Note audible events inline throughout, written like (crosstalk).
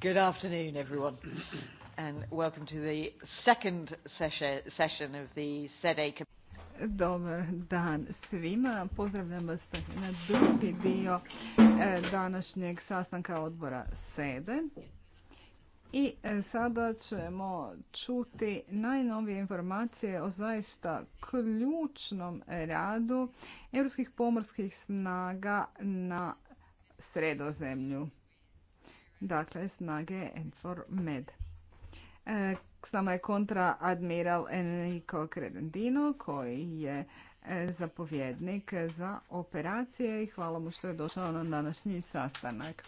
Good afternoon, everyone, and welcome to the second session of the e e Dobar dan svima. Pozdravljam vas na drugi dio e, današnjeg sastanka odbora SEDE. I sada ćemo čuti najnovije informacije o zaista ključnom radu europskih pomorskih snaga na sredozemlju dakle snage Enfor Med. E, s nama je kontra admiral Enrico Credendino koji je e, zapovjednik za operacije i hvala mu što je došao na današnji sastanak.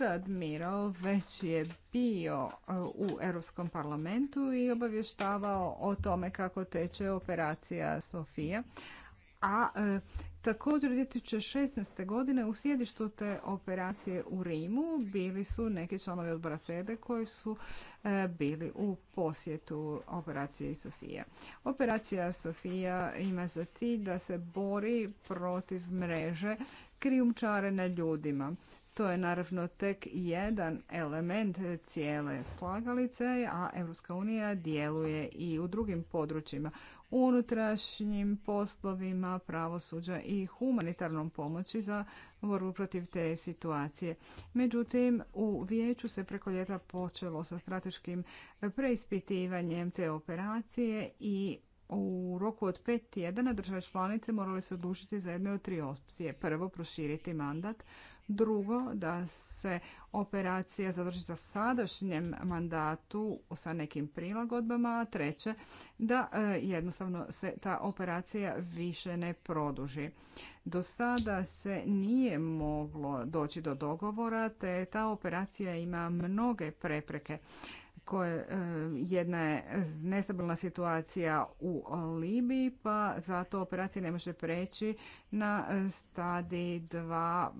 E, admiral već je bio u Europskom parlamentu i obavještavao o tome kako teče operacija Sofija, a Također 2016. godine u sjedištu te operacije u Rimu bili su neki članovi odbora FEDE koji su e, bili u posjetu operacije Sofija. Operacija Sofija ima za cilj da se bori protiv mreže krijumčarene ljudima. To je naravno tek jedan element cijele slagalice, a Europska unija djeluje i u drugim područjima unutrašnjim poslovima pravosuđa i humanitarnom pomoći za borbu protiv te situacije. Međutim, u vijeću se preko ljeta počelo sa strateškim preispitivanjem te operacije i u roku od pet tjedana države članice morale se odlučiti za jedne od tri opcije. Prvo, proširiti mandat, Drugo, da se operacija zadrži za sadašnjem mandatu sa nekim prilagodbama. treće, da e, jednostavno se ta operacija više ne produži. Do sada se nije moglo doći do dogovora, te ta operacija ima mnoge prepreke koje e, jedna je nestabilna situacija u Libiji, pa zato operacija ne može preći na stadi dva.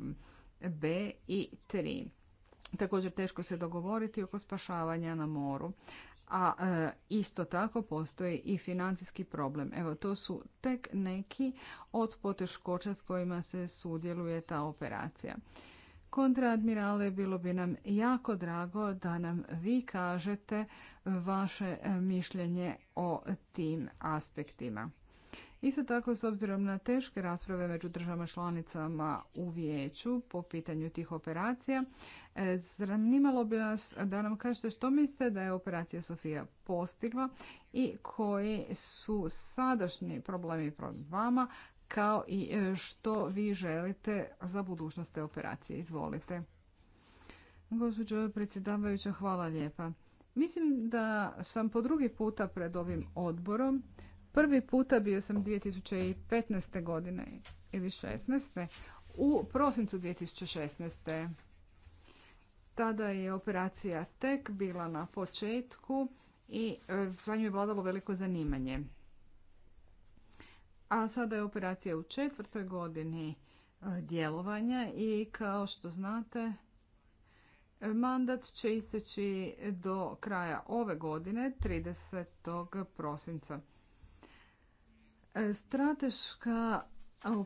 B i 3. Također teško se dogovoriti oko spašavanja na moru. A e, isto tako postoji i financijski problem. Evo, to su tek neki od poteškoća s kojima se sudjeluje ta operacija. Kontraadmirale, bilo bi nam jako drago da nam vi kažete vaše mišljenje o tim aspektima. Isto tako, s obzirom na teške rasprave među državama članicama u vijeću po pitanju tih operacija, e, zanimalo bi nas da nam kažete što mislite da je operacija Sofija postigla i koji su sadašnji problemi pred vama, kao i e, što vi želite za budućnost te operacije. Izvolite. Gospođo predsjedavajuća, hvala lijepa. Mislim da sam po drugi puta pred ovim odborom Prvi puta bio sam 2015. godine ili 16. u prosincu 2016. Tada je operacija tek bila na početku i e, za nju je vladalo veliko zanimanje. A sada je operacija u četvrtoj godini e, djelovanja i kao što znate e, mandat će isteći do kraja ove godine 30. prosinca. Strateška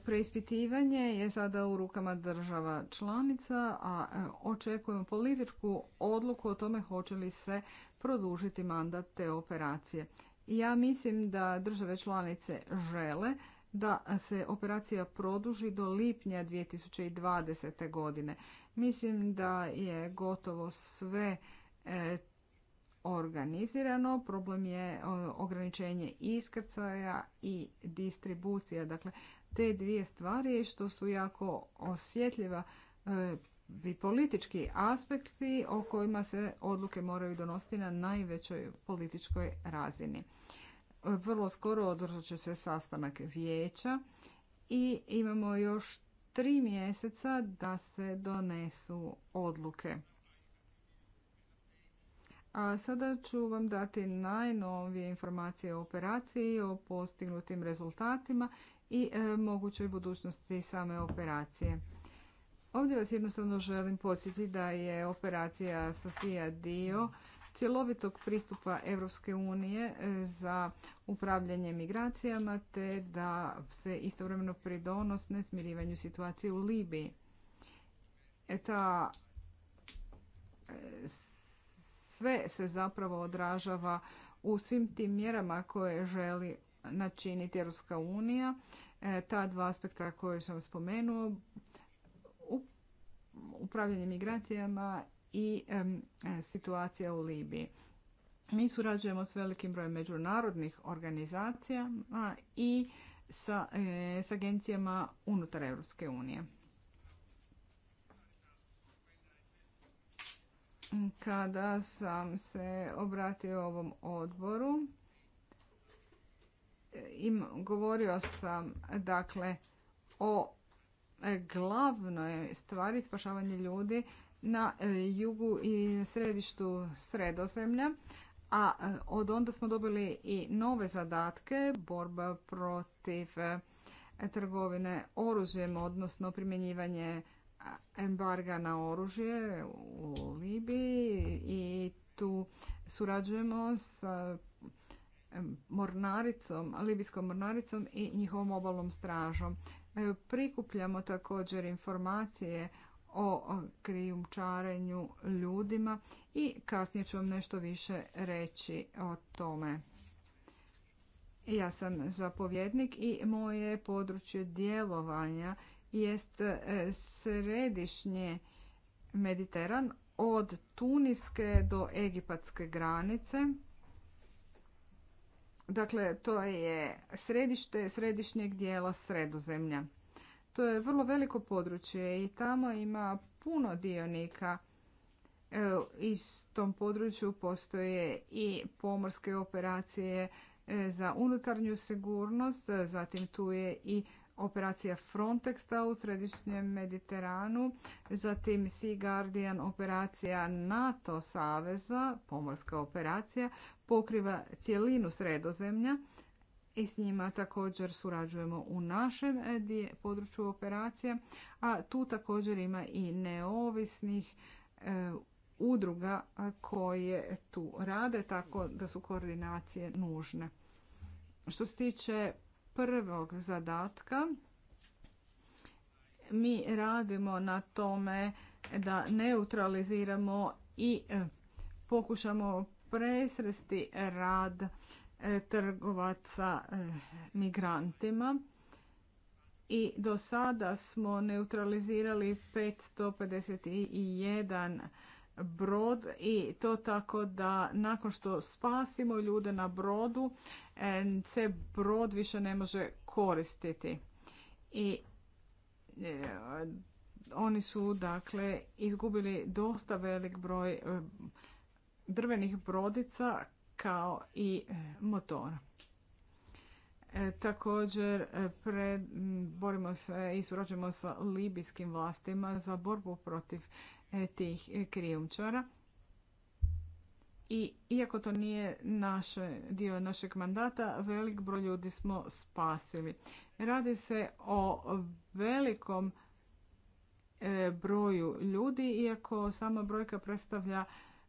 preispitivanje je sada u rukama država članica, a e, očekujemo političku odluku o tome hoće li se produžiti mandat te operacije. Ja mislim da države članice žele da se operacija produži do lipnja 2020. godine. Mislim da je gotovo sve e, organizirano. Problem je e, ograničenje iskrcaja i distribucija. Dakle, te dvije stvari što su jako osjetljiva e, i politički aspekti o kojima se odluke moraju donositi na najvećoj političkoj razini. Vrlo skoro održat će se sastanak vijeća i imamo još tri mjeseca da se donesu odluke. A sada ću vam dati najnovije informacije o operaciji, o postignutim rezultatima i e, mogućoj budućnosti same operacije. Ovdje vas jednostavno želim podsjetiti da je operacija Sofia dio cjelovitog pristupa Europske unije e, za upravljanje migracijama te da se istovremeno pridonosne smirivanju situacije u Libiji. Eta e, sve se zapravo odražava u svim tim mjerama koje želi načiniti Europska unija. E, ta dva aspekta koje sam spomenuo, upravljanje migracijama i e, situacija u Libiji. Mi surađujemo s velikim brojem međunarodnih organizacija i sa, e, s agencijama unutar Europske unije. kada sam se obratio ovom odboru im govorio sam dakle o glavnoj stvari spašavanje ljudi na jugu i središtu sredozemlja a od onda smo dobili i nove zadatke borba protiv trgovine oružjem odnosno primjenjivanje embarga na oružje u Libiji i tu surađujemo s mornaricom, libijskom mornaricom i njihovom obalnom stražom. E, prikupljamo također informacije o krijumčarenju ljudima i kasnije ću vam nešto više reći o tome. Ja sam zapovjednik i moje područje djelovanja jest e, središnje Mediteran od tuniske do egipatske granice. Dakle, to je središte središnjeg dijela sredozemlja. To je vrlo veliko područje i tamo ima puno dionika. U e, tom području postoje i pomorske operacije e, za unutarnju sigurnost, zatim tu je i operacija Frontexa u središnjem Mediteranu, zatim Sea Guardian operacija NATO saveza, pomorska operacija, pokriva cjelinu sredozemlja i s njima također surađujemo u našem e, području operacija, a tu također ima i neovisnih e, udruga koje tu rade, tako da su koordinacije nužne. Što se tiče prvog zadatka mi radimo na tome da neutraliziramo i e, pokušamo presresti rad e, trgovaca e, migrantima i do sada smo neutralizirali 551 brod i to tako da nakon što spasimo ljude na brodu se brod više ne može koristiti. I e, oni su dakle izgubili dosta velik broj e, drvenih brodica kao i e, motora. također borimo se i surađujemo sa libijskim vlastima za borbu protiv E, tih e, krijumčara. I iako to nije dio našeg mandata, velik broj ljudi smo spasili. Radi se o velikom e, broju ljudi, iako sama brojka predstavlja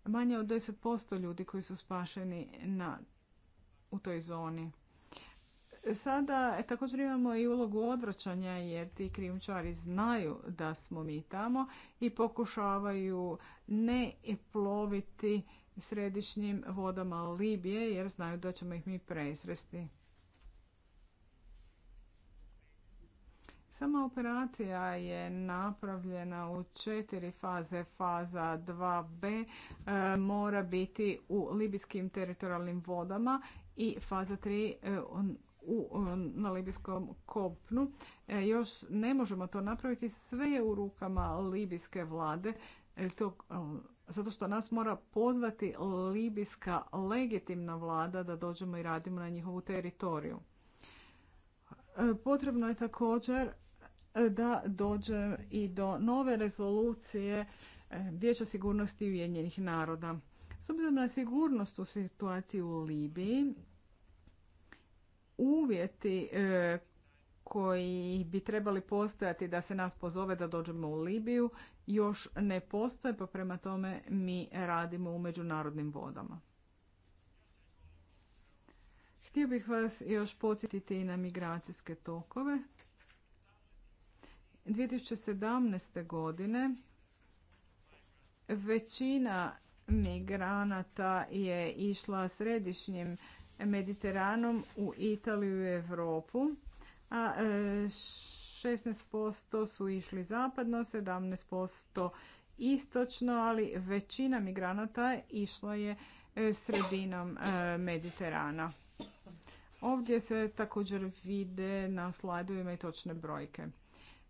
manje od 10% ljudi koji su spašeni na, u toj zoni. Sada e, također imamo i ulogu odvraćanja jer ti krijumčari znaju da smo mi tamo i pokušavaju ne ploviti središnjim vodama Libije jer znaju da ćemo ih mi presresti. Sama operacija je napravljena u četiri faze. Faza 2b e, mora biti u libijskim teritorijalnim vodama i faza 3 u, e, na libijskom kopnu. E, još ne možemo to napraviti, sve je u rukama libijske vlade, e, to, zato što nas mora pozvati libijska legitimna vlada da dođemo i radimo na njihovu teritoriju. potrebno je također da dođe i do nove rezolucije Vijeća sigurnosti Ujedinjenih naroda. S obzirom na sigurnost u situaciji u Libiji, uvjeti e, koji bi trebali postojati da se nas pozove da dođemo u Libiju još ne postoje, pa prema tome mi radimo u međunarodnim vodama. Htio bih vas još podsjetiti i na migracijske tokove. 2017. godine većina migranata je išla središnjim Mediteranom u Italiju i Europu, a 16% e, su išli zapadno, 17% istočno, ali većina migranata išla je e, sredinom e, Mediterana. Ovdje se također vide na slajdovima i točne brojke.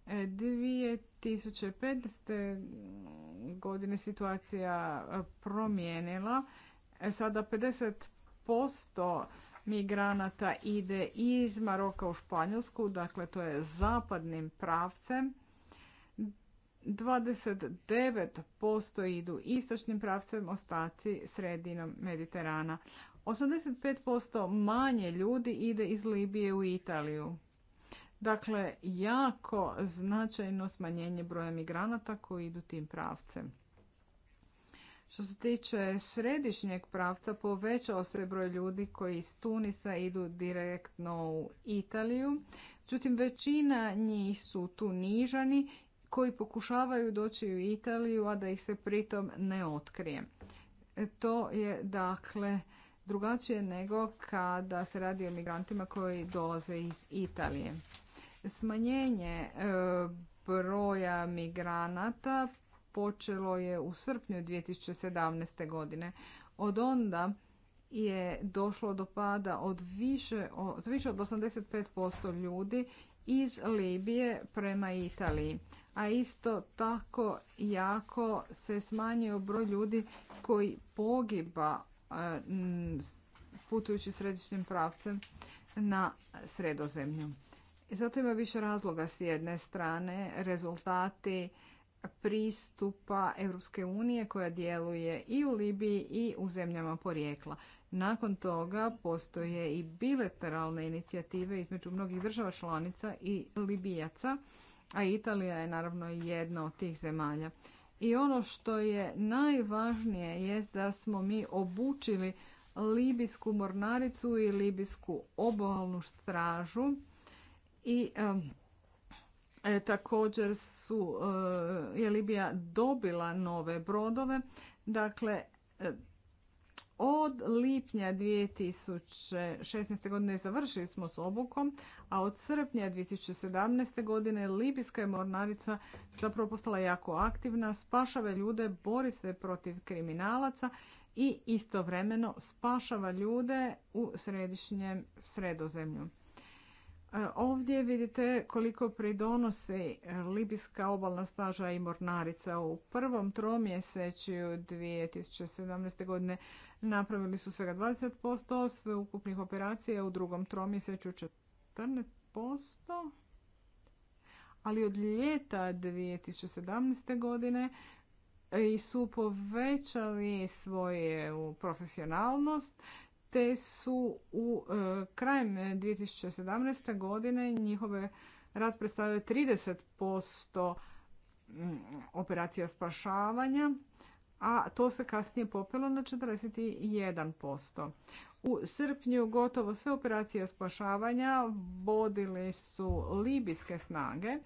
2015. godine situacija promijenila. Sada 50 50% migranata ide iz Maroka u Španjolsku, dakle to je zapadnim pravcem. 29% idu istočnim pravcem, ostaci sredinom Mediterana. 85% manje ljudi ide iz Libije u Italiju. Dakle, jako značajno smanjenje broja migranata koji idu tim pravcem. Što se tiče središnjeg pravca, povećao se broj ljudi koji iz Tunisa idu direktno u Italiju. Međutim, većina njih su Tunižani koji pokušavaju doći u Italiju, a da ih se pritom ne otkrije. E, to je dakle drugačije nego kada se radi o migrantima koji dolaze iz Italije. Smanjenje e, broja migranata počelo je u srpnju 2017. godine. Od onda je došlo do pada od više od, 85% ljudi iz Libije prema Italiji. A isto tako jako se smanjio broj ljudi koji pogiba e, putujući središnjim pravcem na sredozemlju. Zato ima više razloga s jedne strane rezultati pristupa Europske unije koja djeluje i u Libiji i u zemljama porijekla. Nakon toga postoje i bilateralne inicijative između mnogih država članica i Libijaca, a Italija je naravno jedna od tih zemalja. I ono što je najvažnije jest da smo mi obučili libijsku mornaricu i libijsku obalnu stražu i E, također su, e, je Libija dobila nove brodove. Dakle, e, od lipnja 2016. godine završili smo s obukom, a od srpnja 2017. godine Libijska je mornarica zapravo postala jako aktivna, spašava ljude, bori se protiv kriminalaca i istovremeno spašava ljude u središnjem sredozemlju. E, ovdje vidite koliko pridonosi Libijska obalna staža i mornarica. U prvom tromjesečju 2017. godine napravili su svega 20% sve ukupnih operacija, u drugom tromjesečju 14%. Ali od ljeta 2017. godine e, i su povećali svoju profesionalnost te su u e, krajem 2017. E, godine njihove rad predstavlja 30% operacija spašavanja, a to se kasnije popelo na 41%. U srpnju gotovo sve operacije spašavanja vodili su libijske snage.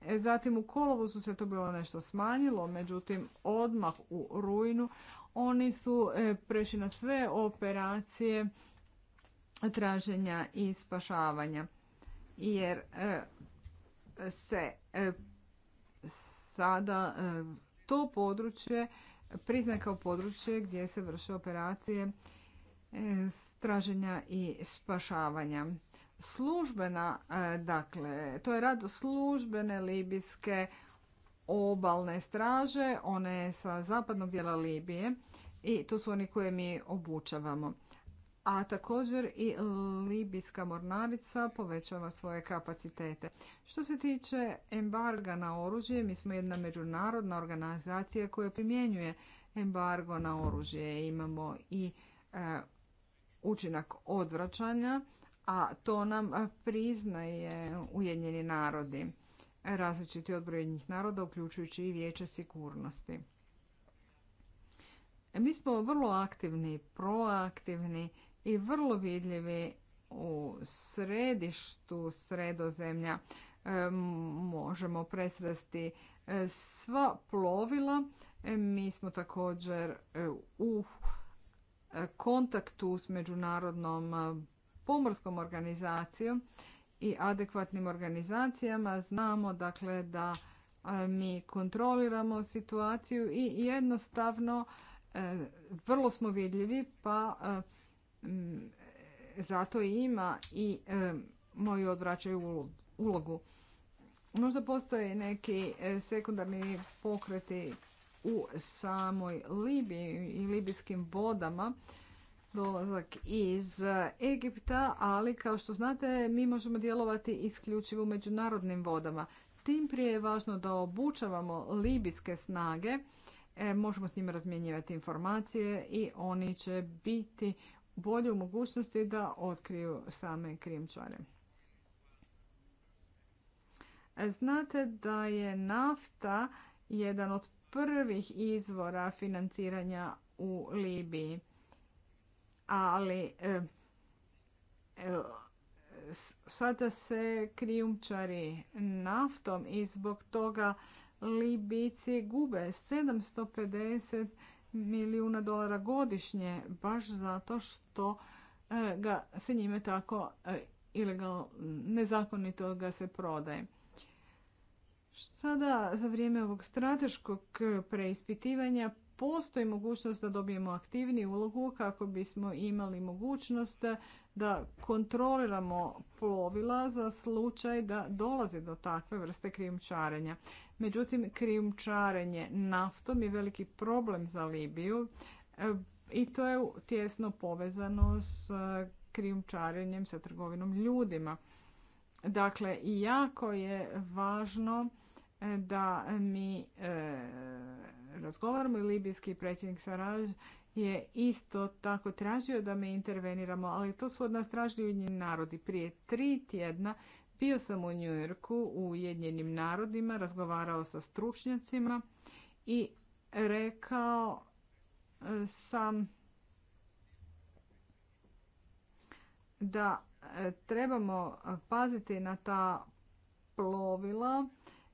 E, zatim u kolovu su se to bilo nešto smanjilo, međutim odmah u rujnu oni su e, prešli na sve operacije traženja i spašavanja. Jer e, se e, sada to područje prizna kao područje gdje se vrše operacije traženja i spašavanja. Službena, dakle, to je rad službene libijske obalne straže, one sa zapadnog dijela Libije i to su oni koje mi obučavamo. A također i libijska mornarica povećava svoje kapacitete. Što se tiče embarga na oružje, mi smo jedna međunarodna organizacija koja primjenjuje embargo na oružje. Imamo i e, učinak odvraćanja, a to nam priznaje Ujedinjeni narodi različiti od naroda, uključujući i Vijeće sigurnosti. Mi smo vrlo aktivni, proaktivni i vrlo vidljivi u središtu sredozemlja. E, možemo presresti e, sva plovila. E, mi smo također u kontaktu s Međunarodnom pomorskom organizacijom i adekvatnim organizacijama. Znamo dakle da mi kontroliramo situaciju i jednostavno e, vrlo smo vidljivi pa e, zato ima i e, moju odvraćaju ulogu. Možda postoje neki sekundarni pokreti u samoj Libiji i libijskim vodama dolazak iz Egipta, ali kao što znate mi možemo djelovati isključivo u međunarodnim vodama. Tim prije je važno da obučavamo libijske snage, e, možemo s njima razmjenjivati informacije i oni će biti bolje u mogućnosti da otkriju same krijumčare. E, znate da je nafta jedan od prvih izvora financiranja u Libiji ali e, e, sada se krijumčari naftom i zbog toga Libici gube 750 milijuna dolara godišnje baš zato što e, ga se njime tako ilegal nezakonito ga se prodaje. Sada za vrijeme ovog strateškog preispitivanja postoji mogućnost da dobijemo aktivniju ulogu kako bismo imali mogućnost da kontroliramo plovila za slučaj da dolazi do takve vrste krijumčarenja. Međutim, krijumčarenje naftom je veliki problem za Libiju e, i to je tjesno povezano s e, krijumčarenjem sa trgovinom ljudima. Dakle, jako je važno e, da mi razgovaramo i libijski predsjednik Saraj je isto tako tražio da me interveniramo, ali to su od nas tražili narodi. Prije tri tjedna bio sam u Njujorku u Ujedinjenim narodima, razgovarao sa stručnjacima i rekao e, sam da e, trebamo paziti na ta plovila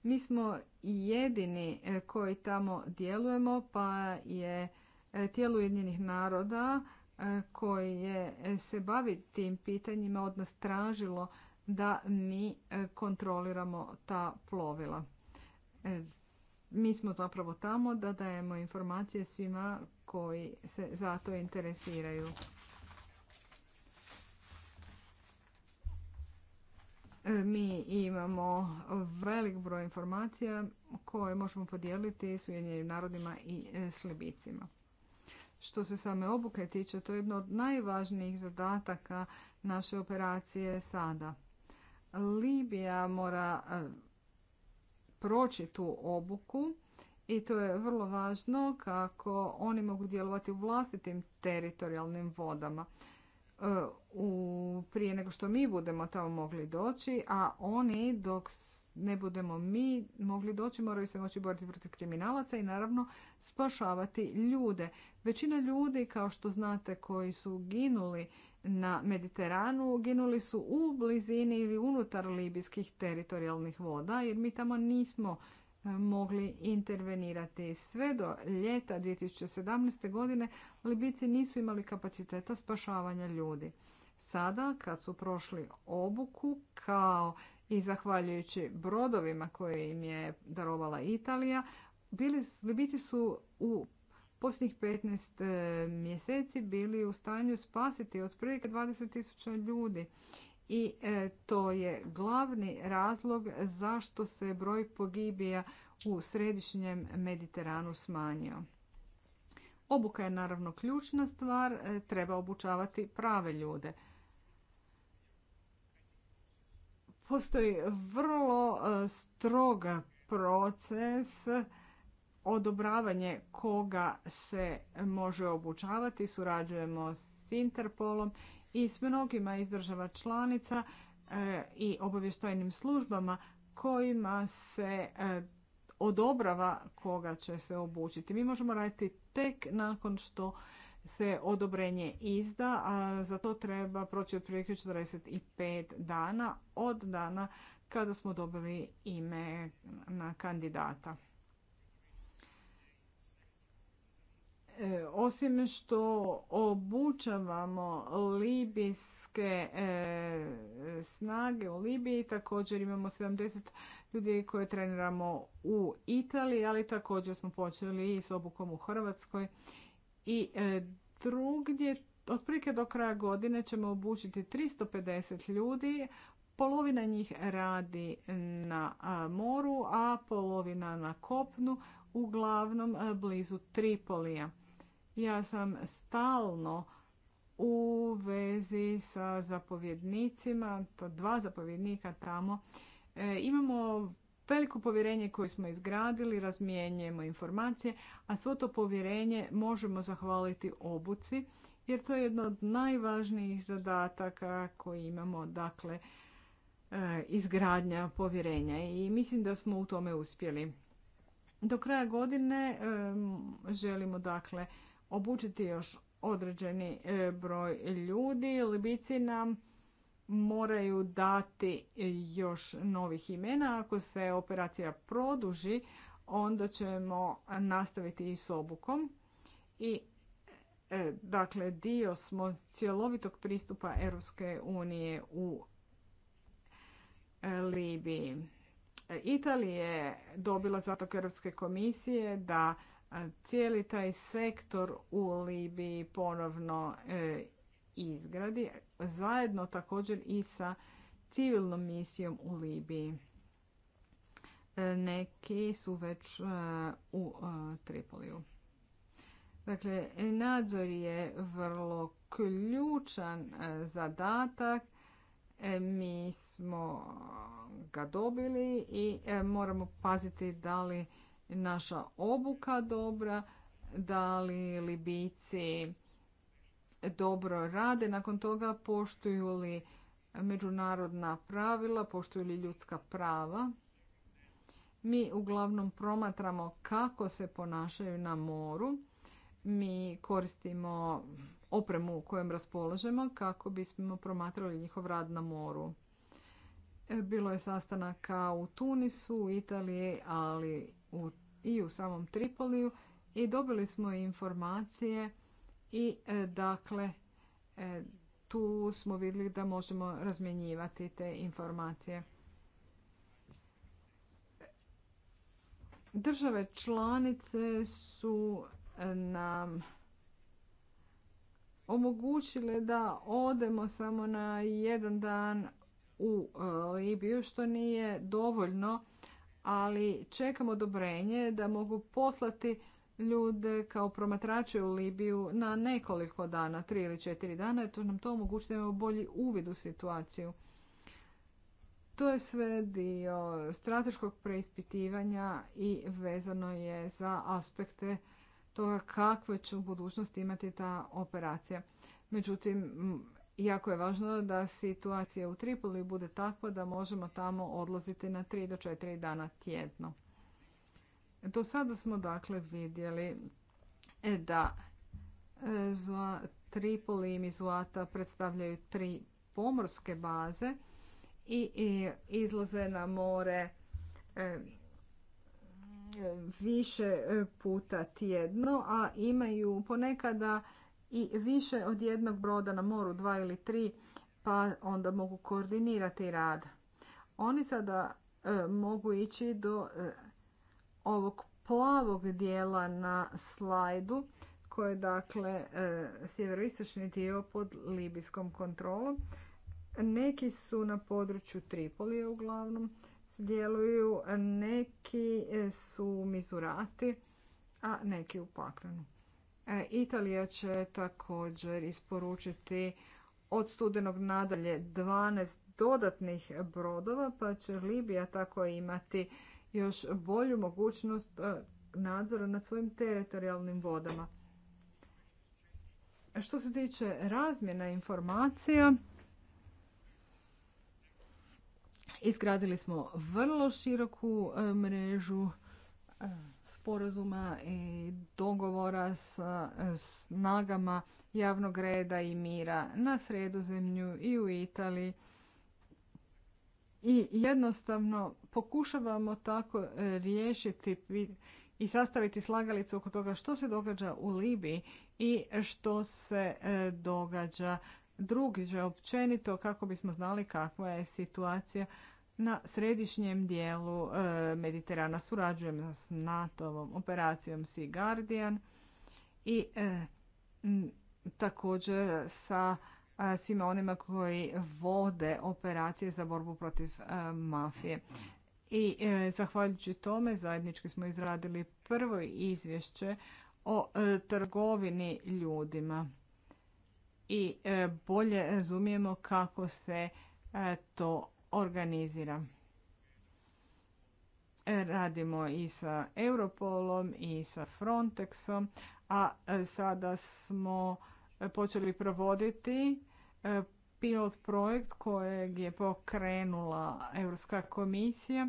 mi smo jedini e, koji tamo djelujemo, pa je e, tijelo Ujedinjenih naroda e, je se bavi tim pitanjima od nas tražilo da mi kontroliramo ta plovila. Mi smo zapravo tamo da dajemo informacije svima koji se za to interesiraju. E, mi imamo velik broj informacija koje možemo podijeliti s Ujedinjenim narodima i e, s Libicima. Što se same obuke tiče, to je jedno od najvažnijih zadataka naše operacije sada. Libija mora e, proći tu obuku i to je vrlo važno kako oni mogu djelovati u vlastitim teritorijalnim vodama. E, u, prije nego što mi budemo tamo mogli doći, a oni dok ne budemo mi mogli doći moraju se moći boriti protiv kriminalaca i naravno spašavati ljude. Većina ljudi kao što znate koji su ginuli na Mediteranu ginuli su u blizini ili unutar libijskih teritorijalnih voda jer mi tamo nismo mogli intervenirati. Sve do ljeta 2017. godine Libici nisu imali kapaciteta spašavanja ljudi. Sada, kad su prošli obuku, kao i zahvaljujući brodovima koje im je darovala Italija, bili, Libici su u posljednjih 15 eh, mjeseci bili u stanju spasiti otprilike 20.000 ljudi i e, to je glavni razlog zašto se broj pogibija u središnjem Mediteranu smanjio. Obuka je naravno ključna stvar, e, treba obučavati prave ljude. Postoji vrlo e, stroga proces odobravanje koga se može obučavati. Surađujemo s Interpolom i s mnogima iz država članica e, i obavještajnim službama kojima se e, odobrava koga će se obučiti. Mi možemo raditi tek nakon što se odobrenje izda, a za to treba proći otprilike 45 dana od dana kada smo dobili ime na kandidata. E, osim što obučavamo libijske e, snage u Libiji, također imamo 70 ljudi koje treniramo u Italiji, ali također smo počeli i s obukom u Hrvatskoj i e, drugdje. Otprilike do kraja godine ćemo obučiti 350 ljudi, polovina njih radi na moru, a polovina na kopnu, uglavnom blizu Tripolija. Ja sam stalno u vezi sa zapovjednicima, to dva zapovjednika tamo. E, imamo veliko povjerenje koje smo izgradili, razmijenjujemo informacije, a svo to povjerenje možemo zahvaliti obuci, jer to je jedno od najvažnijih zadataka koji imamo, dakle, e, izgradnja povjerenja i mislim da smo u tome uspjeli. Do kraja godine želimo dakle obučiti još određeni e, broj ljudi. Libici nam moraju dati još novih imena. Ako se operacija produži, onda ćemo nastaviti i s obukom. I e, dakle, dio smo cjelovitog pristupa Europske unije u e, Libiji. Italija je dobila zatok Europske komisije da cijeli taj sektor u Libiji ponovno e, izgradi, zajedno također i sa civilnom misijom u Libiji. E, neki su već e, u Tripoliju. Dakle, nadzor je vrlo ključan zadatak. Mi smo ga dobili i moramo paziti da li naša obuka dobra, da li Libijci dobro rade, nakon toga poštuju li međunarodna pravila, poštuju li ljudska prava. Mi uglavnom promatramo kako se ponašaju na moru. Mi koristimo opremu u kojem raspolažemo kako bismo promatrali njihov rad na moru. E, bilo je sastanaka u Tunisu, u Italiji, ali i u samom Tripoliju i dobili smo informacije i e, dakle e, tu smo vidjeli da možemo razmjenjivati te informacije. Države članice su e, nam omogućile da odemo samo na jedan dan u Libiju, što nije dovoljno ali čekam odobrenje da mogu poslati ljude kao promatrače u Libiju na nekoliko dana, tri ili četiri dana, jer to nam to omogućuje da imamo bolji uvid u situaciju. To je sve dio strateškog preispitivanja i vezano je za aspekte toga kakve će u budućnosti imati ta operacija. Međutim, Jako je važno da situacija u Tripoli bude takva da možemo tamo odlaziti na 3 do 4 dana tjedno. Do sada smo dakle vidjeli e, da e, Tripoli i Mizuata predstavljaju tri pomorske baze i izlaze na more e, više puta tjedno, a imaju ponekada i više od jednog broda na moru, dva ili tri, pa onda mogu koordinirati rad. Oni sada e, mogu ići do e, ovog plavog dijela na slajdu, koji je dakle e, sjeveroistočni dio pod libijskom kontrolom. Neki su na području Tripolije uglavnom djeluju, neki e, su Mizurati, a neki u Pakranu. E, Italija će također isporučiti od studenog nadalje 12 dodatnih brodova, pa će Libija tako imati još bolju mogućnost e, nadzora nad svojim teritorijalnim vodama. Što se tiče razmjena informacija, izgradili smo vrlo široku e, mrežu sporazuma i dogovora sa snagama javnog reda i mira na sredozemlju i u Italiji. I jednostavno pokušavamo tako e, riješiti i sastaviti slagalicu oko toga što se događa u Libiji i što se e, događa drugiđe. općenito kako bismo znali kakva je situacija na središnjem dijelu e, Mediterana. Surađujemo s NATO-ovom operacijom Sea Guardian i e, također sa e, svima onima koji vode operacije za borbu protiv mafije. I zahvaljujući tome zajednički smo izradili prvo izvješće o trgovini ljudima i bolje razumijemo kako se to organizira. E, radimo i sa Europolom i sa Frontexom, a e, sada smo počeli provoditi e, pilot projekt kojeg je pokrenula Europska komisija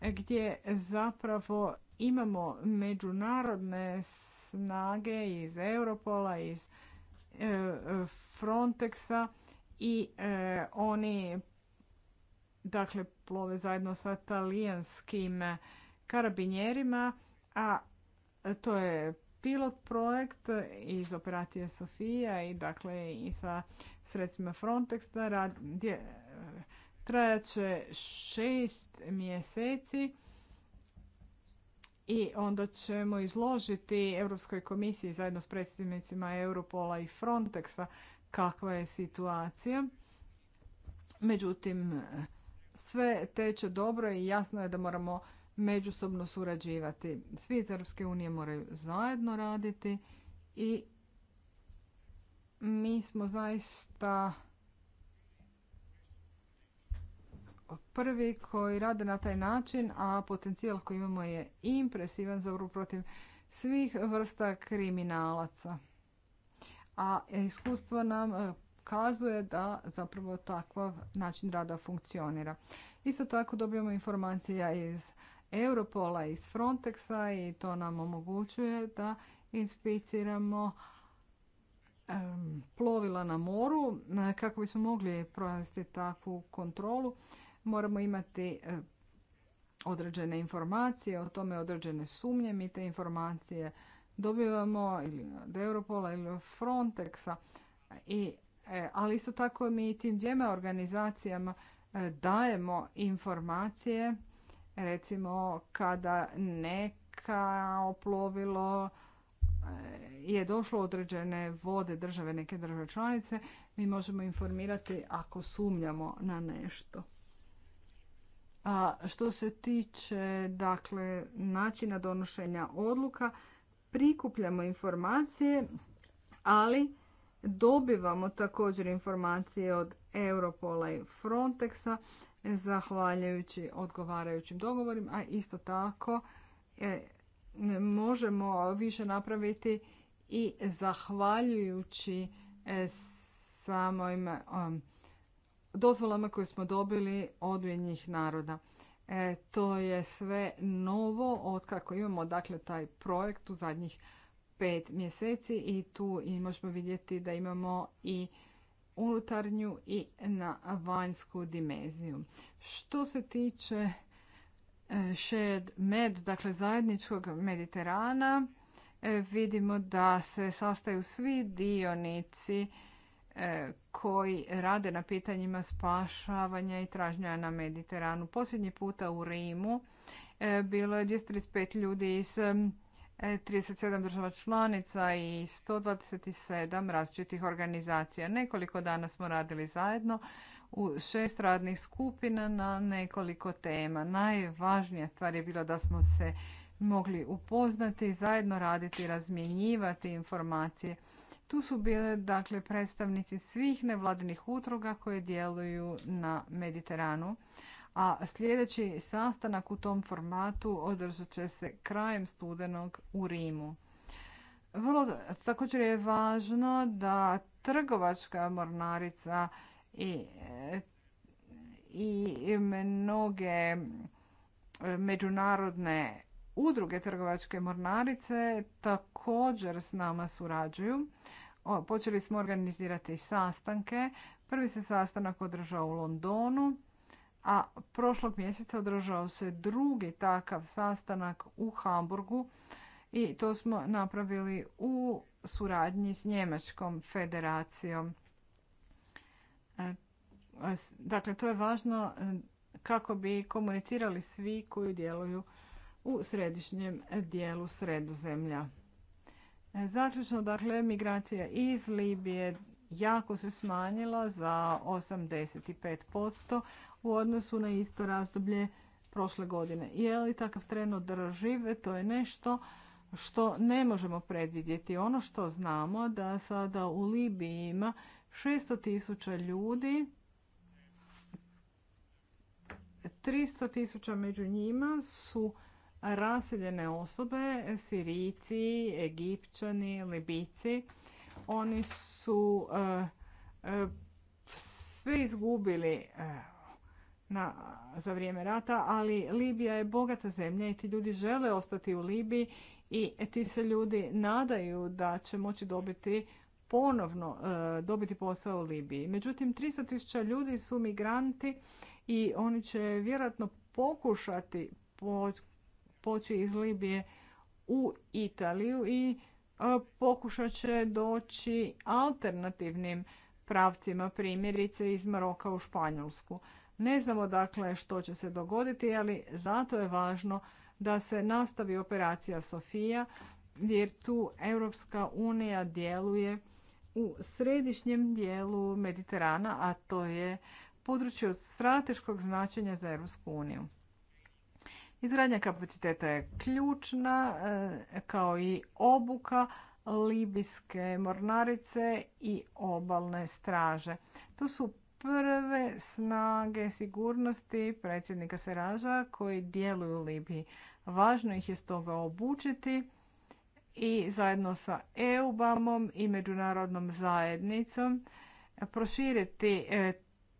gdje zapravo imamo međunarodne snage iz Europola, iz Frontexa i oni dakle plove zajedno sa talijanskim karabinjerima, a to je pilot projekt iz operacije Sofija i dakle i sa sredstvima Frontexa trajat će šest mjeseci i onda ćemo izložiti Europskoj komisiji zajedno s predstavnicima Europola i Frontexa kakva je situacija. Međutim, sve teče dobro i jasno je da moramo međusobno surađivati. Svi iz Europske unije moraju zajedno raditi i mi smo zaista prvi koji rade na taj način, a potencijal koji imamo je impresivan za borbu protiv svih vrsta kriminalaca. A iskustvo nam Kazuje da zapravo takav način rada funkcionira. Isto tako dobijemo informacija iz Europola, iz Frontexa i to nam omogućuje da inspiciramo plovila na moru. Kako bismo mogli provesti takvu kontrolu, moramo imati e, određene informacije, o tome određene sumnje. Mi te informacije dobivamo ili od Europola ili od Frontexa i E, ali isto tako mi tim dvijema organizacijama e, dajemo informacije recimo kada neka oplovilo e, je došlo određene vode države neke države članice, mi možemo informirati ako sumnjamo na nešto. A što se tiče dakle, načina donošenja odluka, prikupljamo informacije, ali dobivamo također informacije od Europola i Frontexa zahvaljujući odgovarajućim dogovorima, a isto tako e, možemo više napraviti i zahvaljujući e, samim um, dozvolama koje smo dobili od Ujedinjenih naroda. E, to je sve novo od kako imamo dakle taj projekt u zadnjih pet mjeseci i tu možemo vidjeti da imamo i unutarnju i na vanjsku dimenziju. Što se tiče e, Shared Med, dakle zajedničkog Mediterana, e, vidimo da se sastaju svi dionici e, koji rade na pitanjima spašavanja i tražnja na Mediteranu. Posljednji puta u Rimu bilo je 235 ljudi iz 37 e, država članica i 127 različitih organizacija. Nekoliko dana smo radili zajedno u šest radnih skupina na nekoliko tema. Najvažnija stvar je bila da smo se mogli upoznati, zajedno raditi, razmjenjivati informacije. Tu su bile dakle predstavnici svih nevladinih utruga koje djeluju na Mediteranu, a sljedeći sastanak u tom formatu održat će se krajem studenog u Rimu. Vrlo također je važno da trgovačka mornarica i, e, i mnoge međunarodne udruge trgovačke mornarice također s nama surađuju. Počeli smo organizirati sastanke. Prvi se sastanak održao u Londonu a prošlog mjeseca održao se drugi takav sastanak u Hamburgu i to smo napravili u suradnji s Njemačkom federacijom. E, dakle, to je važno e, kako bi komunicirali svi koji djeluju u središnjem dijelu sredozemlja. E, zaključno, dakle, migracija iz Libije jako se smanjila za 85% u odnosu na isto razdoblje prošle godine. Je li takav tren održiv? To je nešto što ne možemo predvidjeti. Ono što znamo da sada u Libiji ima 600 tisuća ljudi, 300 tisuća među njima su raseljene osobe, Sirici, Egipćani, Libici. Oni su eh, eh, sve izgubili eh, na, za vrijeme rata, ali Libija je bogata zemlja i ti ljudi žele ostati u Libiji i ti se ljudi nadaju da će moći dobiti ponovno e, dobiti posao u Libiji. Međutim, 300 ljudi su migranti i oni će vjerojatno pokušati po, poći iz Libije u Italiju i e, pokušat će doći alternativnim pravcima, primjerice iz Maroka u Španjolsku. Ne znamo dakle što će se dogoditi, ali zato je važno da se nastavi operacija Sofija, jer tu Europska unija djeluje u središnjem dijelu Mediterana, a to je područje od strateškog značenja za Europsku uniju. Izradnja kapaciteta je ključna, e, kao i obuka libijske mornarice i obalne straže. To su prve snage sigurnosti predsjednika Seraža koji djeluju u Libiji. Važno ih je stoga obučiti i zajedno sa EUBAM-om i međunarodnom zajednicom proširiti e,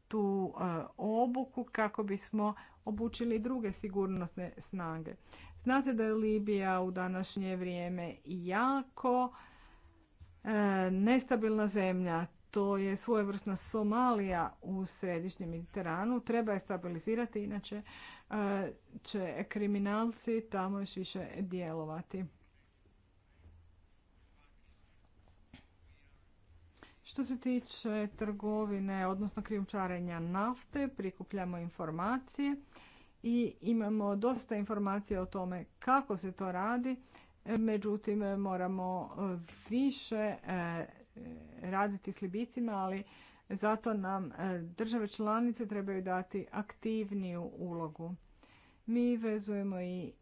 tu e, obuku kako bismo obučili druge sigurnosne snage. Znate da je Libija u današnje vrijeme jako e, nestabilna zemlja to je svojevrsna Somalija u središnjem Mediteranu. Treba je stabilizirati, inače e, će kriminalci tamo još više djelovati. Što se tiče trgovine, odnosno krijumčarenja nafte, prikupljamo informacije i imamo dosta informacija o tome kako se to radi. Međutim, moramo više e, raditi s Libicima, ali zato nam e, države članice trebaju dati aktivniju ulogu. Mi vezujemo i e,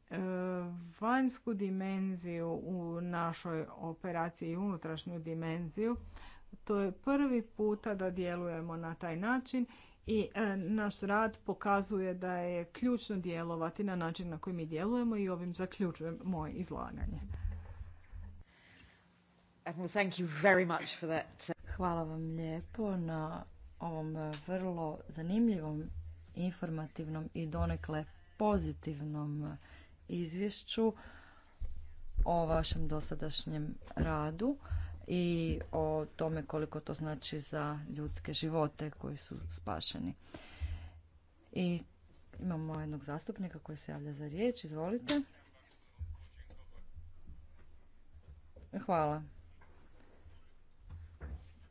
vanjsku dimenziju u našoj operaciji i unutrašnju dimenziju. To je prvi puta da djelujemo na taj način i e, naš rad pokazuje da je ključno djelovati na način na koji mi djelujemo i ovim zaključujem moje izlaganje. Uh, Hvala vam lijepo na ovom vrlo zanimljivom, informativnom i donekle pozitivnom izvješću o vašem dosadašnjem radu i o tome koliko to znači za ljudske živote koji su spašeni. I imamo jednog zastupnika koji se javlja za riječ. Izvolite. Hvala.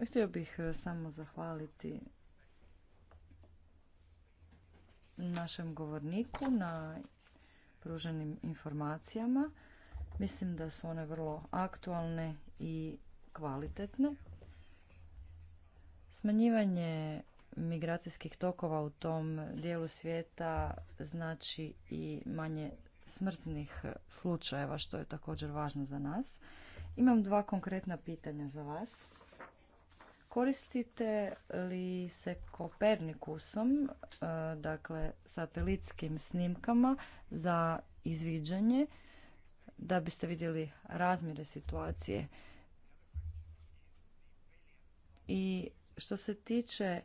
Htio bih e, samo zahvaliti našem govorniku na pruženim informacijama. Mislim da su one vrlo aktualne i kvalitetne. Smanjivanje migracijskih tokova u tom dijelu svijeta znači i manje smrtnih slučajeva, što je također važno za nas. Imam dva konkretna pitanja za vas. Koristite li se Kopernikusom, e, dakle satelitskim snimkama za izviđanje da biste vidjeli razmjere situacije? I što se tiče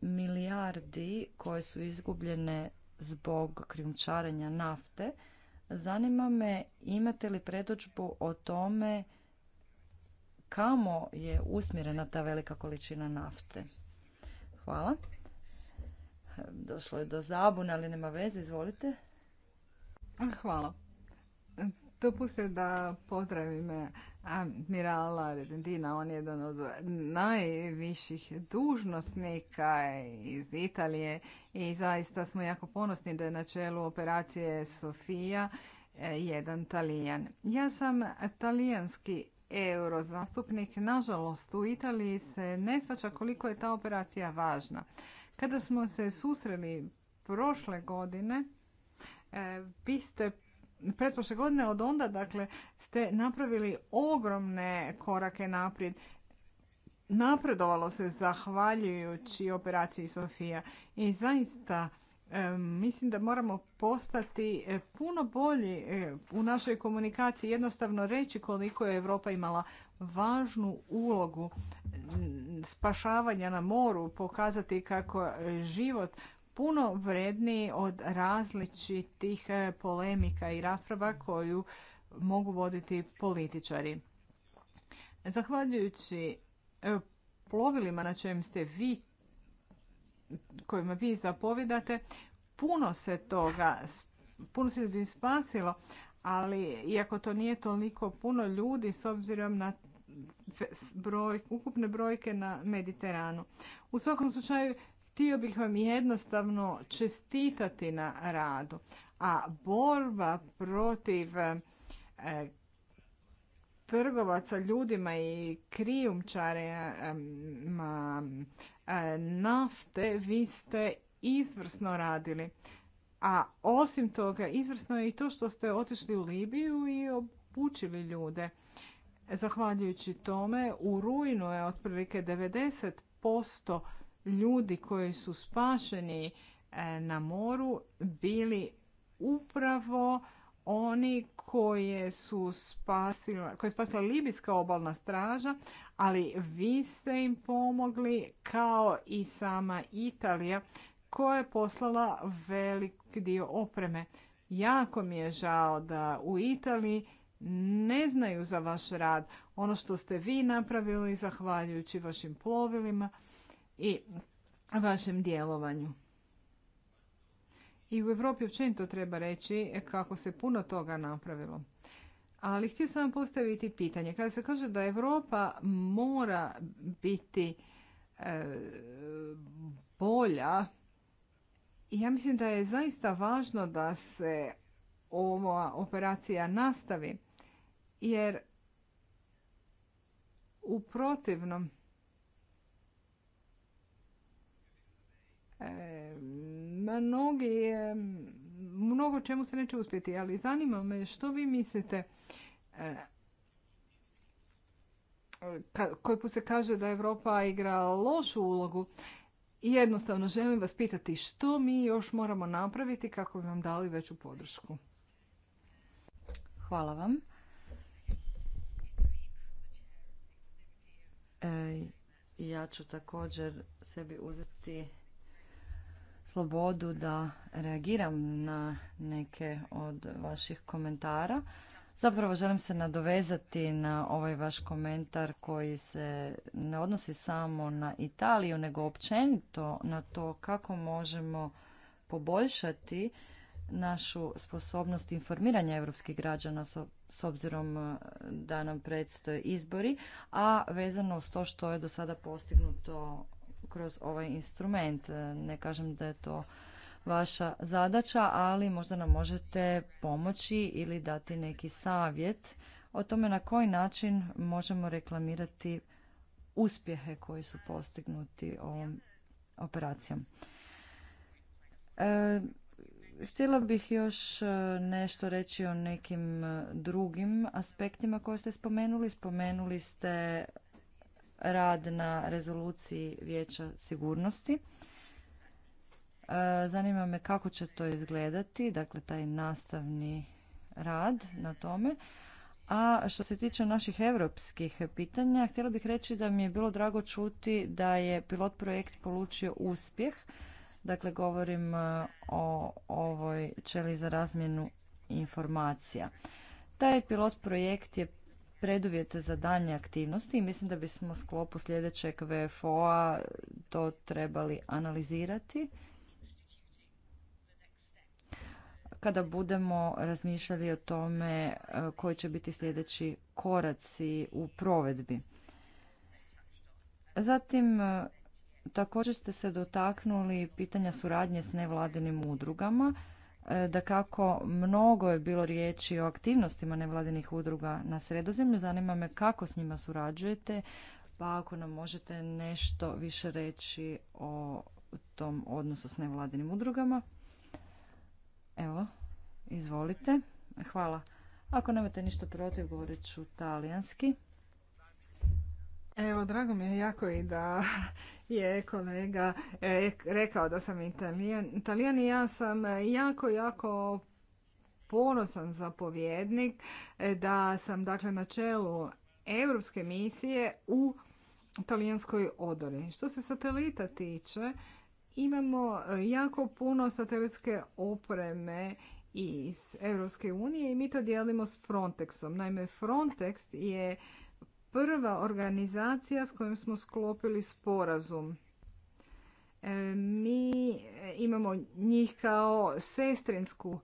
milijardi koje su izgubljene zbog krijumčarenja nafte, zanima me imate li predođbu o tome kamo je usmjerena ta velika količina nafte. Hvala. Došlo je do zabune, ali nema veze, izvolite. Hvala. Dopustite da pozdravim eh, admirala Redendina, on je jedan od najviših dužnosnika iz Italije i zaista smo jako ponosni da je na čelu operacije Sofija eh, jedan talijan. Ja sam talijanski euro. Zastupnik, nažalost, u Italiji se ne svača koliko je ta operacija važna. Kada smo se susreli prošle godine, e, vi ste pretprošle godine od onda dakle, ste napravili ogromne korake naprijed. Napredovalo se zahvaljujući operaciji Sofija i zaista E, mislim da moramo postati e, puno bolji e, u našoj komunikaciji, jednostavno reći koliko je Europa imala važnu ulogu spašavanja na moru, pokazati kako život puno vredniji od različitih polemika i rasprava koju mogu voditi političari. Zahvaljujući plovilima na čem ste vi kojima vi zapovjedate, puno se toga, puno se ljudi spasilo, ali iako to nije toliko puno ljudi s obzirom na ukupne brojke na Mediteranu. U svakom slučaju, htio bih vam jednostavno čestitati na radu. A borba protiv e, trgovaca ljudima i krijumčarima E, nafte vi ste izvrsno radili. A osim toga, izvrsno je i to što ste otišli u Libiju i obučili ljude. Zahvaljujući tome, u rujnu je otprilike 90% ljudi koji su spašeni e, na moru bili upravo oni koje su spasila, koje je spasila Libijska obalna straža, ali vi ste im pomogli kao i sama Italija koja je poslala velik dio opreme. Jako mi je žao da u Italiji ne znaju za vaš rad. Ono što ste vi napravili zahvaljujući vašim plovilima i vašem djelovanju i u Europi općenito treba reći kako se puno toga napravilo. Ali htio sam vam postaviti pitanje. Kada se kaže da Europa mora biti e, bolja, ja mislim da je zaista važno da se ova operacija nastavi, jer u protivnom e, mnogi, eh, mnogo čemu se neće uspjeti, ali zanima me što vi mislite eh, koji put se kaže da Europa igra lošu ulogu. i Jednostavno želim vas pitati što mi još moramo napraviti kako bi vam dali veću podršku. Hvala vam. Eh, ja ću također sebi uzeti slobodu da reagiram na neke od vaših komentara. Zapravo želim se nadovezati na ovaj vaš komentar koji se ne odnosi samo na Italiju, nego općenito na to kako možemo poboljšati našu sposobnost informiranja europskih građana s obzirom e, da nam predstoje izbori, a vezano s to što je do sada postignuto kroz ovaj instrument. E, ne kažem da je to vaša zadaća, ali možda nam možete pomoći ili dati neki savjet o tome na koji način možemo reklamirati uspjehe koji su postignuti ovom operacijom. E, htjela bih još e, nešto reći o nekim e, drugim aspektima koje ste spomenuli. Spomenuli ste rad na rezoluciji Vijeća sigurnosti. E, zanima me kako će to izgledati, dakle taj nastavni rad na tome. A što se tiče naših europskih pitanja, htjela bih reći da mi je bilo drago čuti da je pilot projekt polučio uspjeh. Dakle, govorim e, o ovoj čeli za razmjenu informacija. Taj pilot projekt je preduvjete za daljnje aktivnosti i mislim da bismo sklopu sljedećeg VFO-a to trebali analizirati kada budemo razmišljali o tome e, koji će biti sljedeći koraci u provedbi. Zatim, e, također ste se dotaknuli pitanja suradnje s nevladinim udrugama. E, da kako mnogo je bilo riječi o aktivnostima nevladinih udruga na sredozemlju. Zanima me kako s njima surađujete, pa ako nam možete nešto više reći o tom odnosu s nevladinim udrugama. Evo, izvolite. Hvala. Ako nemate ništa protiv, govorit ću talijanski. Evo, drago mi je jako i da (laughs) je kolega e, rekao da sam italijan. Italijan i ja sam jako, jako ponosan zapovjednik e, da sam dakle na čelu europske misije u talijanskoj odori. Što se satelita tiče, imamo jako puno satelitske opreme iz Europske unije i mi to dijelimo s Frontexom. Naime, Frontex je prva organizacija s kojom smo sklopili sporazum. E, mi imamo njih kao sestrinsku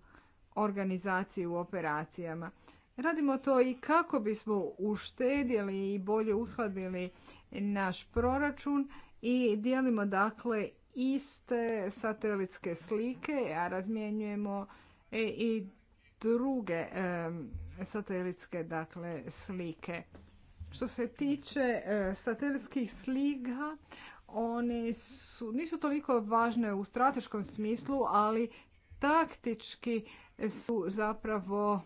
organizaciju u operacijama. Radimo to i kako bismo uštedjeli i bolje uskladili naš proračun i dijelimo dakle iste satelitske slike, a razmjenjujemo e, i druge e, satelitske dakle slike. Što se tiče e, satelitskih sliga, one su, nisu toliko važne u strateškom smislu, ali taktički su zapravo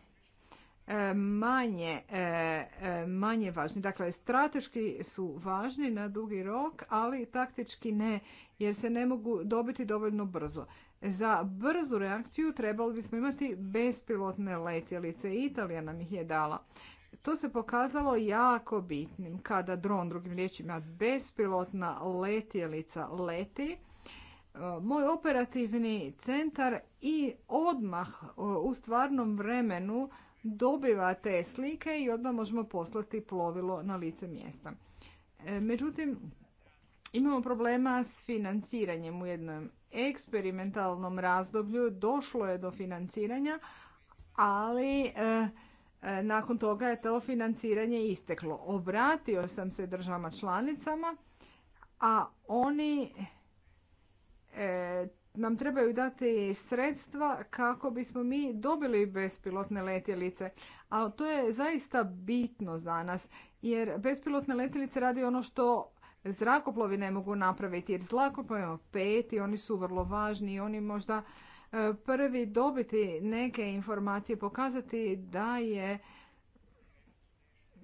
e, manje, e, manje važni. Dakle, strateški su važni na dugi rok, ali taktički ne, jer se ne mogu dobiti dovoljno brzo. Za brzu reakciju trebali bismo imati bespilotne letjelice. Italija nam ih je dala. To se pokazalo jako bitnim kada dron, drugim riječima bespilotna letjelica leti. E, moj operativni centar i odmah e, u stvarnom vremenu dobiva te slike i odmah možemo poslati plovilo na lice mjesta. E, međutim, imamo problema s financiranjem u jednom eksperimentalnom razdoblju. Došlo je do financiranja, ali E, nakon toga je to financiranje isteklo. Obratio sam se državama članicama, a oni e, nam trebaju dati sredstva kako bismo mi dobili bespilotne letjelice. A to je zaista bitno za nas, jer bespilotne letjelice radi ono što zrakoplovi ne mogu napraviti, jer zrakoplovi imamo pet i oni su vrlo važni i oni možda prvi dobiti neke informacije, pokazati da je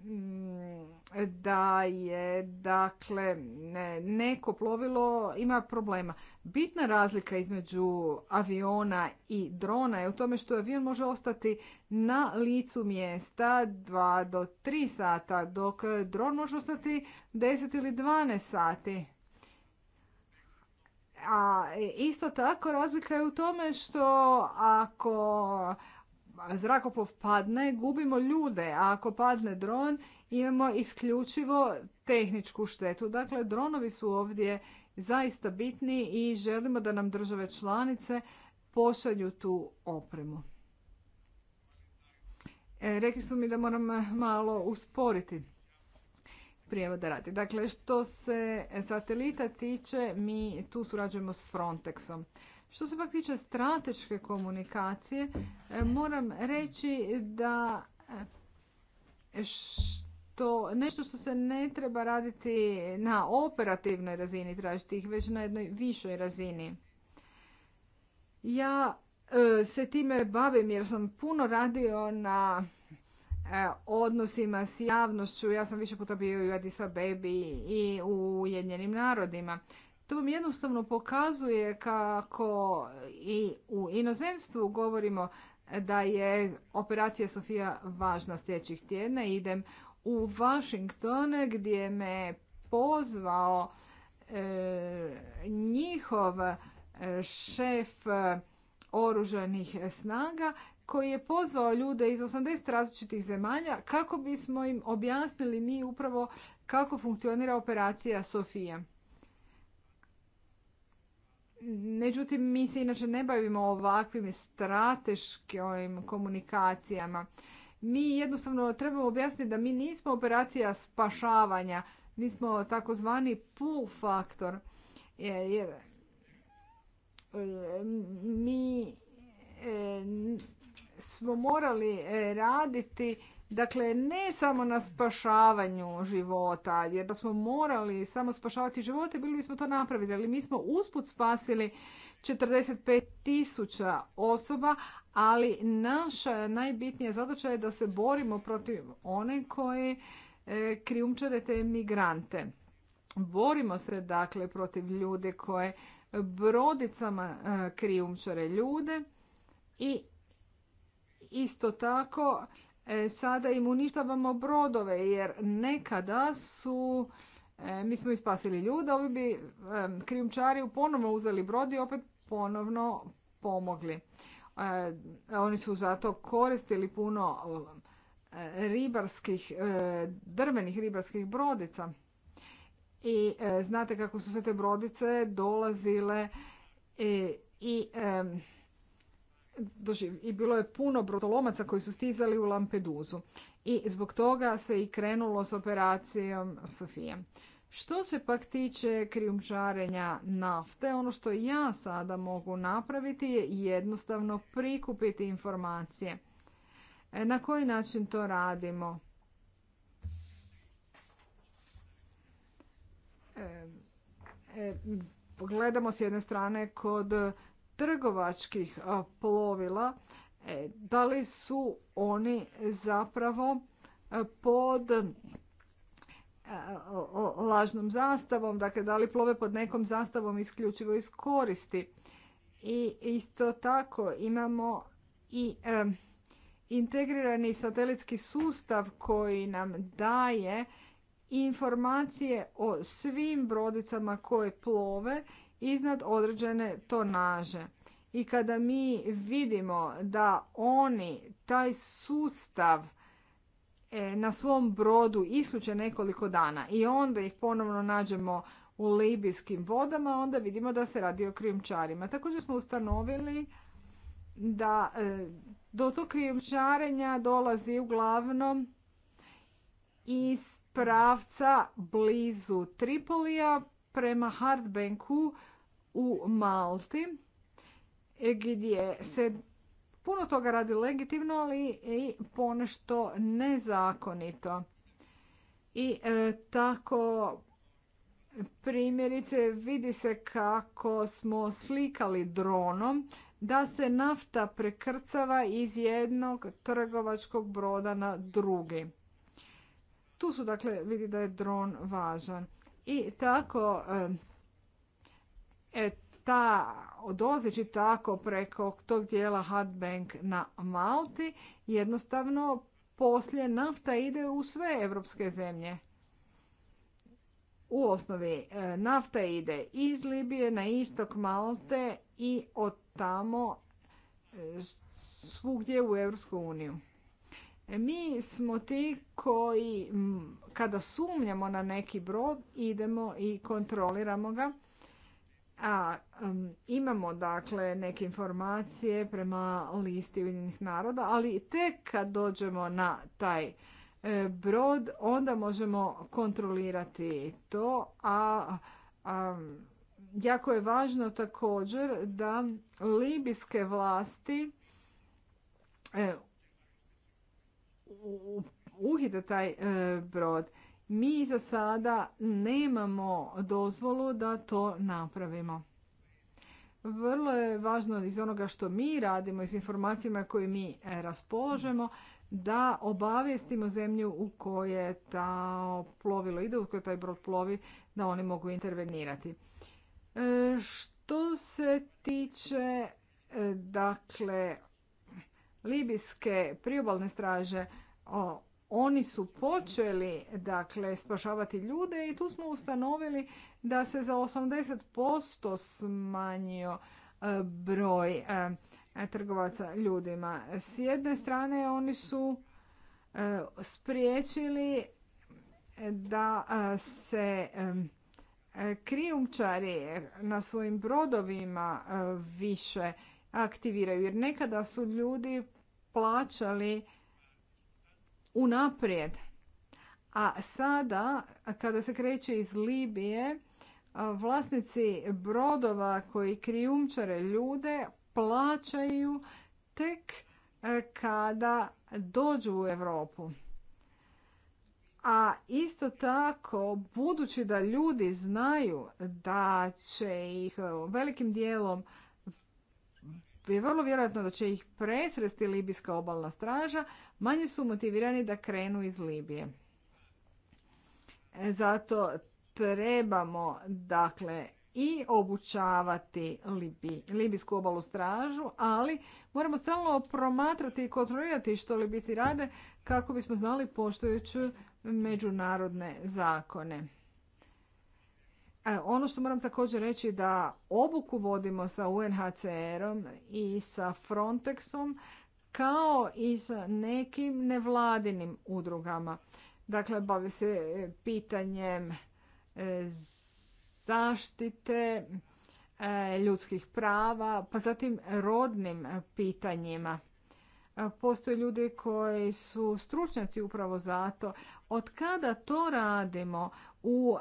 mm, da je dakle neko plovilo ima problema. Bitna razlika između aviona i drona je u tome što avion može ostati na licu mjesta 2 do 3 sata, dok dron može ostati 10 ili 12 sati. A isto tako razlika je u tome što ako zrakoplov padne, gubimo ljude, a ako padne dron, imamo isključivo tehničku štetu. Dakle, dronovi su ovdje zaista bitni i želimo da nam države članice pošalju tu opremu. E, rekli su mi da moram malo usporiti prijevoda radi. Dakle, što se satelita tiče, mi tu surađujemo s Frontexom. Što se pak tiče strateške komunikacije, e, moram reći da e, što, nešto što se ne treba raditi na operativnoj razini, tražiti ih već na jednoj višoj razini. Ja e, se time bavim jer sam puno radio na E, odnosima s javnošću. Ja sam više puta bio i u Addis Abebi i u Ujedinjenim narodima. To vam jednostavno pokazuje kako i u inozemstvu govorimo da je operacija Sofija važna sljedećih tjedna. Idem u Washington gdje me pozvao e, njihov e, šef oružanih snaga koji je pozvao ljude iz 80 različitih zemalja kako bismo im objasnili mi upravo kako funkcionira operacija Sofija. Međutim, mi se inače ne bavimo ovakvim strateškim komunikacijama. Mi jednostavno trebamo objasniti da mi nismo operacija spašavanja, mi smo takozvani pull faktor. E, e, mi e, smo morali e, raditi Dakle, ne samo na spašavanju života, jer da smo morali samo spašavati živote, bili bismo to napravili, ali mi smo usput spasili 45 tisuća osoba, ali naša najbitnija zadaća je da se borimo protiv one koje e, krijumčare te migrante. Borimo se dakle protiv ljude koje brodicama e, krijumčare ljude i Isto tako, e, sada im uništavamo brodove jer nekada su e, mi smo ispasili ljude, ovi bi e, krijumčari ponovno uzeli brod i opet ponovno pomogli. Oni su zato koristili puno ribarskih, drvenih ribarskih brodica. I znate kako su sve te brodice dolazile i i bilo je puno brodolomaca koji su stizali u Lampeduzu. I zbog toga se i krenulo s operacijom Sofije. Što se pak tiče krijumčarenja nafte, ono što ja sada mogu napraviti je jednostavno prikupiti informacije. E, na koji način to radimo? Pogledamo e, e, s jedne strane kod trgovačkih plovila, e, da li su oni zapravo e, pod e, lažnom zastavom, dakle da li plove pod nekom zastavom isključivo iz koristi. I isto tako imamo i integrirani satelitski sustav koji nam daje informacije o svim brodicama koje plove iznad određene tonaže. I kada mi vidimo da oni taj sustav e, na svom brodu isključe nekoliko dana i onda ih ponovno nađemo u libijskim vodama, onda vidimo da se radi o krijumčarima. Također smo ustanovili da e, do tog krijumčarenja dolazi uglavnom iz pravca blizu Tripolija prema Hardbanku u Malti gdje se puno toga radi legitimno, ali i ponešto nezakonito. I e, tako primjerice vidi se kako smo slikali dronom da se nafta prekrcava iz jednog trgovačkog broda na drugi. Tu su dakle, vidi da je dron važan. I tako e, ta odlazeći tako preko tog dijela Hardbank na Malti jednostavno poslije nafta ide u sve evropske zemlje. U osnovi e, nafta ide iz Libije na istok Malte i od tamo e, svugdje u eu uniju. E, mi smo ti koji kada sumnjamo na neki brod idemo i kontroliramo ga. A imamo dakle neke informacije prema listi Ujedinjenih naroda, ali tek kad dođemo na taj e, brod onda možemo kontrolirati to, a, a jako je važno također da libijske vlasti e, uhite taj e, brod. Mi za sada nemamo dozvolu da to napravimo. Vrlo je važno iz onoga što mi radimo, s informacijama koje mi e, raspoložemo, da obavijestimo zemlju u koje ta plovilo ide, u koje taj brod plovi, da oni mogu intervenirati. E, što se tiče dakle libijske priobalne straže, oni su počeli dakle, spašavati ljude i tu smo ustanovili da se za 80% smanjio e, broj e, trgovaca ljudima. S jedne strane oni su e, spriječili da se krijumčari na svojim brodovima više aktiviraju. Jer nekada su ljudi plaćali unaprijed. A sada, kada se kreće iz Libije, vlasnici brodova koji krijumčare ljude plaćaju tek e, kada dođu u Europu. A isto tako, budući da ljudi znaju da će ih velikim dijelom je vrlo vjerojatno da će ih presresti Libijska obalna straža, manje su motivirani da krenu iz Libije. E, zato trebamo dakle i obučavati Libijsku obalu stražu, ali moramo stalno promatrati i kontrolirati što Libijci rade kako bismo znali poštujući međunarodne zakone. E, ono što moram također reći da obuku vodimo sa UNHCR-om i sa Frontexom kao i sa nekim nevladinim udrugama. Dakle, bavi se e, pitanjem e, zaštite ljudskih prava, pa zatim rodnim pitanjima. Postoje ljudi koji su stručnjaci upravo zato. Od kada to radimo, u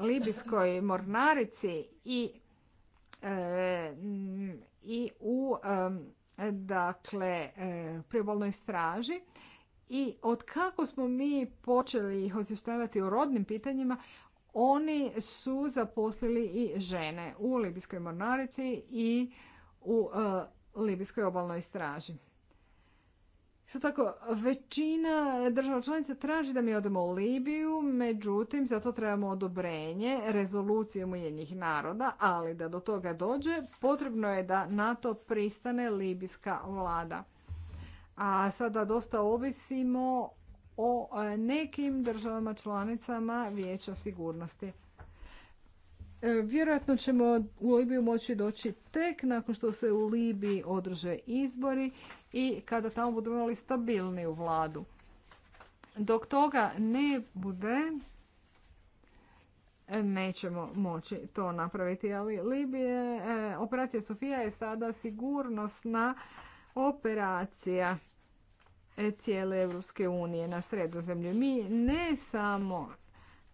libijskoj mornarici i i u dakle priobalnoj straži i od kako smo mi počeli ih osještavati o rodnim pitanjima, oni su zaposlili i žene u Libijskoj mornarici i u Libijskoj obalnoj straži. Isto tako, većina država članica traži da mi odemo u Libiju, međutim, za to trebamo odobrenje, rezolucije Ujedinjenih naroda, ali da do toga dođe, potrebno je da NATO pristane libijska vlada. A sada dosta ovisimo o e, nekim državama članicama Vijeća sigurnosti. E, vjerojatno ćemo u Libiju moći doći tek nakon što se u Libiji održe izbori i kada tamo budu imali stabilniju vladu. Dok toga ne bude, nećemo moći to napraviti. Ali Libije, e, operacija Sofija je sada sigurnosna operacija e, cijele Europske unije na sredozemlju. Mi ne samo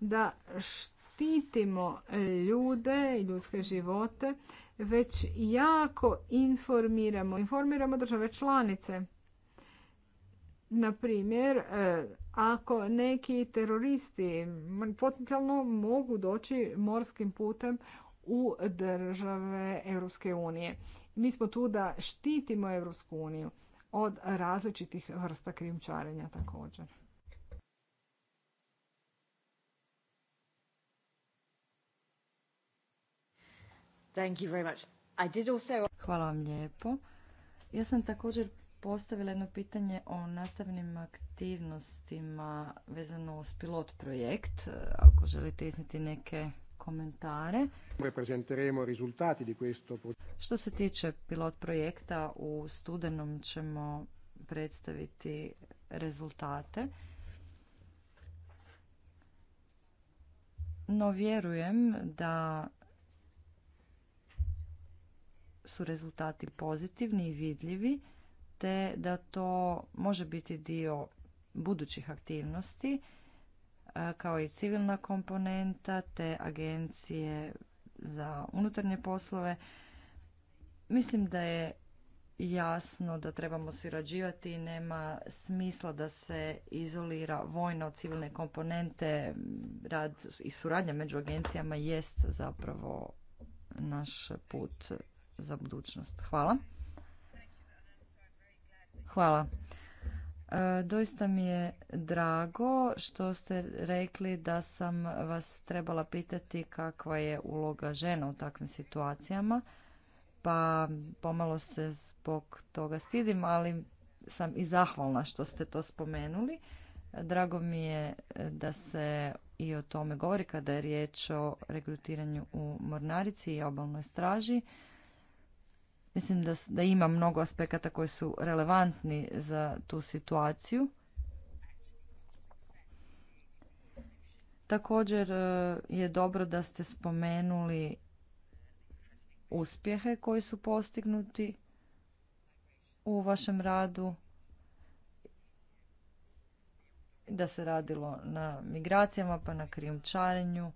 da što štitimo e, ljude i ljudske živote, već jako informiramo. Informiramo države članice. Na primjer, e, ako neki teroristi potencijalno mogu doći morskim putem u države Europske unije. Mi smo tu da štitimo Europsku uniju od različitih vrsta krijumčarenja također. Hvala vam lijepo. Ja sam također postavila jedno pitanje o nastavnim aktivnostima vezano uz pilot projekt. Ako želite izniti neke komentare. Što se tiče pilot projekta, u studenom ćemo predstaviti rezultate. No vjerujem da su rezultati pozitivni i vidljivi, te da to može biti dio budućih aktivnosti, e, kao i civilna komponenta, te agencije za unutarnje poslove. Mislim da je jasno da trebamo surađivati i nema smisla da se izolira vojna od civilne komponente. Rad i suradnja među agencijama jest zapravo naš put za budućnost. Hvala. Hvala. E, doista mi je drago što ste rekli da sam vas trebala pitati kakva je uloga žena u takvim situacijama. Pa pomalo se zbog toga stidim, ali sam i zahvalna što ste to spomenuli. Drago mi je e, da se i o tome govori kada je riječ o regrutiranju u Mornarici i obalnoj straži. Mislim da, da ima mnogo aspekata koji su relevantni za tu situaciju. Također e, je dobro da ste spomenuli uspjehe koji su postignuti u vašem radu da se radilo na migracijama, pa na krijumčarenju,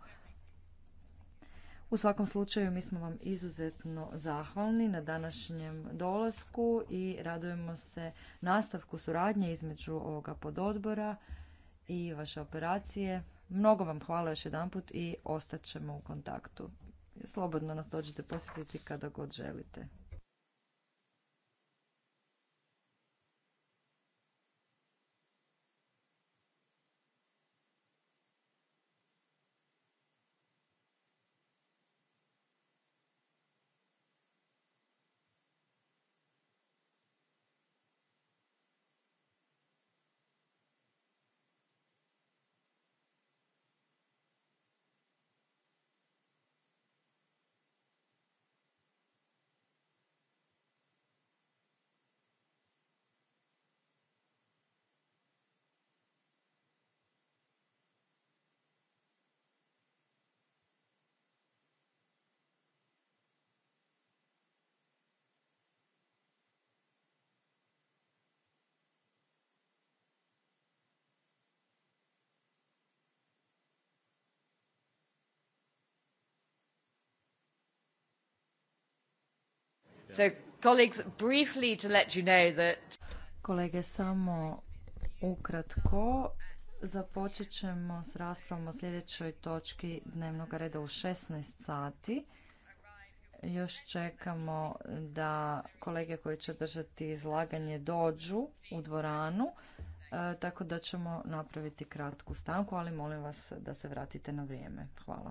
u svakom slučaju mi smo vam izuzetno zahvalni na današnjem dolasku i radujemo se nastavku suradnje između ovoga pododbora i vaše operacije. Mnogo vam hvala još jedanput i ostat ćemo u kontaktu. Slobodno nas dođete posjetiti kada god želite. So, briefly Kolege, samo ukratko započet ćemo s raspravom o sljedećoj točki dnevnog reda u 16 sati. Još čekamo da kolege koji će držati izlaganje dođu u dvoranu, e, tako da ćemo napraviti kratku stanku, ali molim vas da se vratite na vrijeme. Hvala.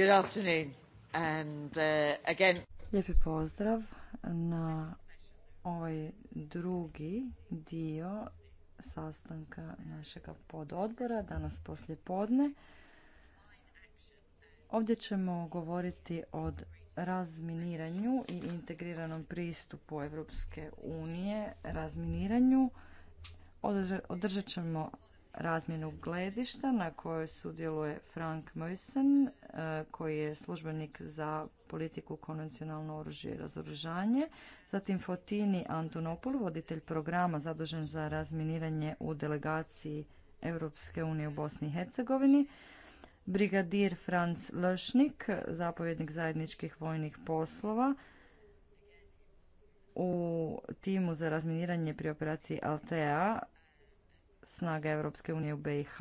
Good afternoon. And, uh, again... Lijepi pozdrav na ovaj drugi dio sastanka našega pododbora danas poslije podne. Ovdje ćemo govoriti o razminiranju i integriranom pristupu Europske unije razminiranju. Održat ćemo razmjenu gledišta na kojoj sudjeluje Frank Meusen e, koji je službenik za politiku konvencionalno oružje i razoružanje. Zatim Fotini Antonopol, voditelj programa zadužen za razminiranje u delegaciji Europske unije u Bosni i Hercegovini. Brigadir Franz Löšnik, zapovjednik zajedničkih vojnih poslova u timu za razminiranje pri operaciji Altea snaga Europske unije u BiH.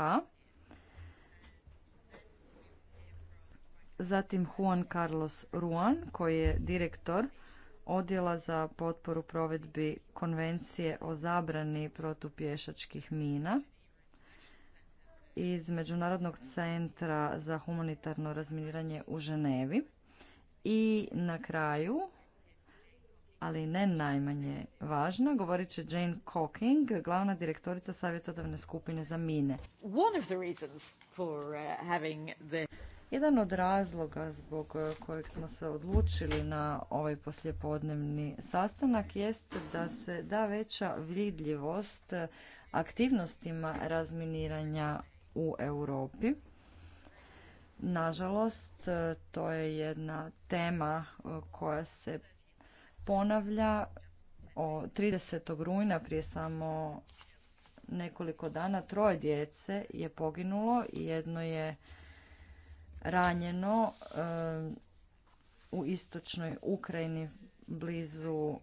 Zatim Juan Carlos Ruan, koji je direktor Odjela za potporu provedbi konvencije o zabrani protupješačkih mina iz Međunarodnog centra za humanitarno razminiranje u Ženevi. I na kraju ali ne najmanje važna, govorit će Jane Cocking, glavna direktorica savjetodavne skupine za mine. Uh, Jedan od razloga zbog uh, kojeg smo se odlučili na ovaj poslijepodnevni sastanak jest da se da veća vidljivost uh, aktivnostima razminiranja u Europi. Nažalost, to je jedna tema koja se ponavlja o 30. rujna prije samo nekoliko dana troje djece je poginulo i jedno je ranjeno u istočnoj Ukrajini blizu e,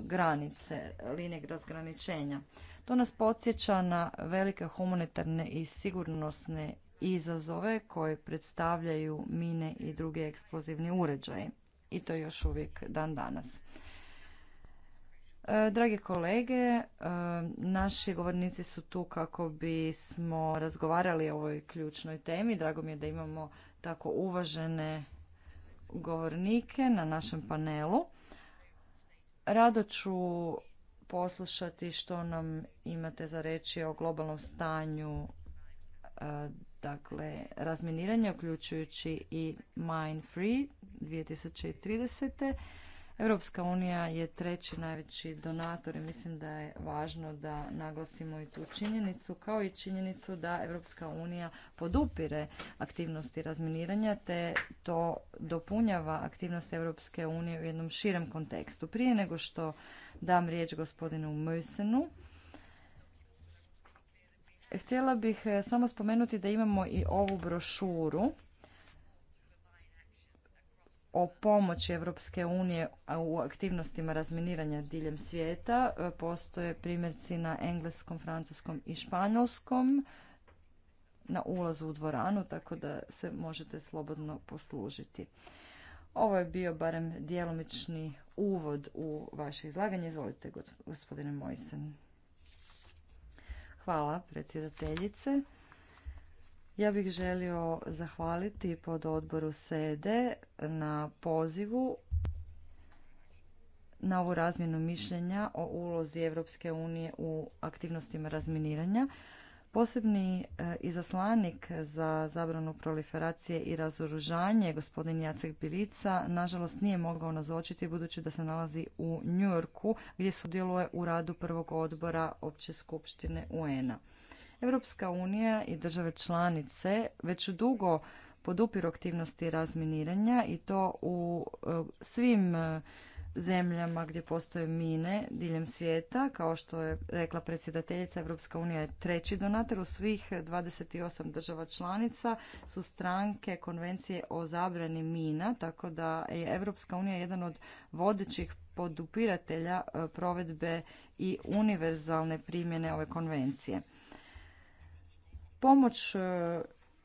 granice, linije razgraničenja. To nas podsjeća na velike humanitarne i sigurnosne izazove koje predstavljaju mine i druge eksplozivni uređaji i to još uvijek dan danas. E, drage kolege, e, naši govornici su tu kako bismo razgovarali o ovoj ključnoj temi. Drago mi je da imamo tako uvažene govornike na našem panelu. Rado ću poslušati što nam imate za reći o globalnom stanju e, Dakle, razminiranje uključujući i Mine Free 2030. Europska unija je treći najveći donator i mislim da je važno da naglasimo i tu činjenicu, kao i činjenicu da Europska unija podupire aktivnosti razminiranja te to dopunjava aktivnost Europske unije u jednom širem kontekstu. Prije nego što dam riječ gospodinu Mösenu, Htjela bih e, samo spomenuti da imamo i ovu brošuru o pomoći Europske unije u aktivnostima razminiranja diljem svijeta. E, postoje primjerci na engleskom, francuskom i španjolskom na ulazu u dvoranu, tako da se možete slobodno poslužiti. Ovo je bio barem djelomični uvod u vaše izlaganje. Izvolite, gospodine Mojsen. Hvala predsjedateljice. Ja bih želio zahvaliti pod odboru SEDE e na pozivu na ovu razmjenu mišljenja o ulozi Europske unije u aktivnostima razminiranja. Posebni e, izaslanik za zabranu proliferacije i razoružanje, gospodin Jacek Bilica, nažalost nije mogao nazočiti budući da se nalazi u Njujorku gdje sudjeluje u radu prvog odbora Opće skupštine UN-a. Europska unija i države članice već dugo podupiru aktivnosti razminiranja i to u e, svim e, zemljama gdje postoje mine diljem svijeta. Kao što je rekla predsjedateljica, Evropska unija je treći donator. U svih 28 država članica su stranke konvencije o zabrani mina, tako da je Evropska unija jedan od vodećih podupiratelja e, provedbe i univerzalne primjene ove konvencije. Pomoć e,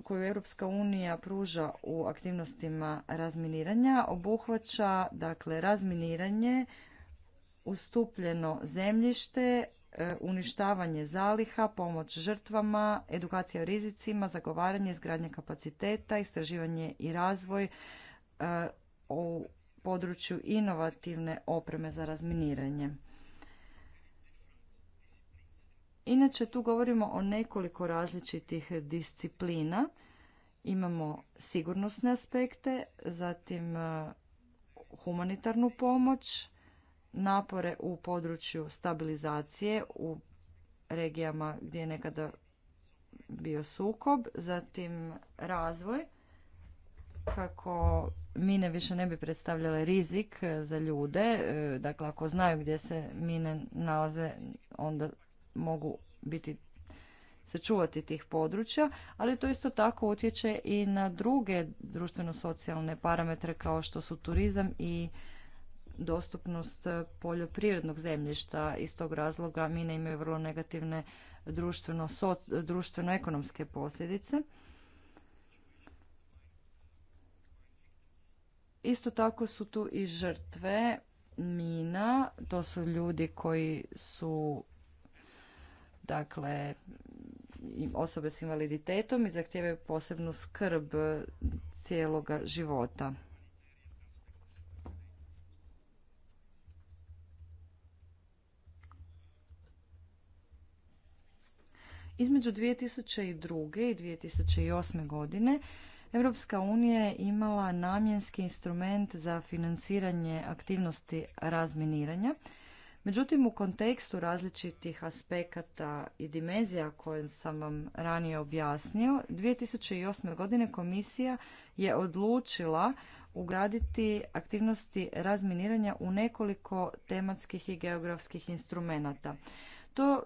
koju Europska unija pruža u aktivnostima razminiranja obuhvaća dakle razminiranje, ustupljeno zemljište, e, uništavanje zaliha, pomoć žrtvama, edukacija o rizicima, zagovaranje izgradnje kapaciteta, istraživanje i razvoj e, u području inovativne opreme za razminiranje. Inače tu govorimo o nekoliko različitih disciplina. Imamo sigurnosne aspekte, zatim e, humanitarnu pomoć, napore u području stabilizacije u regijama gdje je nekada bio sukob, zatim razvoj kako mine više ne bi predstavljale rizik e, za ljude. E, dakle, ako znaju gdje se mine nalaze, onda mogu biti sačuvati tih područja, ali to isto tako utječe i na druge društveno-socijalne parametre kao što su turizam i dostupnost poljoprivrednog zemljišta. Iz tog razloga mine imaju vrlo negativne društveno-ekonomske posljedice. Isto tako su tu i žrtve mina, to su ljudi koji su dakle osobe s invaliditetom i zahtijevaju posebnu skrb cijeloga života. Između 2002. i 2008. godine Europska unija je imala namjenski instrument za financiranje aktivnosti razminiranja Međutim, u kontekstu različitih aspekata i dimenzija koje sam vam ranije objasnio, 2008. godine komisija je odlučila ugraditi aktivnosti razminiranja u nekoliko tematskih i geografskih instrumenata. To e,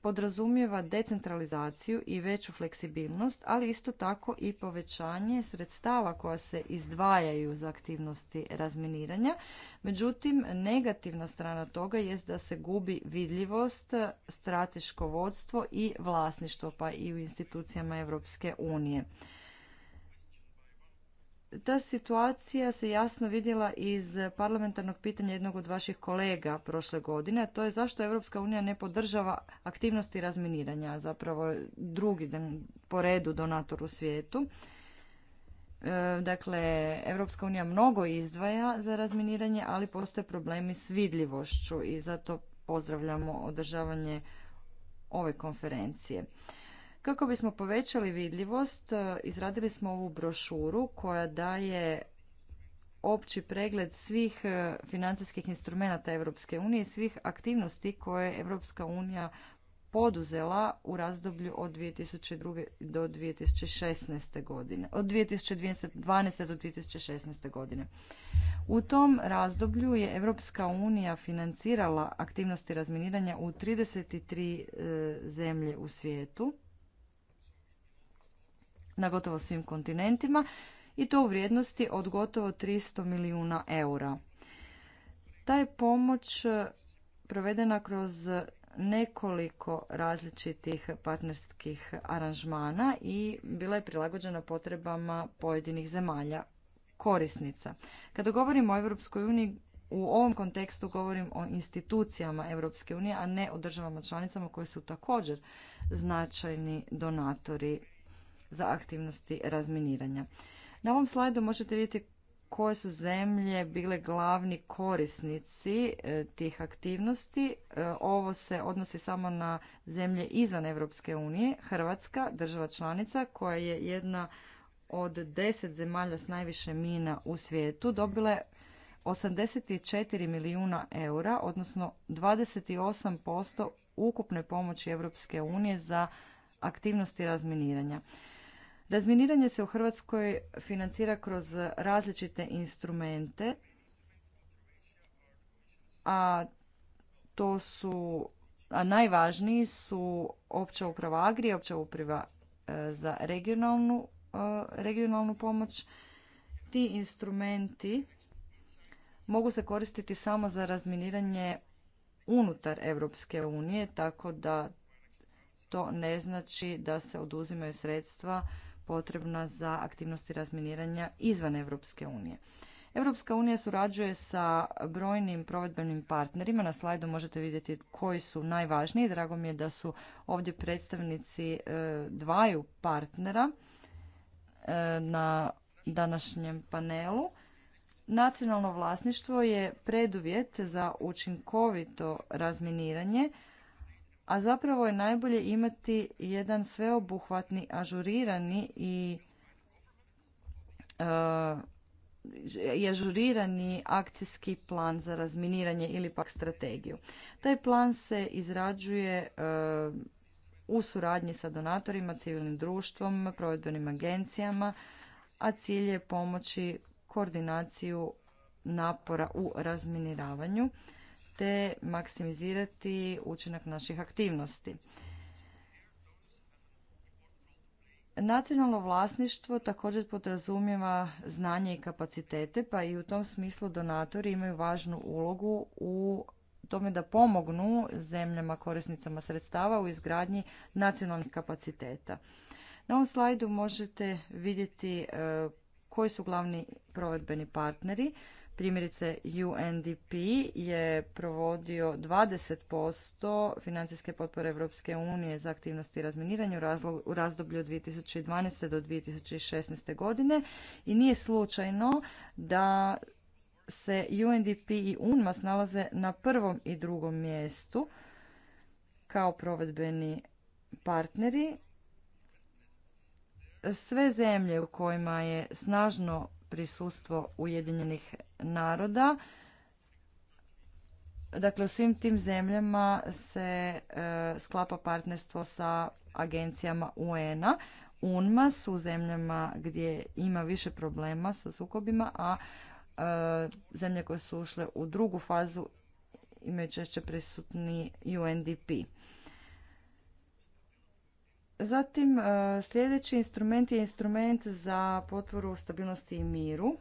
podrazumijeva decentralizaciju i veću fleksibilnost, ali isto tako i povećanje sredstava koja se izdvajaju za aktivnosti razminiranja Međutim, negativna strana toga jest da se gubi vidljivost, strateško vodstvo i vlasništvo, pa i u institucijama Europske unije. Ta situacija se jasno vidjela iz parlamentarnog pitanja jednog od vaših kolega prošle godine, to je zašto Europska unija ne podržava aktivnosti razminiranja, zapravo drugi po redu donator u svijetu. E, dakle, Europska unija mnogo izdvaja za razminiranje, ali postoje problemi s vidljivošću i zato pozdravljamo održavanje ove konferencije. Kako bismo povećali vidljivost, e, izradili smo ovu brošuru koja daje opći pregled svih e, financijskih instrumenata Europske unije i svih aktivnosti koje Europska unija poduzela u razdoblju od 2002. do 2016. godine, od 2012. do 2016. godine. U tom razdoblju je Europska unija financirala aktivnosti razminiranja u 33 e, zemlje u svijetu, na gotovo svim kontinentima, i to u vrijednosti od gotovo 300 milijuna eura. Ta je pomoć e, provedena kroz nekoliko različitih partnerskih aranžmana i bila je prilagođena potrebama pojedinih zemalja korisnica. Kada govorimo o Europskoj uniji, u ovom kontekstu govorim o institucijama Europske unije, a ne o državama članicama koji su također značajni donatori za aktivnosti razminiranja. Na ovom slajdu možete vidjeti koje su zemlje bile glavni korisnici e, tih aktivnosti. E, ovo se odnosi samo na zemlje izvan Europske unije. Hrvatska, država članica, koja je jedna od deset zemalja s najviše mina u svijetu, dobila je 84 milijuna eura, odnosno 28% ukupne pomoći Europske unije za aktivnosti razminiranja. Razminiranje se u Hrvatskoj financira kroz različite instrumente, a to su, a najvažniji su opća uprava agrije opća uprava e, za regionalnu, e, regionalnu pomoć. Ti instrumenti mogu se koristiti samo za razminiranje unutar Europske unije, tako da to ne znači da se oduzimaju sredstva potrebna za aktivnosti razminiranja izvan Europske unije. Europska unija surađuje sa brojnim provedbenim partnerima. Na slajdu možete vidjeti koji su najvažniji. Drago mi je da su ovdje predstavnici e, dvaju partnera e, na današnjem panelu. Nacionalno vlasništvo je preduvjet za učinkovito razminiranje a zapravo je najbolje imati jedan sveobuhvatni, ažurirani i e, i ažurirani akcijski plan za razminiranje ili pak strategiju. Taj plan se izrađuje e, u suradnji sa donatorima, civilnim društvom, provedbenim agencijama, a cilj je pomoći koordinaciju napora u razminiravanju te maksimizirati učinak naših aktivnosti. Nacionalno vlasništvo također podrazumijeva znanje i kapacitete, pa i u tom smislu donatori imaju važnu ulogu u tome da pomognu zemljama korisnicama sredstava u izgradnji nacionalnih kapaciteta. Na ovom slajdu možete vidjeti e, koji su glavni provedbeni partneri. Primjerice UNDP je provodio 20% financijske potpore Europske unije za aktivnosti razminiranja u razdoblju od 2012. do 2016. godine i nije slučajno da se UNDP i UNMAS nalaze na prvom i drugom mjestu kao provedbeni partneri. Sve zemlje u kojima je snažno prisustvo Ujedinjenih naroda. Dakle, u svim tim zemljama se e, sklapa partnerstvo sa agencijama UN-a. UNMA su zemljama gdje ima više problema sa sukobima, a e, zemlje koje su ušle u drugu fazu imaju češće prisutni UNDP. Zatim e, sljedeći instrument je instrument za potporu stabilnosti i miru.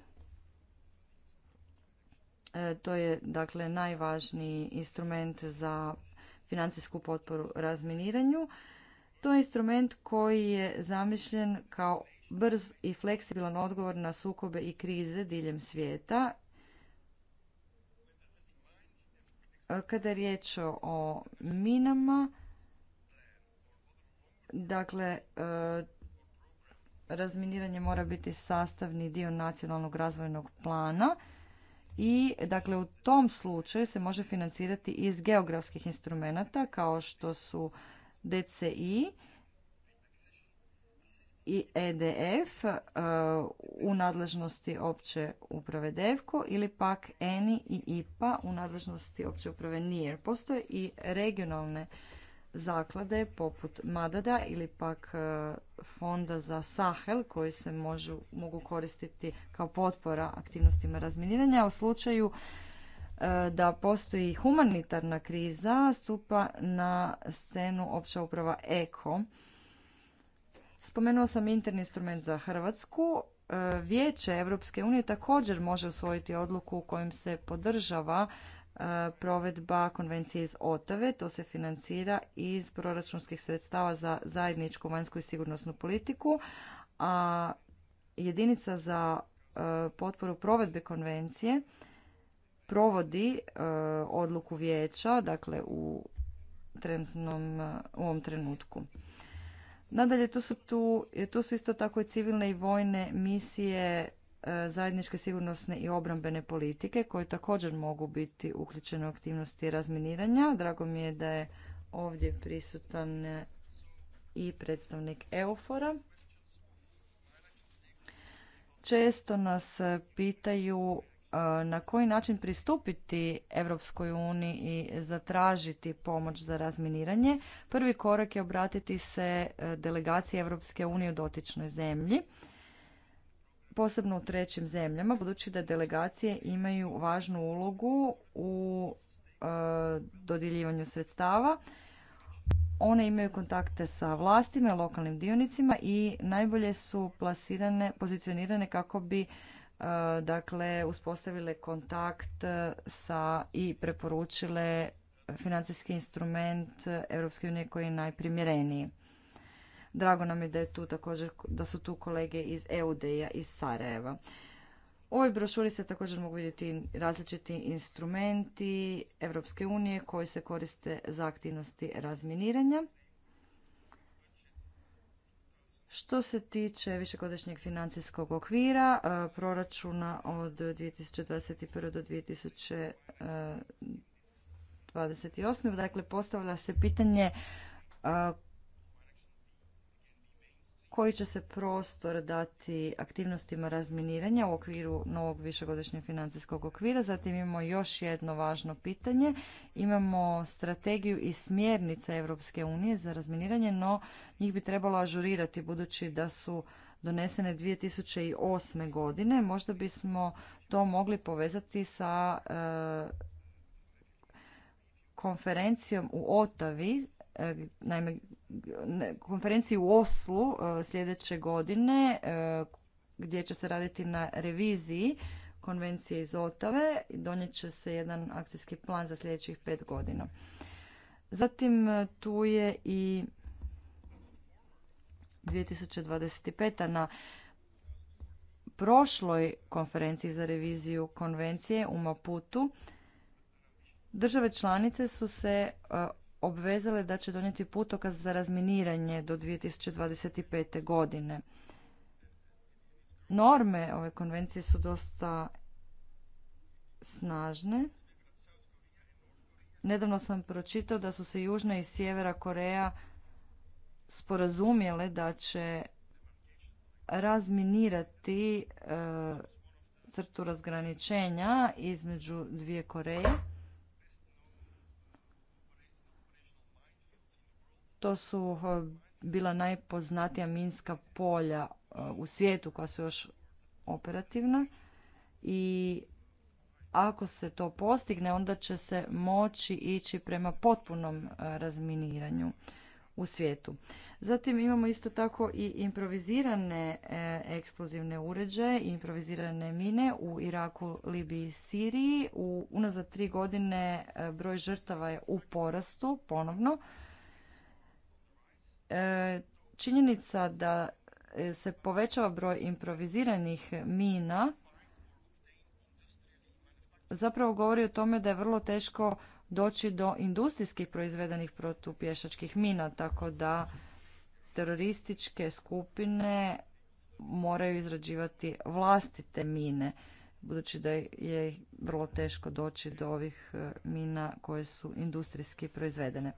E, to je dakle najvažniji instrument za financijsku potporu razminiranju. To je instrument koji je zamišljen kao brz i fleksibilan odgovor na sukobe i krize diljem svijeta. E, kada je riječ o minama, Dakle, e, razminiranje mora biti sastavni dio nacionalnog razvojnog plana i dakle u tom slučaju se može financirati iz geografskih instrumenata kao što su DCI i EDF e, u nadležnosti opće uprave DEVKO ili pak ENI i IPA u nadležnosti opće uprave NIR. Postoje i regionalne zaklade poput Madada ili pak e, fonda za Sahel koji se mogu koristiti kao potpora aktivnostima razminiranja. U slučaju e, da postoji humanitarna kriza stupa na scenu opća uprava EKO. Spomenuo sam interni instrument za Hrvatsku. E, Vijeće Europske unije također može usvojiti odluku u kojim se podržava E, provedba konvencije iz Otave. To se financira iz proračunskih sredstava za zajedničku vanjsku i sigurnosnu politiku, a jedinica za e, potporu provedbe konvencije provodi e, odluku vijeća, dakle u trenutnom, u ovom trenutku. Nadalje, tu su, tu, tu su isto tako i civilne i vojne misije E, zajedničke sigurnosne i obrambene politike koje također mogu biti uključene u aktivnosti razminiranja. Drago mi je da je ovdje prisutan i predstavnik EUFORA. Često nas pitaju e, na koji način pristupiti Europskoj uniji i zatražiti pomoć za razminiranje. Prvi korak je obratiti se e, delegaciji Europske unije u dotičnoj zemlji posebno u trećim zemljama, budući da delegacije imaju važnu ulogu u e, dodjeljivanju sredstava. One imaju kontakte sa vlastima, lokalnim dionicima i najbolje su plasirane, pozicionirane kako bi e, dakle uspostavile kontakt e, sa i preporučile financijski instrument Europske unije koji je najprimjereniji. Drago nam je da, je tu također, da su tu kolege iz EUD-a iz Sarajeva. U ovoj brošuri se također mogu vidjeti različiti instrumenti Europske unije koji se koriste za aktivnosti razminiranja. Što se tiče višegodišnjeg financijskog okvira, e, proračuna od 2021. do 2028. E, dakle, postavlja se pitanje e, koji će se prostor dati aktivnostima razminiranja u okviru novog višegodišnjeg financijskog okvira. Zatim imamo još jedno važno pitanje. Imamo strategiju i smjernice Europske unije za razminiranje, no njih bi trebalo ažurirati budući da su donesene 2008. godine. Možda bismo to mogli povezati sa e, konferencijom u Otavi naime, konferenciji u Oslu e, sljedeće godine e, gdje će se raditi na reviziji konvencije iz Otave. Donijet će se jedan akcijski plan za sljedećih pet godina. Zatim e, tu je i 2025. na prošloj konferenciji za reviziju konvencije u Maputu države članice su se obvezale da će donijeti putokaz za razminiranje do 2025. godine. Norme ove konvencije su dosta snažne. Nedavno sam pročitao da su se Južna i Sjevera Koreja sporazumjele da će razminirati e, crtu razgraničenja između dvije Koreje. To su eh, bila najpoznatija minska polja eh, u svijetu koja su još operativna i ako se to postigne onda će se moći ići prema potpunom eh, razminiranju u svijetu. Zatim imamo isto tako i improvizirane eksplozivne uređaje, improvizirane mine u Iraku, Libiji i Siriji. U unazad tri godine broj žrtava je u porastu ponovno. E, činjenica da e, se povećava broj improviziranih mina zapravo govori o tome da je vrlo teško doći do industrijskih proizvedenih protupješačkih mina, tako da terorističke skupine moraju izrađivati vlastite mine, budući da je vrlo teško doći do ovih e, mina koje su industrijski proizvedene.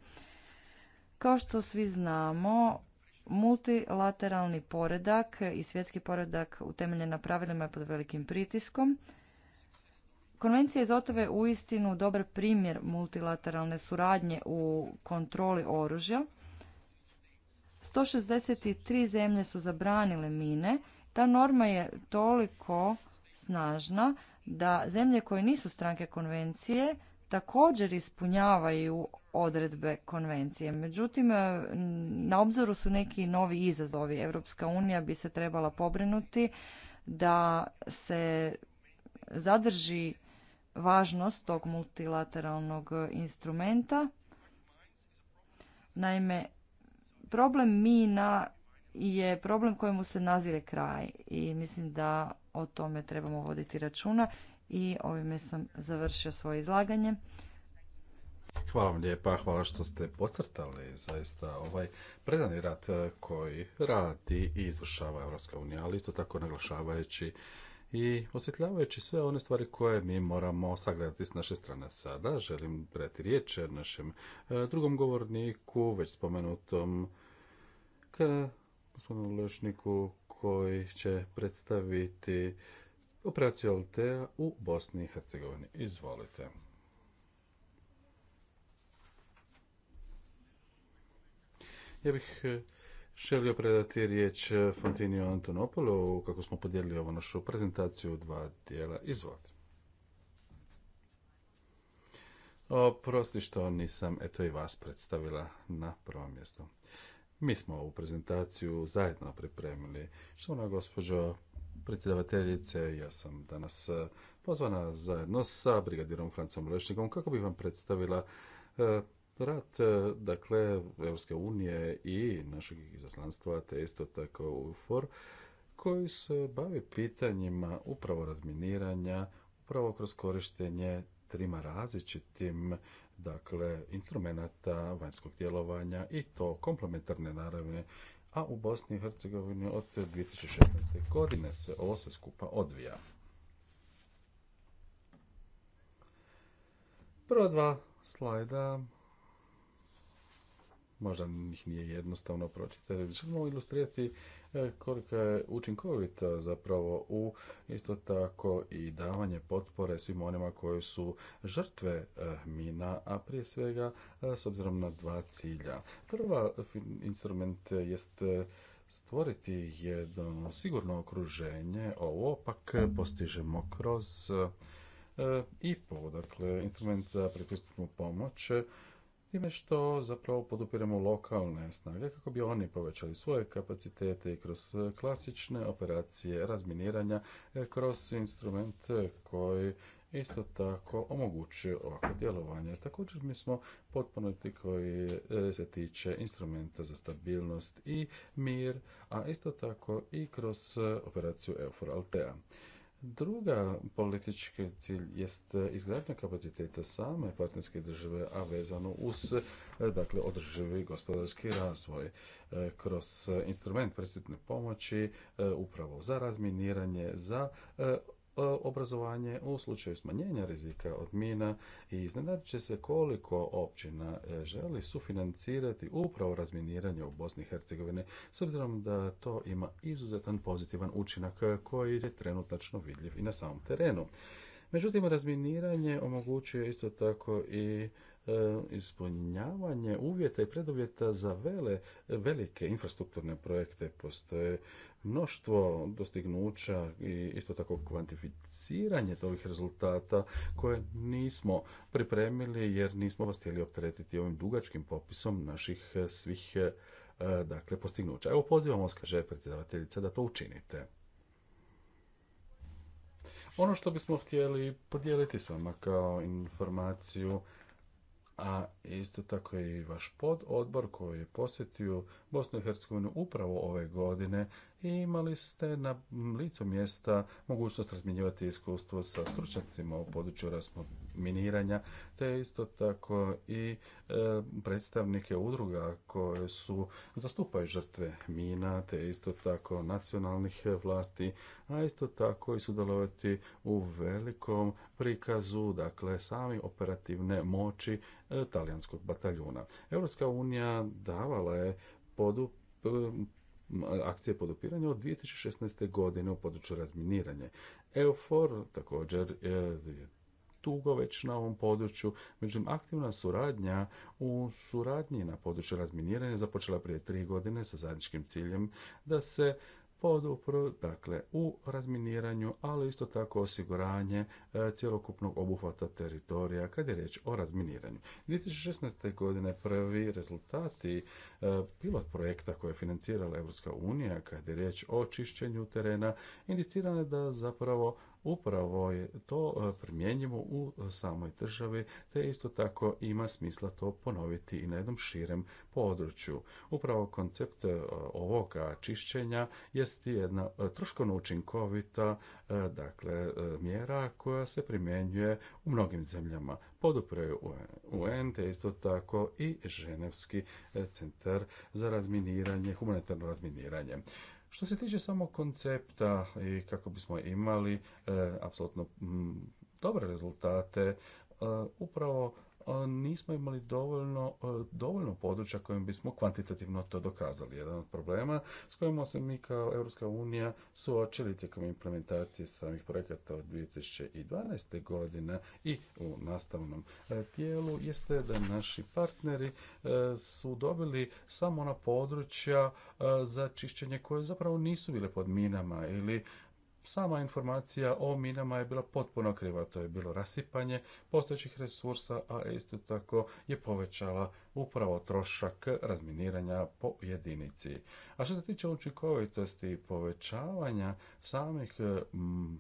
Kao što svi znamo, multilateralni poredak i svjetski poredak utemeljen na pravilima je pod velikim pritiskom. Konvencija iz Otove je uistinu dobar primjer multilateralne suradnje u kontroli oružja. 163 zemlje su zabranile mine. Ta norma je toliko snažna da zemlje koje nisu stranke konvencije također ispunjavaju odredbe konvencije. Međutim, e, na obzoru su neki novi izazovi. Europska unija bi se trebala pobrinuti da se zadrži važnost tog multilateralnog instrumenta. Naime, problem mina je problem kojemu se nazire kraj i mislim da o tome trebamo voditi računa i ovime sam završio svoje izlaganje. Hvala vam lijepa, hvala što ste pocrtali zaista ovaj predani rad eh, koji radi i izvršava Europska unija, ali isto tako naglašavajući i osvjetljavajući sve one stvari koje mi moramo sagledati s naše strane sada, želim preti riječ našem eh, drugom govorniku, već spomenutom gospodinu Lešniku koji će predstaviti operaciju Altea u Bosni i Hercegovini. Izvolite. Ja bih eh, želio predati riječ eh, Fontiniju Antonopolu, kako smo podijelili ovu našu prezentaciju u dva dijela. Izvolite. Oprosti što nisam, eto i vas predstavila na prvom mjestu. Mi smo ovu prezentaciju zajedno pripremili. Što ona gospođo predsjedavateljice. Ja sam danas e, pozvana zajedno sa brigadirom Francom Lešnikom kako bih vam predstavila e, rad e, dakle Europske unije i našeg izaslanstva te isto tako UFOR koji se bavi pitanjima upravo razminiranja, upravo kroz korištenje trima različitim dakle instrumenata vanjskog djelovanja i to komplementarne naravne a u Bosni i Hercegovini od 2016. godine se ovo sve skupa odvija. Prva dva slajda možda njih nije jednostavno pročitati, želimo ilustrirati E, koliko je učinkovita zapravo u isto tako i davanje potpore svim onima koji su žrtve e, mina, a prije svega e, s obzirom na dva cilja. Prva instrument jest stvoriti jedno sigurno okruženje, ovo pak postižemo kroz i dakle, instrument za pristupnu pomoć time što zapravo podupiremo lokalne snage kako bi oni povećali svoje kapacitete i kroz klasične operacije razminiranja, e, kroz instrument e, koji isto tako omogućuje ovakvo djelovanje. Također mi smo potpuno ti koji e, se tiče instrumenta za stabilnost i mir, a isto tako i kroz operaciju Eufor Altea. Druga politički cilj je izgradnja kapaciteta same partnerske države, a vezano uz e, dakle, održivi gospodarski razvoj. E, kroz instrument presjetne pomoći e, upravo za razminiranje, za obrazovanje u slučaju smanjenja rizika od mina i iznenadit će se koliko općina e, želi sufinancirati upravo razminiranje u Bosni i Hercegovini s obzirom da to ima izuzetan pozitivan učinak koji je trenutačno vidljiv i na samom terenu. Međutim, razminiranje omogućuje isto tako i E, ispunjavanje uvjeta i preduvjeta za vele, velike infrastrukturne projekte. Postoje mnoštvo dostignuća i isto tako kvantificiranje ovih rezultata koje nismo pripremili jer nismo vas htjeli opteretiti ovim dugačkim popisom naših e, svih e, dakle, postignuća. Evo pozivam, vas, kaže predsjedavateljica, da to učinite. Ono što bismo htjeli podijeliti s vama kao informaciju a isto tako i vaš pododbor koji je posjetio Bosnu i Hercegovinu upravo ove godine i imali ste na licu mjesta mogućnost razmjenjivati iskustvo sa stručnjacima u području razminiranja, te isto tako i e, predstavnike udruga koje su zastupaju žrtve mina, te isto tako nacionalnih vlasti, a isto tako i sudjelovati u velikom prikazu, dakle sami operativne moći e, talijanskog bataljuna. Europska unija davala je podu e, akcije podopiranja od 2016. godine u području razminiranja. EUFOR također e, je tugo već na ovom području, međutim aktivna suradnja u suradnji na području razminiranja započela prije tri godine sa zajedničkim ciljem da se podupru, dakle u razminiranju, ali isto tako osiguranje e, cjelokupnog obuhvata teritorija kad je riječ o razminiranju. 2016. godine prvi rezultati e, pilot projekta koje je financirala Europska unija kad je riječ o čišćenju terena indicirano je da zapravo upravo je to e, primjenjivo u e, samoj državi, te isto tako ima smisla to ponoviti i na jednom širem području. Upravo koncept e, ovoga čišćenja jest jedna troškovno učinkovita dakle, mjera koja se primjenjuje u mnogim zemljama. Podupreju UN, te isto tako i Ženevski centar za razminiranje, humanitarno razminiranje. Što se tiče samog koncepta i kako bismo imali e, apsolutno dobre rezultate, e, upravo nismo imali dovoljno, e, dovoljno područja kojim bismo kvantitativno to dokazali. Jedan od problema s kojima se mi kao Europska unija suočili tijekom implementacije samih projekata od 2012. godine i u nastavnom e, tijelu jeste da naši partneri e, su dobili samo na područja za čišćenje koje zapravo nisu bile pod minama ili sama informacija o minama je bila potpuno kriva. To je bilo rasipanje postojećih resursa, a isto tako je povećala upravo trošak razminiranja po jedinici. A što se tiče učinkovitosti i povećavanja samih mm,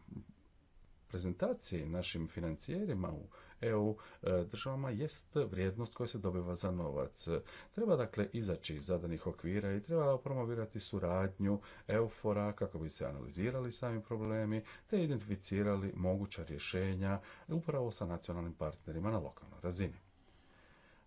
prezentacije našim financijerima u EU e, državama jest vrijednost koja se dobiva za novac. Treba dakle izaći iz zadanih okvira i treba promovirati suradnju EUFORA kako bi se analizirali sami problemi te identificirali moguća rješenja upravo sa nacionalnim partnerima na lokalnoj razini.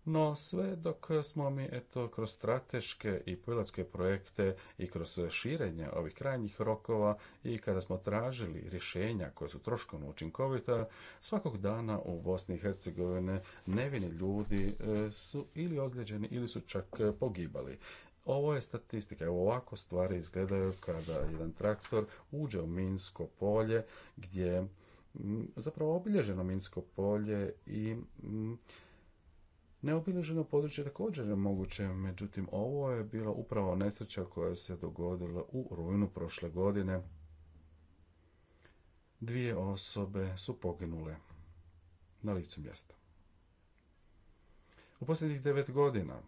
No sve dok smo mi eto kroz strateške i pilotske projekte i kroz širenje ovih krajnjih rokova i kada smo tražili rješenja koje su troškovno učinkovita, svakog dana u Bosni i Hercegovine nevini ljudi e, su ili ozlijeđeni ili su čak e, pogibali. Ovo je statistika, evo ovako stvari izgledaju kada jedan traktor uđe u Minsko polje gdje zapravo obilježeno Minsko polje i Neobilježeno područje također je moguće, međutim ovo je bila upravo nesreća koja se dogodila u rujnu prošle godine. Dvije osobe su poginule na licu mjesta. U posljednjih devet godina,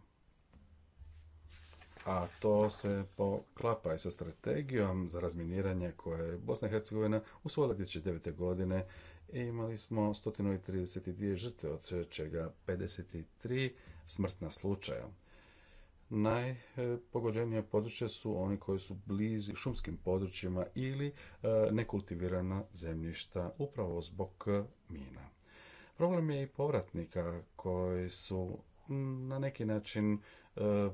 a to se poklapa i sa strategijom za razminiranje koje je Bosna i Hercegovina usvojila 2009. godine E, imali smo 132 žrtve, od čega 53 smrtna slučaja. Najpogođenije područje su oni koji su blizi šumskim područjima ili e, nekultivirana zemljišta upravo zbog mina. Problem je i povratnika koji su na neki način e,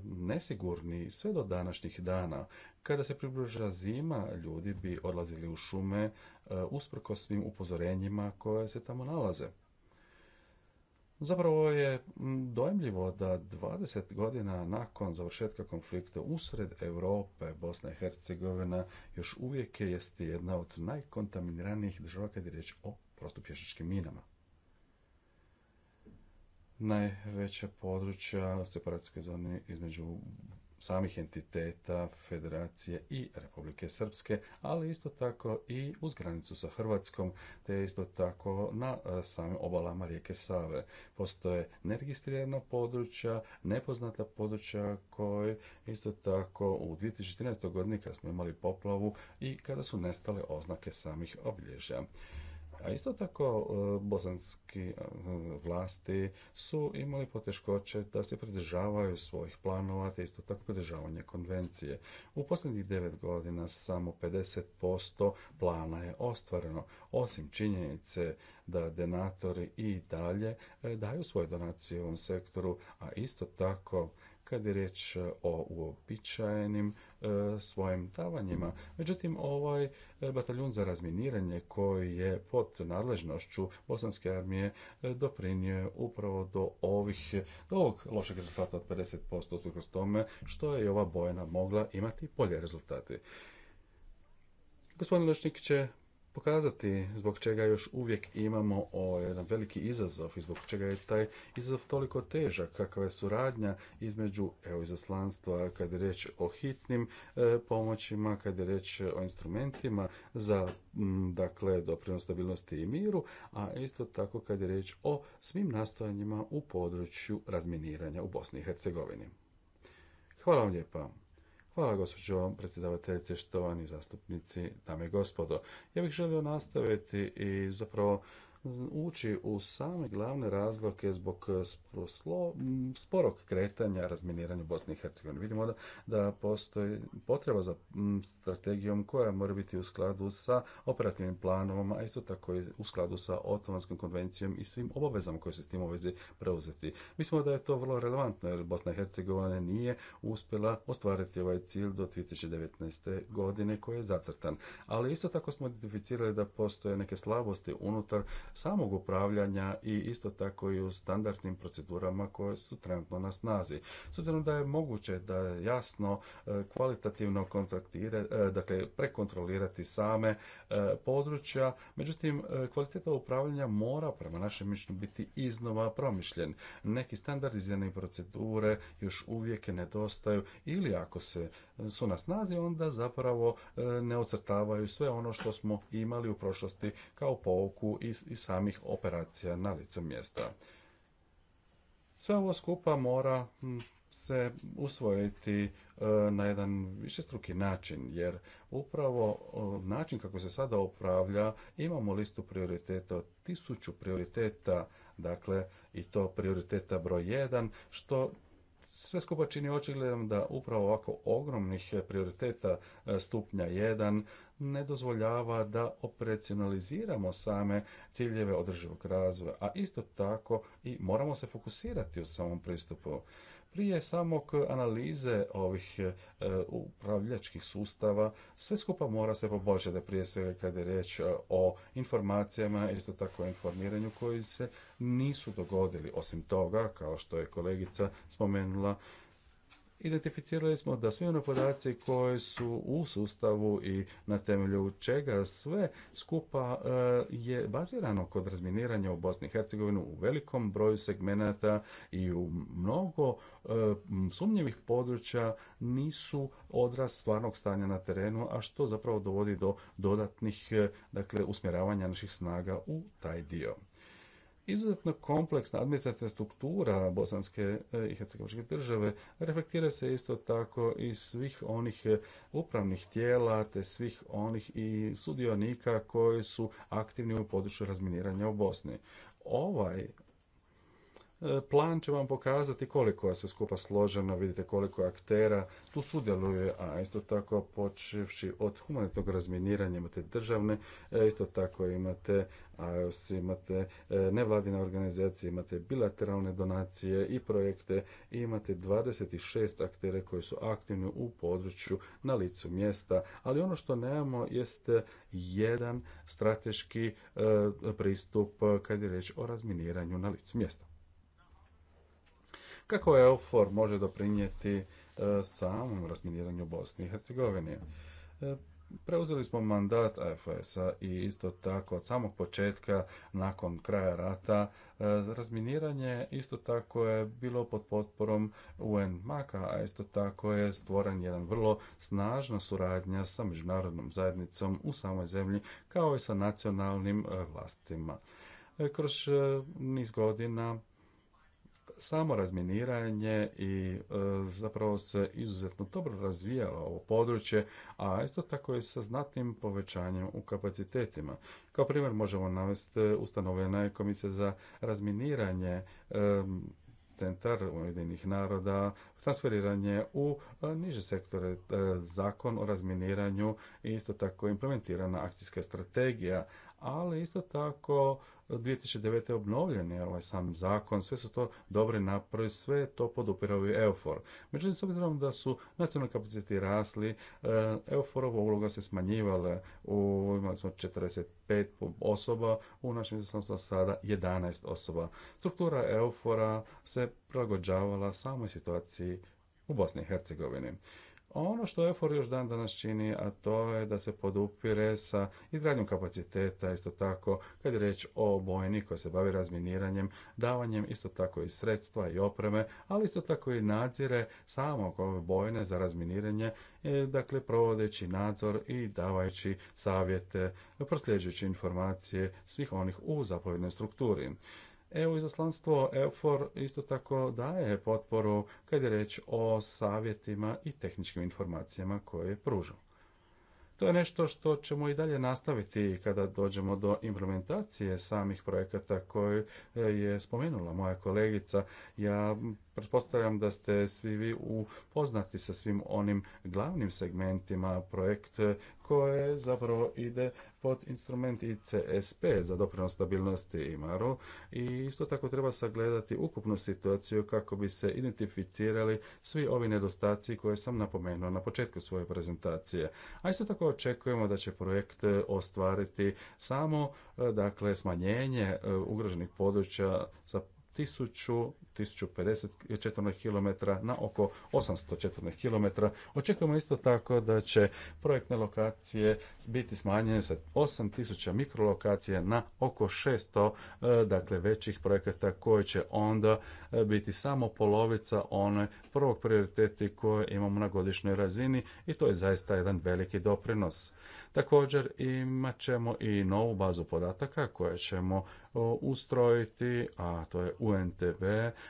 nesigurni sve do današnjih dana. Kada se približa zima, ljudi bi odlazili u šume e, usprko svim upozorenjima koje se tamo nalaze. Zapravo je dojemljivo da 20 godina nakon završetka konflikta usred Europe, Bosna i Hercegovina još uvijek je jedna od najkontaminiranijih država kad je riječ o protupješačkim minama. Najveća područja u zone zoni između samih entiteta Federacije i Republike Srpske, ali isto tako i uz granicu sa Hrvatskom, te isto tako na e, samim obalama rijeke Save. Postoje neregistrirana područja, nepoznata područja koje isto tako u 2013. godini kad smo imali poplavu i kada su nestale oznake samih obilježja. A isto tako e, bosanski e, vlasti su imali poteškoće da se pridržavaju svojih planova, te isto tako pridržavanje konvencije. U posljednjih devet godina samo 50% plana je ostvareno, osim činjenice da denatori i dalje e, daju svoje donacije u ovom sektoru, a isto tako kad je riječ e, o uobičajenim e, svojim davanjima. Međutim, ovaj e, bataljun za razminiranje koji je pod nadležnošću Bosanske armije doprinio je upravo do ovih, ovog lošeg rezultata od 50% usprkos tome što je i ova bojena mogla imati bolje rezultate. Gospodin Lešnik će pokazati zbog čega još uvijek imamo o, jedan veliki izazov i zbog čega je taj izazov toliko težak, kakva je suradnja između evo izaslanstva kad je riječ o hitnim e, pomoćima, kad je riječ o instrumentima za m, dakle, doprinos stabilnosti i miru, a isto tako kad je riječ o svim nastojanjima u području razminiranja u Bosni i Hercegovini. Hvala vam lijepa. Hvala gospođo predsjedavateljice, štovani zastupnici, dame i gospodo. Ja bih želio nastaviti i zapravo ući u same glavne razloge zbog sporog kretanja razminiranja Bosne i Hercegovine. Vidimo da, da postoji potreba za strategijom koja mora biti u skladu sa operativnim planom, a isto tako i u skladu sa Otomanskom konvencijom i svim obavezama koje se s tim u preuzeti. Mislimo da je to vrlo relevantno jer Bosna i Hercegovina nije uspjela ostvariti ovaj cilj do 2019. godine koji je zacrtan. Ali isto tako smo identificirali da postoje neke slabosti unutar samog upravljanja i isto tako i u standardnim procedurama koje su trenutno na snazi. S obzirom da je moguće da jasno e, kvalitativno kontraktire e, dakle prekontrolirati same e, područja, međutim kvaliteta upravljanja mora prema našem mišljenju biti iznova promišljen. Neki standardizirane procedure još uvijek nedostaju ili ako se su na snazi onda zapravo ne ocrtavaju sve ono što smo imali u prošlosti kao pouku i samih operacija na licu mjesta. Sve ovo skupa mora hm, se usvojiti e, na jedan višestruki način, jer upravo e, način kako se sada upravlja imamo listu prioriteta, tisuću prioriteta, dakle i to prioriteta broj 1, što sve skupa čini očigledom da upravo ovako ogromnih prioriteta e, stupnja 1 ne dozvoljava da operacionaliziramo same ciljeve održivog razvoja, a isto tako i moramo se fokusirati u samom pristupu. Prije samog analize ovih e, upravljačkih sustava sve skupa mora se poboljšati prije svega kada je riječ e, o informacijama, isto tako o informiranju koji se nisu dogodili. Osim toga, kao što je kolegica spomenula, identificirali smo da svi oni podaci koji su u sustavu i na temelju čega sve skupa e, je bazirano kod razminiranja u Bosni i Hercegovini u velikom broju segmenata i u mnogo e, sumnjivih područja nisu odraz stvarnog stanja na terenu, a što zapravo dovodi do dodatnih e, dakle, usmjeravanja naših snaga u taj dio. Izuzetno kompleksna administrativna struktura bosanske e, i hercegovačke države reflektira se isto tako i svih onih e, upravnih tijela te svih onih i sudionika koji su aktivni u području razminiranja u Bosni. Ovaj E, plan će vam pokazati koliko je sve skupa složeno, vidite koliko aktera tu sudjeluje, a isto tako počevši od humanitog razminiranja imate državne, e, isto tako imate AOS, imate e, nevladine organizacije, imate bilateralne donacije i projekte imate 26 aktere koji su aktivni u području na licu mjesta, ali ono što nemamo jest jedan strateški pristup kad je riječ o razminiranju na licu mjesta kako EUFOR može doprinijeti e, samom razminiranju Bosne i Hercegovine. E, preuzeli smo mandat AFS-a i isto tako od samog početka nakon kraja rata e, razminiranje isto tako je bilo pod potporom UN Maka, a isto tako je stvoren jedan vrlo snažna suradnja sa međunarodnom zajednicom u samoj zemlji kao i sa nacionalnim vlastima. Kroz niz godina samo razminiranje i e, zapravo se izuzetno dobro razvijalo ovo područje, a isto tako i sa znatnim povećanjem u kapacitetima. Kao primjer možemo navesti e, ustanovljena je komisija za razminiranje e, centar Ujedinih naroda, transferiranje u niže sektore, zakon o razminiranju i isto tako implementirana akcijska strategija, ali isto tako 2009. je obnovljen je ovaj sam zakon, sve su to dobre napravi, sve to podupirao i EUFOR. Međutim, s obzirom da su nacionalni kapaciteti rasli, e, EUFOR-ova uloga se smanjivala, u, imali smo 45 osoba, u našem sa sada 11 osoba. Struktura EUFORA se prilagođavala samoj situaciji u Bosni i Hercegovini. Ono što EFOR još dan danas čini, a to je da se podupire sa izgradnjom kapaciteta, isto tako kad je reč o bojni koja se bavi razminiranjem, davanjem isto tako i sredstva i opreme, ali isto tako i nadzire samog ove bojne za razminiranje, e, dakle provodeći nadzor i davajući savjete, prosljeđujući informacije svih onih u zapovjednoj strukturi. EU izaslanstvo EUFOR isto tako daje potporu kad je reč o savjetima i tehničkim informacijama koje je To je nešto što ćemo i dalje nastaviti kada dođemo do implementacije samih projekata koje e, je spomenula moja kolegica. Ja Pretpostavljam da ste svi vi upoznati sa svim onim glavnim segmentima projekt koje zapravo ide pod instrument ICSP za doprinos stabilnosti i maru i isto tako treba sagledati ukupnu situaciju kako bi se identificirali svi ovi nedostaci koje sam napomenuo na početku svoje prezentacije. A isto tako očekujemo da će projekt e, ostvariti samo e, dakle smanjenje e, ugroženih područja sa 1000, 1050 kilometara na oko 800 km. Očekujemo isto tako da će projektne lokacije biti smanjene sa 8000 mikrolokacija na oko 600 e, dakle većih projekata koje će onda biti samo polovica one prvog prioriteti koje imamo na godišnjoj razini i to je zaista jedan veliki doprinos. Također imat ćemo i novu bazu podataka koje ćemo e, ustrojiti, a to je UNTB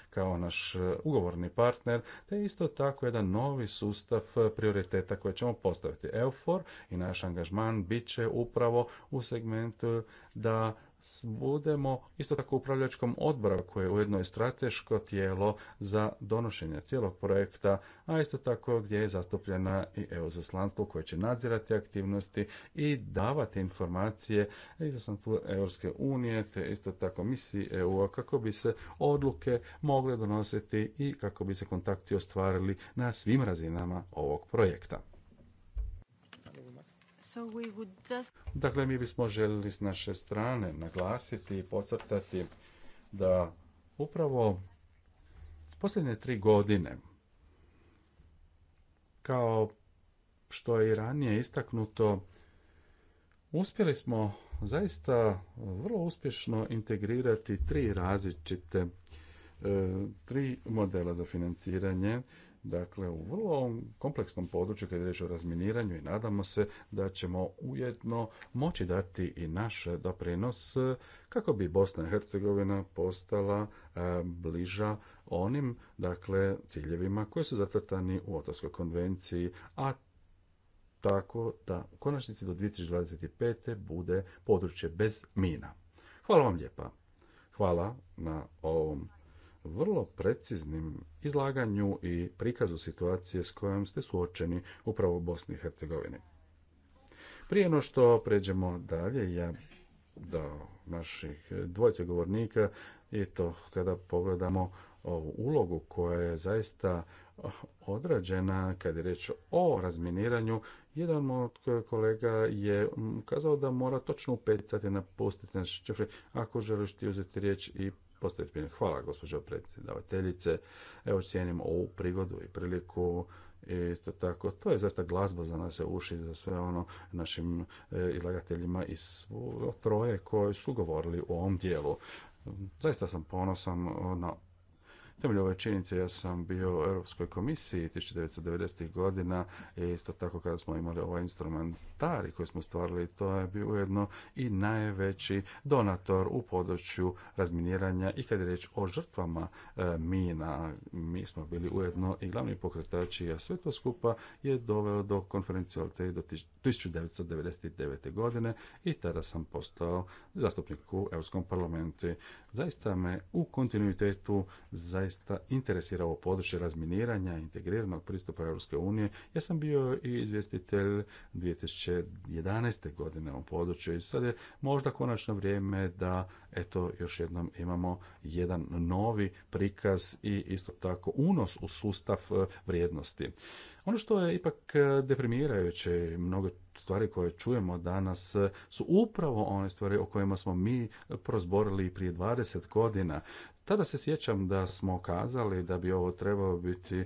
kao naš e, ugovorni partner, te isto tako jedan novi sustav prioriteta koje ćemo postaviti. EUFOR i naš angažman bit će upravo u segmentu da budemo isto tako upravljačkom odbora koje je ujedno i strateško tijelo za donošenje cijelog projekta, a isto tako gdje je zastupljena i EU zaslanstvo koje će nadzirati aktivnosti i davati informacije izaslanstvu Europske unije te isto tako misiji EU kako bi se odluke mogle donositi i kako bi se kontakti ostvarili na svim razinama ovog projekta. Dakle, mi bismo željeli s naše strane naglasiti i podcrtati da upravo posljednje tri godine, kao što je i ranije istaknuto, uspjeli smo zaista vrlo uspješno integrirati tri različite e, tri modela za financiranje dakle u vrlo kompleksnom području kad je riječ o razminiranju i nadamo se da ćemo ujedno moći dati i naš doprinos kako bi Bosna i Hercegovina postala e, bliža onim dakle ciljevima koji su zacrtani u Otavskoj konvenciji, a tako da u konačnici do 2025. bude područje bez mina. Hvala vam lijepa. Hvala na ovom vrlo preciznim izlaganju i prikazu situacije s kojom ste suočeni upravo u Bosni i Hercegovini. Prije no što pređemo dalje, ja do naših dvojce govornika i to kada pogledamo ovu ulogu koja je zaista odrađena kad je reč o razminiranju, jedan od kolega je kazao da mora točno u pet sati napustiti naš čefri ako želiš ti uzeti riječ i postaviti pitanje. Hvala, gospođo predsjedavateljice. Evo, cijenim ovu prigodu i priliku isto tako, to je zaista glazba za nas uši, za sve ono našim e, izlagateljima iz troje koji su govorili u ovom dijelu. Zaista sam ponosan na Temelju ove činjenice ja sam bio u Europskoj komisiji 1990. godina i isto tako kada smo imali ovaj instrumentari koji smo stvarili, to je bio ujedno i najveći donator u području razminiranja i kad je riječ o žrtvama e, mina. Mi smo bili ujedno i glavni pokretači, a sve to skupa je dovelo do konferencije Oltej do 1999. godine i tada sam postao zastupnik u Europskom parlamentu. Zaista me u kontinuitetu zaista interesira ovo područje razminiranja integriranog pristupa Europske unije. Ja sam bio i izvjestitelj 2011. godine u području i sad je možda konačno vrijeme da eto još jednom imamo jedan novi prikaz i isto tako unos u sustav e, vrijednosti. Ono što je ipak e, deprimirajuće, mnogo stvari koje čujemo danas e, su upravo one stvari o kojima smo mi prozborili prije 20 godina. Tada se sjećam da smo kazali da bi ovo trebao biti e,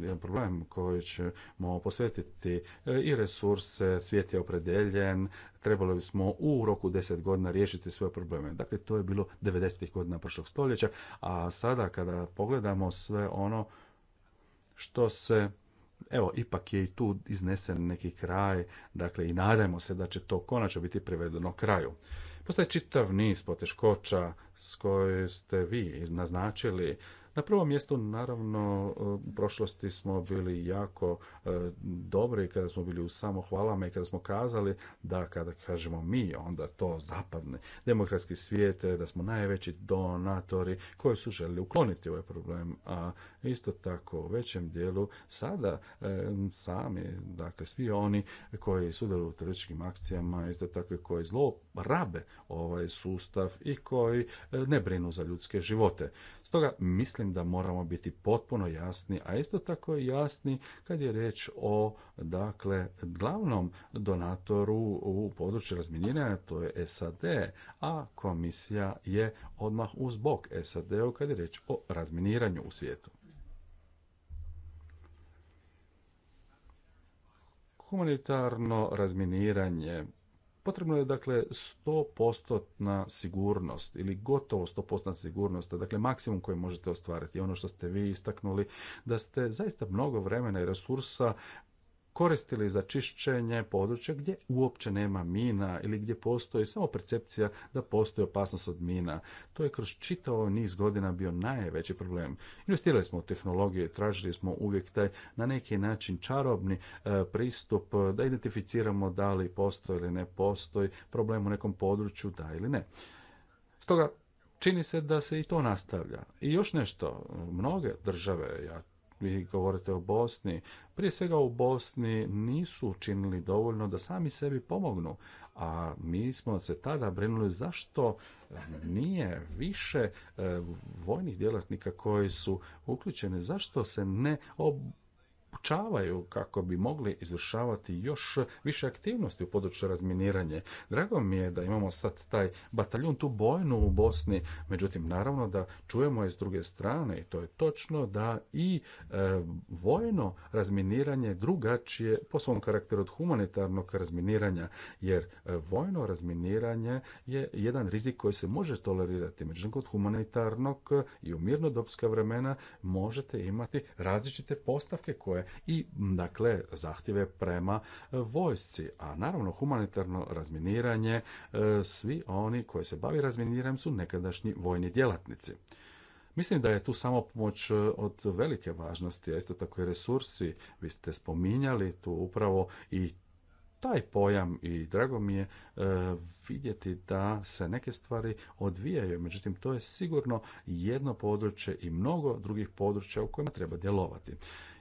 jedan problem koji ćemo posvetiti i resurse, svijet je opredeljen, trebali bismo u roku 10 godina riješiti svoje probleme. Dakle, to je bilo 90. godina prošlog stoljeća, a sada kada pogledamo sve ono što se evo, ipak je i tu iznesen neki kraj, dakle i nadajmo se da će to konačno biti privedeno kraju. Postoje čitav niz poteškoća s koje ste vi naznačili, na prvom mjestu, naravno, e, u prošlosti smo bili jako e, dobri kada smo bili u samohvalama i kada smo kazali da kada kažemo mi, onda to zapadne demokratski svijet, e, da smo najveći donatori koji su željeli ukloniti ovaj problem, a isto tako u većem dijelu sada sami, dakle svi oni koji sudjeluju u terorističkim akcijama, isto tako i koji rabe ovaj sustav i koji ne brinu za ljudske živote. Stoga mislim da moramo biti potpuno jasni, a isto tako jasni kad je riječ o dakle glavnom donatoru u području razminiranja, to je SAD, a komisija je odmah uz bok SAD-u kad je riječ o razminiranju u svijetu. Humanitarno razminiranje Potrebno je dakle 100% sigurnost ili gotovo 100% sigurnost, dakle maksimum koji možete ostvariti. Ono što ste vi istaknuli da ste zaista mnogo vremena i resursa koristili za čišćenje područja gdje uopće nema mina ili gdje postoji samo percepcija da postoji opasnost od mina. To je kroz čitavo niz godina bio najveći problem. Investirali smo u tehnologiju, tražili smo uvijek taj na neki način čarobni e, pristup da identificiramo da li postoji ili ne postoji problem u nekom području, da ili ne. Stoga čini se da se i to nastavlja. I još nešto, mnoge države, ja vi govorite o Bosni. Prije svega u Bosni nisu učinili dovoljno da sami sebi pomognu, a mi smo se tada brinuli zašto nije više e, vojnih djelatnika koji su uključeni, zašto se ne obučavaju kako bi mogli izvršavati još više aktivnosti u području razminiranja. Drago mi je da imamo sad taj bataljun, tu bojnu u Bosni, međutim naravno da čujemo i s druge strane i to je točno da i e, vojno razminiranje drugačije po svom karakteru od humanitarnog razminiranja, jer e, vojno razminiranje je jedan rizik koji se može tolerirati. Međutim, kod humanitarnog i u mirnodopska vremena možete imati različite postavke koje i dakle zahtjeve prema e, vojsci. A naravno humanitarno razminiranje, e, svi oni koji se bavi razminiranjem su nekadašnji vojni djelatnici. Mislim da je tu samo pomoć e, od velike važnosti, a isto tako i resursi. Vi ste spominjali tu upravo i taj pojam i drago mi je vidjeti da se neke stvari odvijaju. Međutim, to je sigurno jedno područje i mnogo drugih područja u kojima treba djelovati.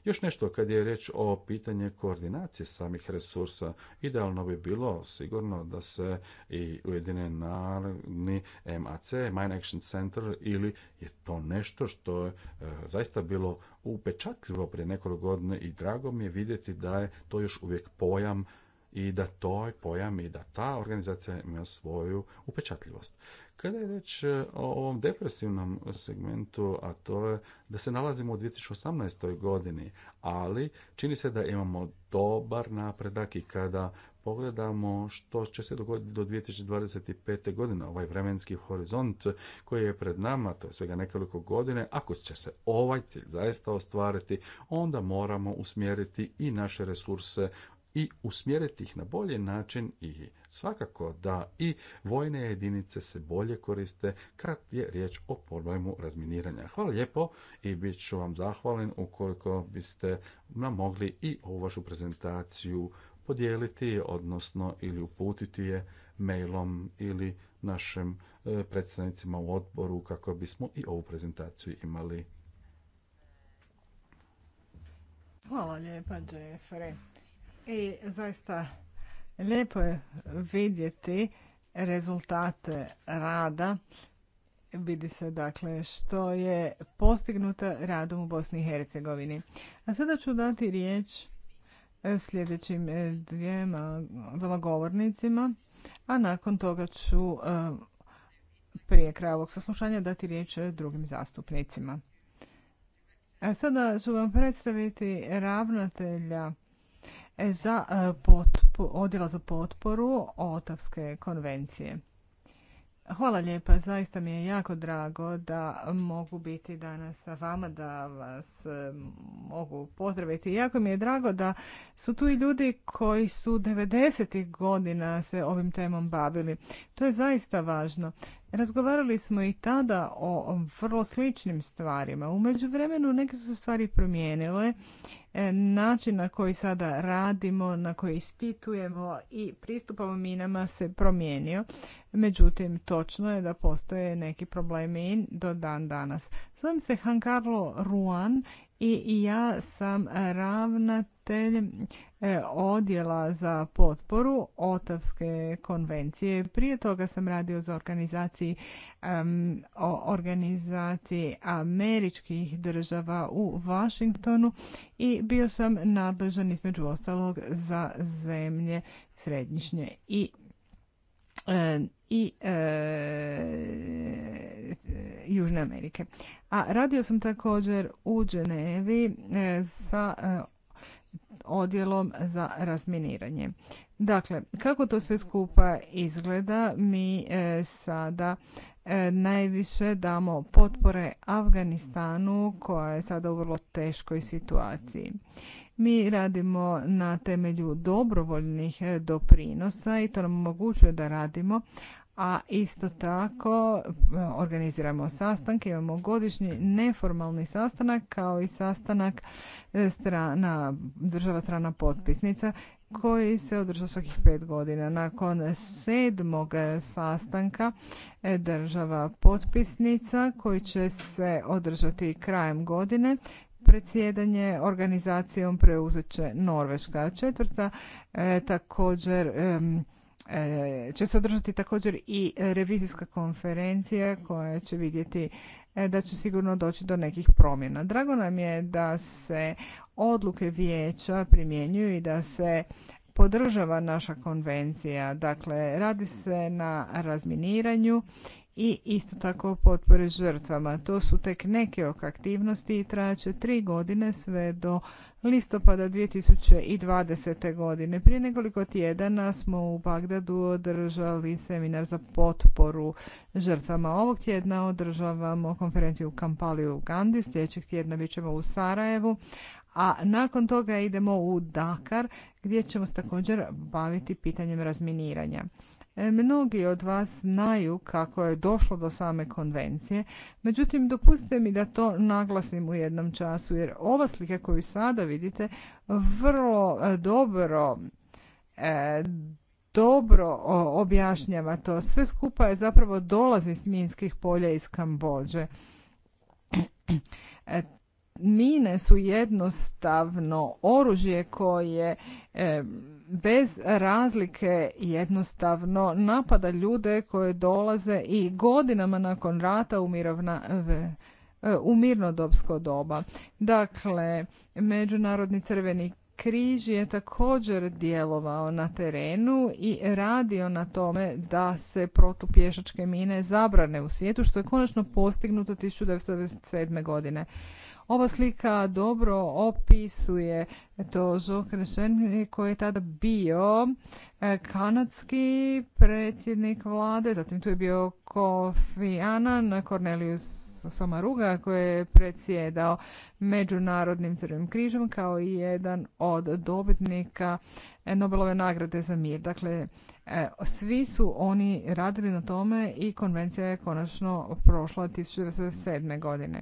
Još nešto kad je riječ o pitanje koordinacije samih resursa, idealno bi bilo sigurno da se i Ujedine narodni MAC, Mine Action Center, ili je to nešto što je e, zaista bilo upečatljivo prije nekoliko godina i drago mi je vidjeti da je to još uvijek pojam i da to je pojam i da ta organizacija ima svoju upečatljivost. Kada je riječ e, o ovom depresivnom segmentu, a to je da se nalazimo u 2018. godini, ali čini se da imamo dobar napredak i kada pogledamo što će se dogoditi do 2025. godine, ovaj vremenski horizont koji je pred nama, to je svega nekoliko godine, ako će se ovaj cilj zaista ostvariti, onda moramo usmjeriti i naše resurse i usmjeriti ih na bolji način i Svakako da i vojne jedinice se bolje koriste kad je riječ o problemu razminiranja. Hvala lijepo i bit ću vam zahvalen ukoliko biste nam mogli i ovu vašu prezentaciju podijeliti, odnosno ili uputiti je mailom ili našim e, predstavnicima u odboru kako bismo i ovu prezentaciju imali. Hvala lijepa, Jeffrey. I zaista Lijepo je vidjeti rezultate rada. Vidi se dakle što je postignuta radom u Bosni i Hercegovini. A sada ću dati riječ sljedećim e, dvijema, dvoma govornicima, a nakon toga ću e, prije kraja ovog saslušanja dati riječ drugim zastupnicima. A sada ću vam predstaviti ravnatelja E, za e, odjela za potporu Otavske konvencije. Hvala lijepa, zaista mi je jako drago da mogu biti danas sa vama, da vas e, mogu pozdraviti. Jako mi je drago da su tu i ljudi koji su 90. godina se ovim temom bavili. To je zaista važno. Razgovarali smo i tada o vrlo sličnim stvarima. U međuvremenu neke su se stvari promijenile. E, način na koji sada radimo, na koji ispitujemo i pristupamo minama se promijenio. Međutim, točno je da postoje neki problemi do dan danas. Zovem se Hankarlo Ruan i ja sam ravnatelj e, odjela za potporu Otavske konvencije. Prije toga sam radio za organizaciji, um, organizaciji američkih država u Washingtonu i bio sam nadležan između ostalog za zemlje središnje i i e, Južne Amerike. A radio sam također u Ženevi e, sa e, odjelom za razminiranje. Dakle, kako to sve skupa izgleda, mi e, sada najviše damo potpore Afganistanu koja je sada u vrlo teškoj situaciji. Mi radimo na temelju dobrovoljnih doprinosa i to nam omogućuje da radimo, a isto tako eh, organiziramo sastanke, imamo godišnji neformalni sastanak kao i sastanak eh, strana, država strana potpisnica koji se održao svakih pet godina. Nakon sedmog eh, sastanka država potpisnica koji će se održati krajem godine, predsjedanje organizacijom preuzet će Norveška. Četvrta također E, će se održati također i revizijska konferencija koja će vidjeti e, da će sigurno doći do nekih promjena. Drago nam je da se odluke vijeća primjenjuju i da se podržava naša konvencija. Dakle, radi se na razminiranju i isto tako potpore žrtvama. To su tek neke ok aktivnosti i trajaće tri godine sve do listopada 2020. godine. Prije nekoliko tjedana smo u Bagdadu održali seminar za potporu žrtvama. Ovog tjedna održavamo konferenciju u Kampali u Gandhi, sljedećeg tjedna bit ćemo u Sarajevu, a nakon toga idemo u Dakar gdje ćemo se također baviti pitanjem razminiranja. E, mnogi od vas znaju kako je došlo do same konvencije, međutim dopustite mi da to naglasim u jednom času jer ova slika koju sada vidite vrlo e, dobro e, dobro objašnjava to. Sve skupa je zapravo dolazi iz minskih polja iz Kambođe. Mine su jednostavno oružje koje bez razlike jednostavno napada ljude koje dolaze i godinama nakon rata u mirovna e, u mirnodopsko doba. Dakle, Međunarodni crveni križ je također djelovao na terenu i radio na tome da se protupješačke mine zabrane u svijetu, što je konačno postignuto 1997. godine. Ova slika dobro opisuje to Jacques koji je tada bio e, kanadski predsjednik vlade, zatim tu je bio Kofi Annan, Cornelius odnosno Ruga koji je predsjedao Međunarodnim crvenim križom kao i jedan od dobitnika Nobelove nagrade za mir. Dakle, e, svi su oni radili na tome i konvencija je konačno prošla 1997. godine.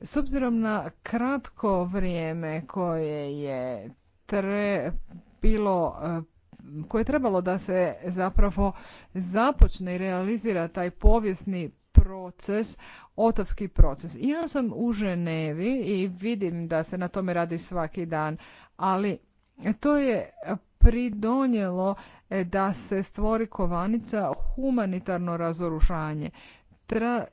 S obzirom na kratko vrijeme koje je bilo e, koje je trebalo da se zapravo započne i realizira taj povijesni proces, otavski proces. Ja sam u Ženevi i vidim da se na tome radi svaki dan, ali to je pridonjelo e, da se stvori kovanica humanitarno razoružanje.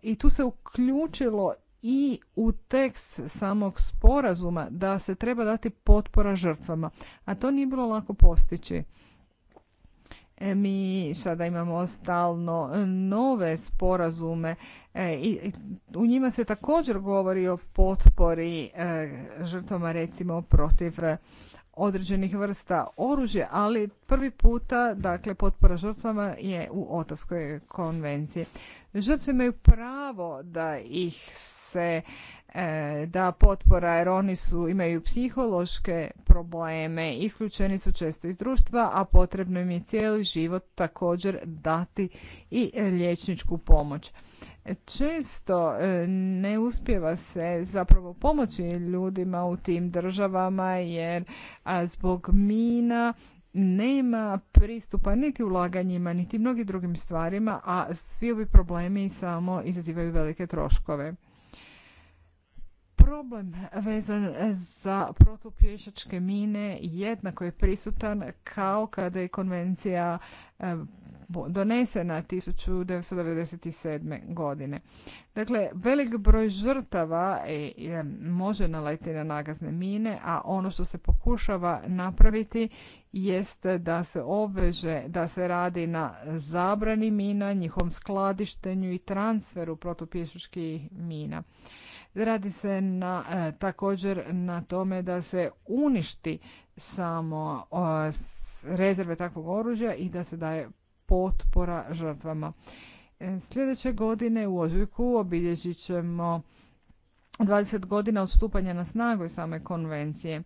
I tu se uključilo i u tekst samog sporazuma da se treba dati potpora žrtvama, a to nije bilo lako postići. E, mi sada imamo stalno e, nove sporazume e, i u njima se također govori o potpori žrtvama recimo protiv određenih vrsta oružja, ali prvi puta dakle potpora žrtvama je u Otavskoj konvenciji. Žrtve imaju pravo da ih se E, da potpora jer oni su, imaju psihološke probleme, isključeni su često iz društva, a potrebno im je cijeli život također dati i liječničku pomoć. Često e, ne uspjeva se zapravo pomoći ljudima u tim državama jer zbog mina nema pristupa niti ulaganjima, niti mnogim drugim stvarima, a svi ovi problemi samo izazivaju velike troškove. Problem vezan za protupješačke mine jednako je prisutan kao kada je konvencija e, donesena 1997. godine. Dakle, velik broj žrtava e, može naletiti na nagazne mine, a ono što se pokušava napraviti jest da se obveže da se radi na zabrani mina, njihovom skladištenju i transferu protupješačkih mina. Radi se na, e, također na tome da se uništi samo rezerve takvog oružja i da se daje potpora žrtvama. E, sljedeće godine u ožujku obilježit ćemo 20 godina od stupanja na snagu same konvencije.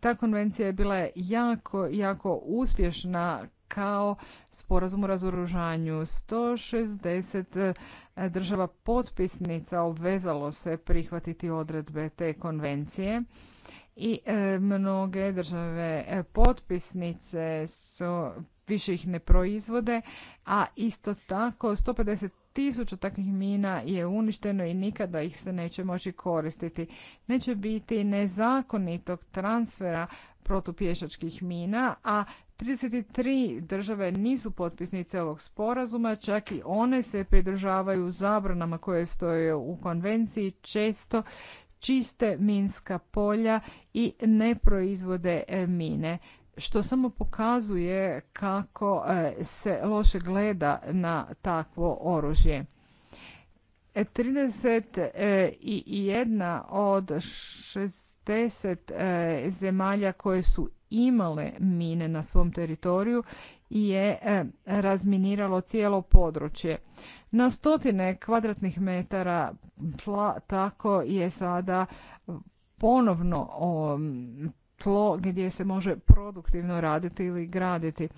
Ta konvencija je bila jako, jako uspješna kao sporazum o razoružanju. 160 e, država potpisnica obvezalo se prihvatiti odredbe te konvencije i e, mnoge države e, potpisnice su više ih ne proizvode, a isto tako 150 tisuća takvih mina je uništeno i nikada ih se neće moći koristiti. Neće biti nezakonitog transfera protupješačkih mina, a 33 države nisu potpisnice ovog sporazuma, čak i one se pridržavaju zabranama koje stoje u konvenciji, često čiste minska polja i ne proizvode e, mine što samo pokazuje kako e, se loše gleda na takvo oružje. 31 e, od 60 zemalja koje su imale mine na svom teritoriju i je e, razminiralo cijelo područje. Na stotine kvadratnih metara tla tako je sada ponovno tlo gdje se može produktivno raditi ili graditi.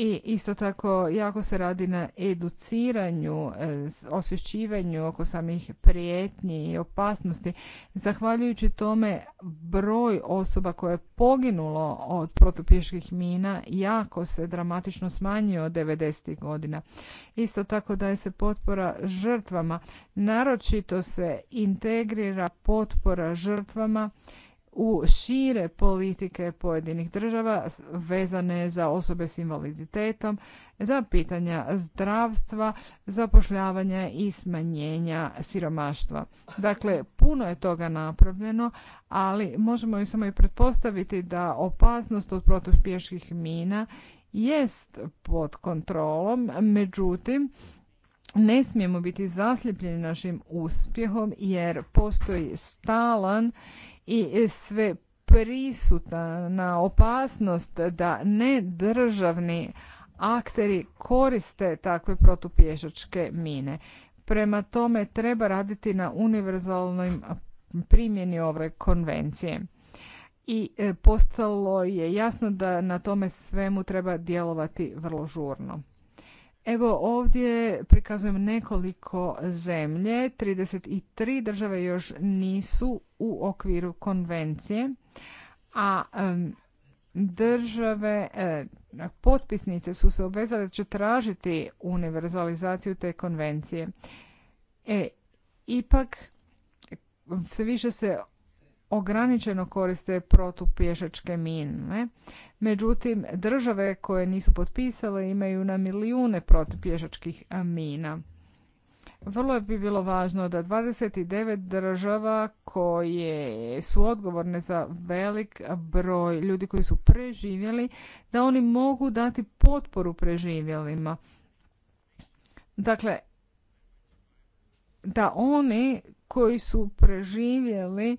I isto tako jako se radi na educiranju, e, osvješćivanju oko samih prijetnji i opasnosti. Zahvaljujući tome broj osoba koje je poginulo od protupjeških mina jako se dramatično smanjio od 90. godina. Isto tako daje se potpora žrtvama. Naročito se integrira potpora žrtvama u šire politike pojedinih država vezane za osobe s invaliditetom, za pitanja zdravstva, zapošljavanja i smanjenja siromaštva. Dakle, puno je toga napravljeno, ali možemo i samo i pretpostaviti da opasnost od protupjeških mina jest pod kontrolom, međutim, ne smijemo biti zasljepljeni našim uspjehom jer postoji stalan i sve prisutna opasnost da ne državni akteri koriste takve protupješačke mine. Prema tome treba raditi na univerzalnoj primjeni ove konvencije. I e, postalo je jasno da na tome svemu treba djelovati vrlo žurno. Evo ovdje prikazujem nekoliko zemlje, 33 države još nisu u okviru konvencije, a države e, potpisnice su se obvezale da će tražiti univerzalizaciju te konvencije. E, ipak sve više se ograničeno koriste protupješačke mine. Međutim, države koje nisu potpisale imaju na milijune protupješačkih mina. Vrlo bi bilo važno da 29 država koje su odgovorne za velik broj ljudi koji su preživjeli, da oni mogu dati potporu preživjelima. Dakle, da oni koji su preživjeli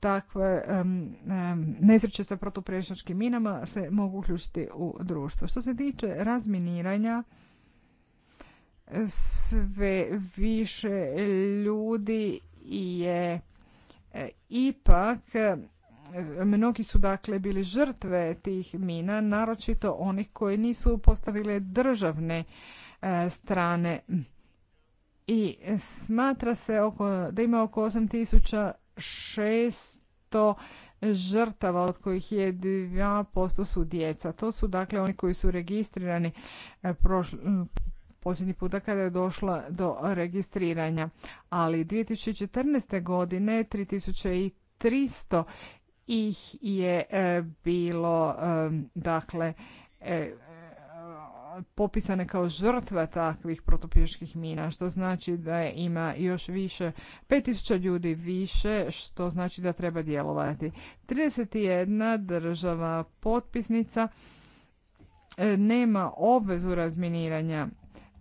takve um, um, nezreće sa protuprešačkim minama se mogu uključiti u društvo. Što se tiče razminiranja, sve više ljudi je e, ipak mnogi su dakle bili žrtve tih mina, naročito onih koji nisu postavile državne e, strane i smatra se oko, da ima oko 8000 600 žrtava od kojih je 2% su djeca. To su dakle oni koji su registrirani e, prošli, posljednji puta kada je došla do registriranja. Ali 2014. godine 3300 ih je e, bilo e, dakle popisane kao žrtve takvih protupjeških mina, što znači da ima još više, 5000 ljudi više, što znači da treba djelovati. 31 država potpisnica e, nema obvezu razminiranja.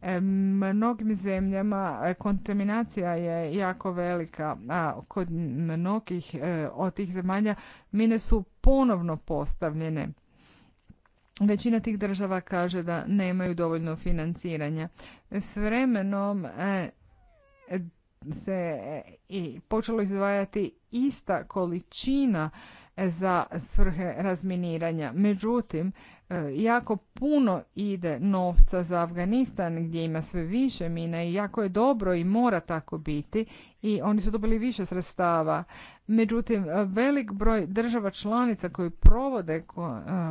E, mnogim zemljama e, kontaminacija je jako velika, a kod mnogih od tih zemalja mine su ponovno postavljene. Većina tih država kaže da nemaju dovoljno financiranja. S vremenom e, se e, počelo izdvajati ista količina za svrhe razminiranja. Međutim, E, jako puno ide novca za Afganistan gdje ima sve više mina i jako je dobro i mora tako biti i oni su dobili više sredstava. Međutim, e, velik broj država članica koji provode e,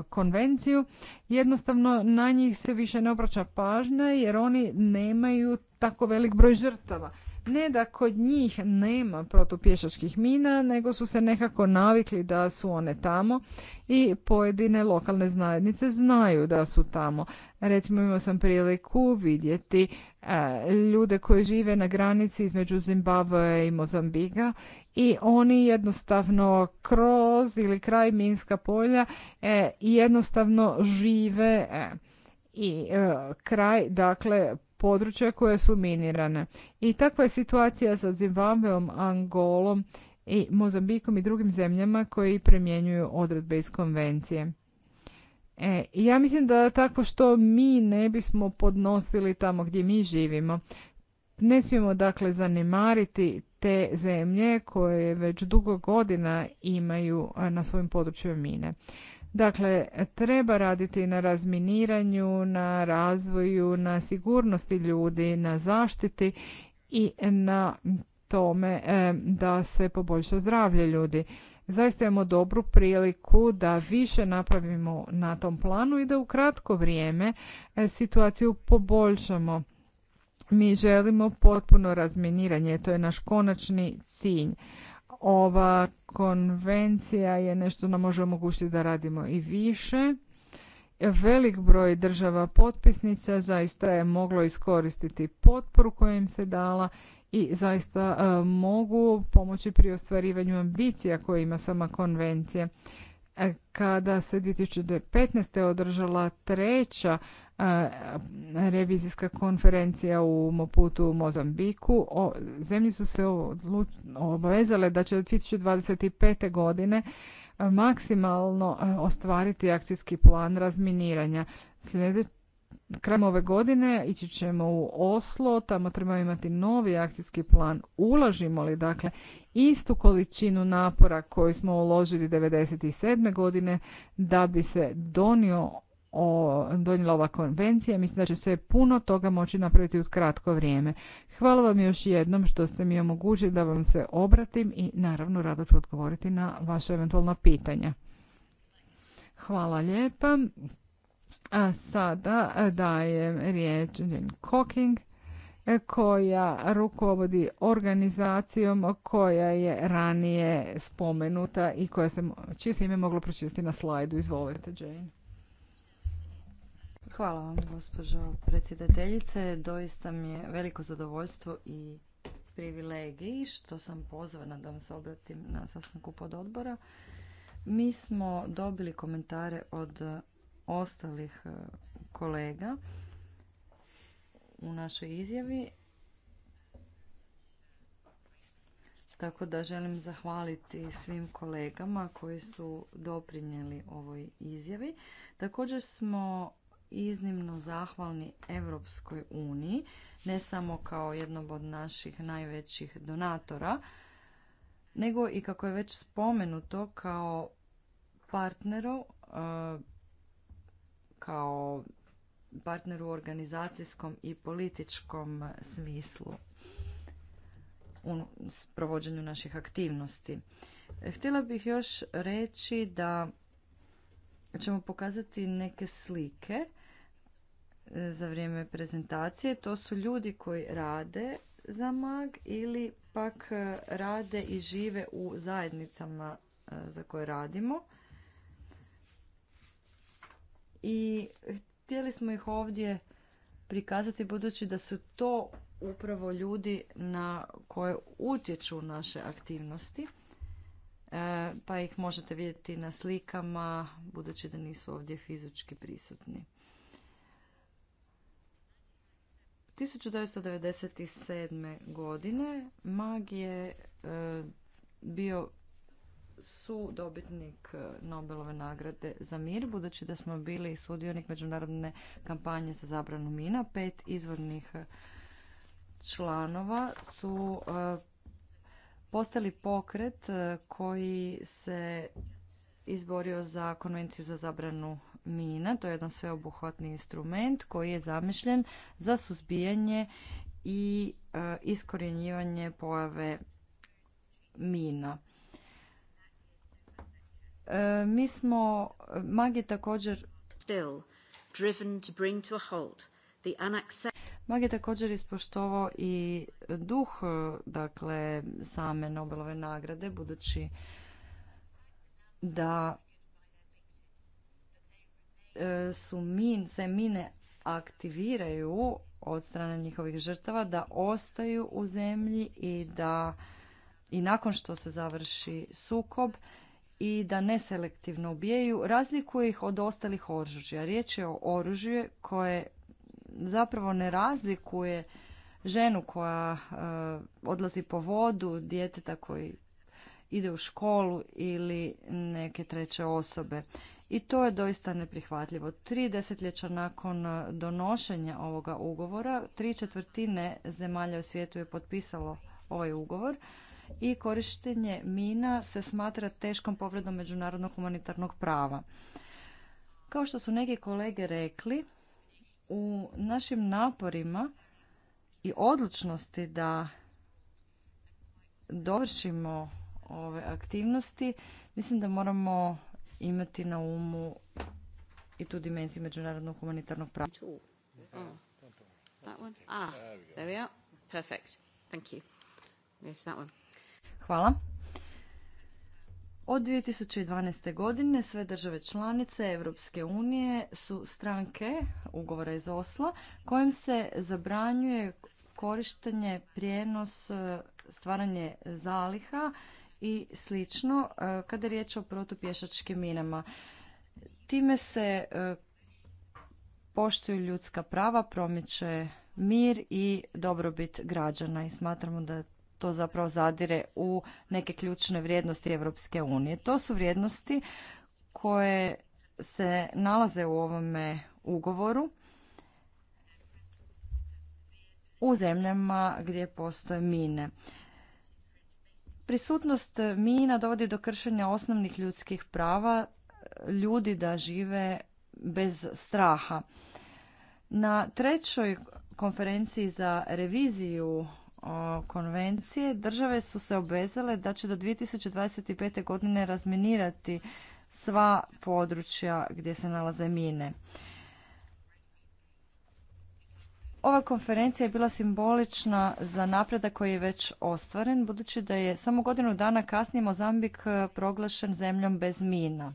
konvenciju jednostavno na njih se više ne obraća pažnja jer oni nemaju tako velik broj žrtava ne da kod njih nema protupješačkih mina, nego su se nekako navikli da su one tamo i pojedine lokalne zajednice znaju da su tamo. Recimo imao sam priliku vidjeti e, ljude koji žive na granici između Zimbabwe i Mozambiga. i oni jednostavno kroz ili kraj minska polja e, jednostavno žive e, i e, kraj dakle područja koje su minirane. I takva je situacija sa Zimbabveom, Angolom i Mozambikom i drugim zemljama koji primjenjuju odredbe iz konvencije. E, ja mislim da tako što mi ne bismo podnosili tamo gdje mi živimo. Ne smijemo dakle zanemariti te zemlje koje već dugo godina imaju na svojim području mine. Dakle, treba raditi na razminiranju, na razvoju, na sigurnosti ljudi, na zaštiti i na tome e, da se poboljša zdravlje ljudi. Zaista imamo dobru priliku da više napravimo na tom planu i da u kratko vrijeme e, situaciju poboljšamo. Mi želimo potpuno razminiranje, to je naš konačni cilj. Ova konvencija je nešto nam može omogućiti da radimo i više. Velik broj država potpisnica zaista je moglo iskoristiti potporu koja im se dala i zaista e, mogu pomoći pri ostvarivanju ambicija koje ima sama konvencija. E, kada se 2015. održala treća revizijska konferencija u Moputu u Mozambiku. O, zemlje su se obvezale da će do 2025. godine maksimalno ostvariti akcijski plan razminiranja. Slijede, Krajem ove godine ići ćemo u Oslo, tamo trebamo imati novi akcijski plan. Ulažimo li dakle istu količinu napora koju smo uložili 1997. godine da bi se donio o, donijela ova konvencija. Mislim da će se puno toga moći napraviti u kratko vrijeme. Hvala vam još jednom što ste mi omogućili da vam se obratim i naravno rado ću odgovoriti na vaše eventualna pitanja. Hvala lijepa. A sada dajem riječ Jane Cocking koja rukovodi organizacijom koja je ranije spomenuta i koja se, čije se ime moglo pročitati na slajdu. Izvolite, Jane. Hvala vam, gospođo predsjedateljice. Doista mi je veliko zadovoljstvo i privilegiji što sam pozvana da vam se obratim na sastanku pod odbora. Mi smo dobili komentare od ostalih e, kolega u našoj izjavi. Tako da želim zahvaliti svim kolegama koji su doprinijeli ovoj izjavi. Također smo iznimno zahvalni Europskoj uniji, ne samo kao jednom od naših najvećih donatora, nego i kako je već spomenuto kao partneru e, kao partneru u organizacijskom i političkom smislu u provođenju naših aktivnosti. Htjela bih još reći da pa ćemo pokazati neke slike e, za vrijeme prezentacije. To su ljudi koji rade za mag ili pak e, rade i žive u zajednicama e, za koje radimo. I htjeli smo ih ovdje prikazati budući da su to upravo ljudi na koje utječu naše aktivnosti. E, pa ih možete vidjeti na slikama, budući da nisu ovdje fizički prisutni. 1997. godine Mag je e, bio su dobitnik e, Nobelove nagrade za mir, budući da smo bili sudionik međunarodne kampanje za zabranu mina. Pet izvornih članova su postali pokret e, koji se izborio za konvenciju za zabranu mina. To je jedan sveobuhvatni instrument koji je zamišljen za suzbijanje i e, iskorjenjivanje pojave mina. E, mi smo, mag je također... Still, driven to bring to a halt the Mag je također ispoštovao i duh e, dakle, same Nobelove nagrade, budući da e, su min, se mine aktiviraju od strane njihovih žrtava, da ostaju u zemlji i da i nakon što se završi sukob i da neselektivno ubijaju, razlikuje ih od ostalih oružja. Riječ je o oružju koje zapravo ne razlikuje ženu koja e, odlazi po vodu, djeteta koji ide u školu ili neke treće osobe. I to je doista neprihvatljivo. Tri desetljeća nakon e, donošenja ovoga ugovora, tri četvrtine zemalja u svijetu je potpisalo ovaj ugovor i korištenje mina se smatra teškom povredom međunarodnog humanitarnog prava. Kao što su neki kolege rekli, u našim naporima i odlučnosti da dovršimo ove aktivnosti, mislim da moramo imati na umu i tu dimenziju međunarodnog humanitarnog prava. Hvala. Od 2012. godine sve države članice Europske unije su stranke ugovora iz Osla kojim se zabranjuje korištenje, prijenos, stvaranje zaliha i slično e, kada je riječ o protupješačkim minama. Time se e, poštuju ljudska prava, promiče mir i dobrobit građana i smatramo da to zapravo zadire u neke ključne vrijednosti Europske unije. To su vrijednosti koje se nalaze u ovome ugovoru u zemljama gdje postoje mine. Prisutnost mina dovodi do kršenja osnovnih ljudskih prava ljudi da žive bez straha. Na trećoj konferenciji za reviziju konvencije, države su se obvezale da će do 2025. godine razminirati sva područja gdje se nalaze mine. Ova konferencija je bila simbolična za napredak koji je već ostvaren, budući da je samo godinu dana kasnije Mozambik e, proglašen zemljom bez mina.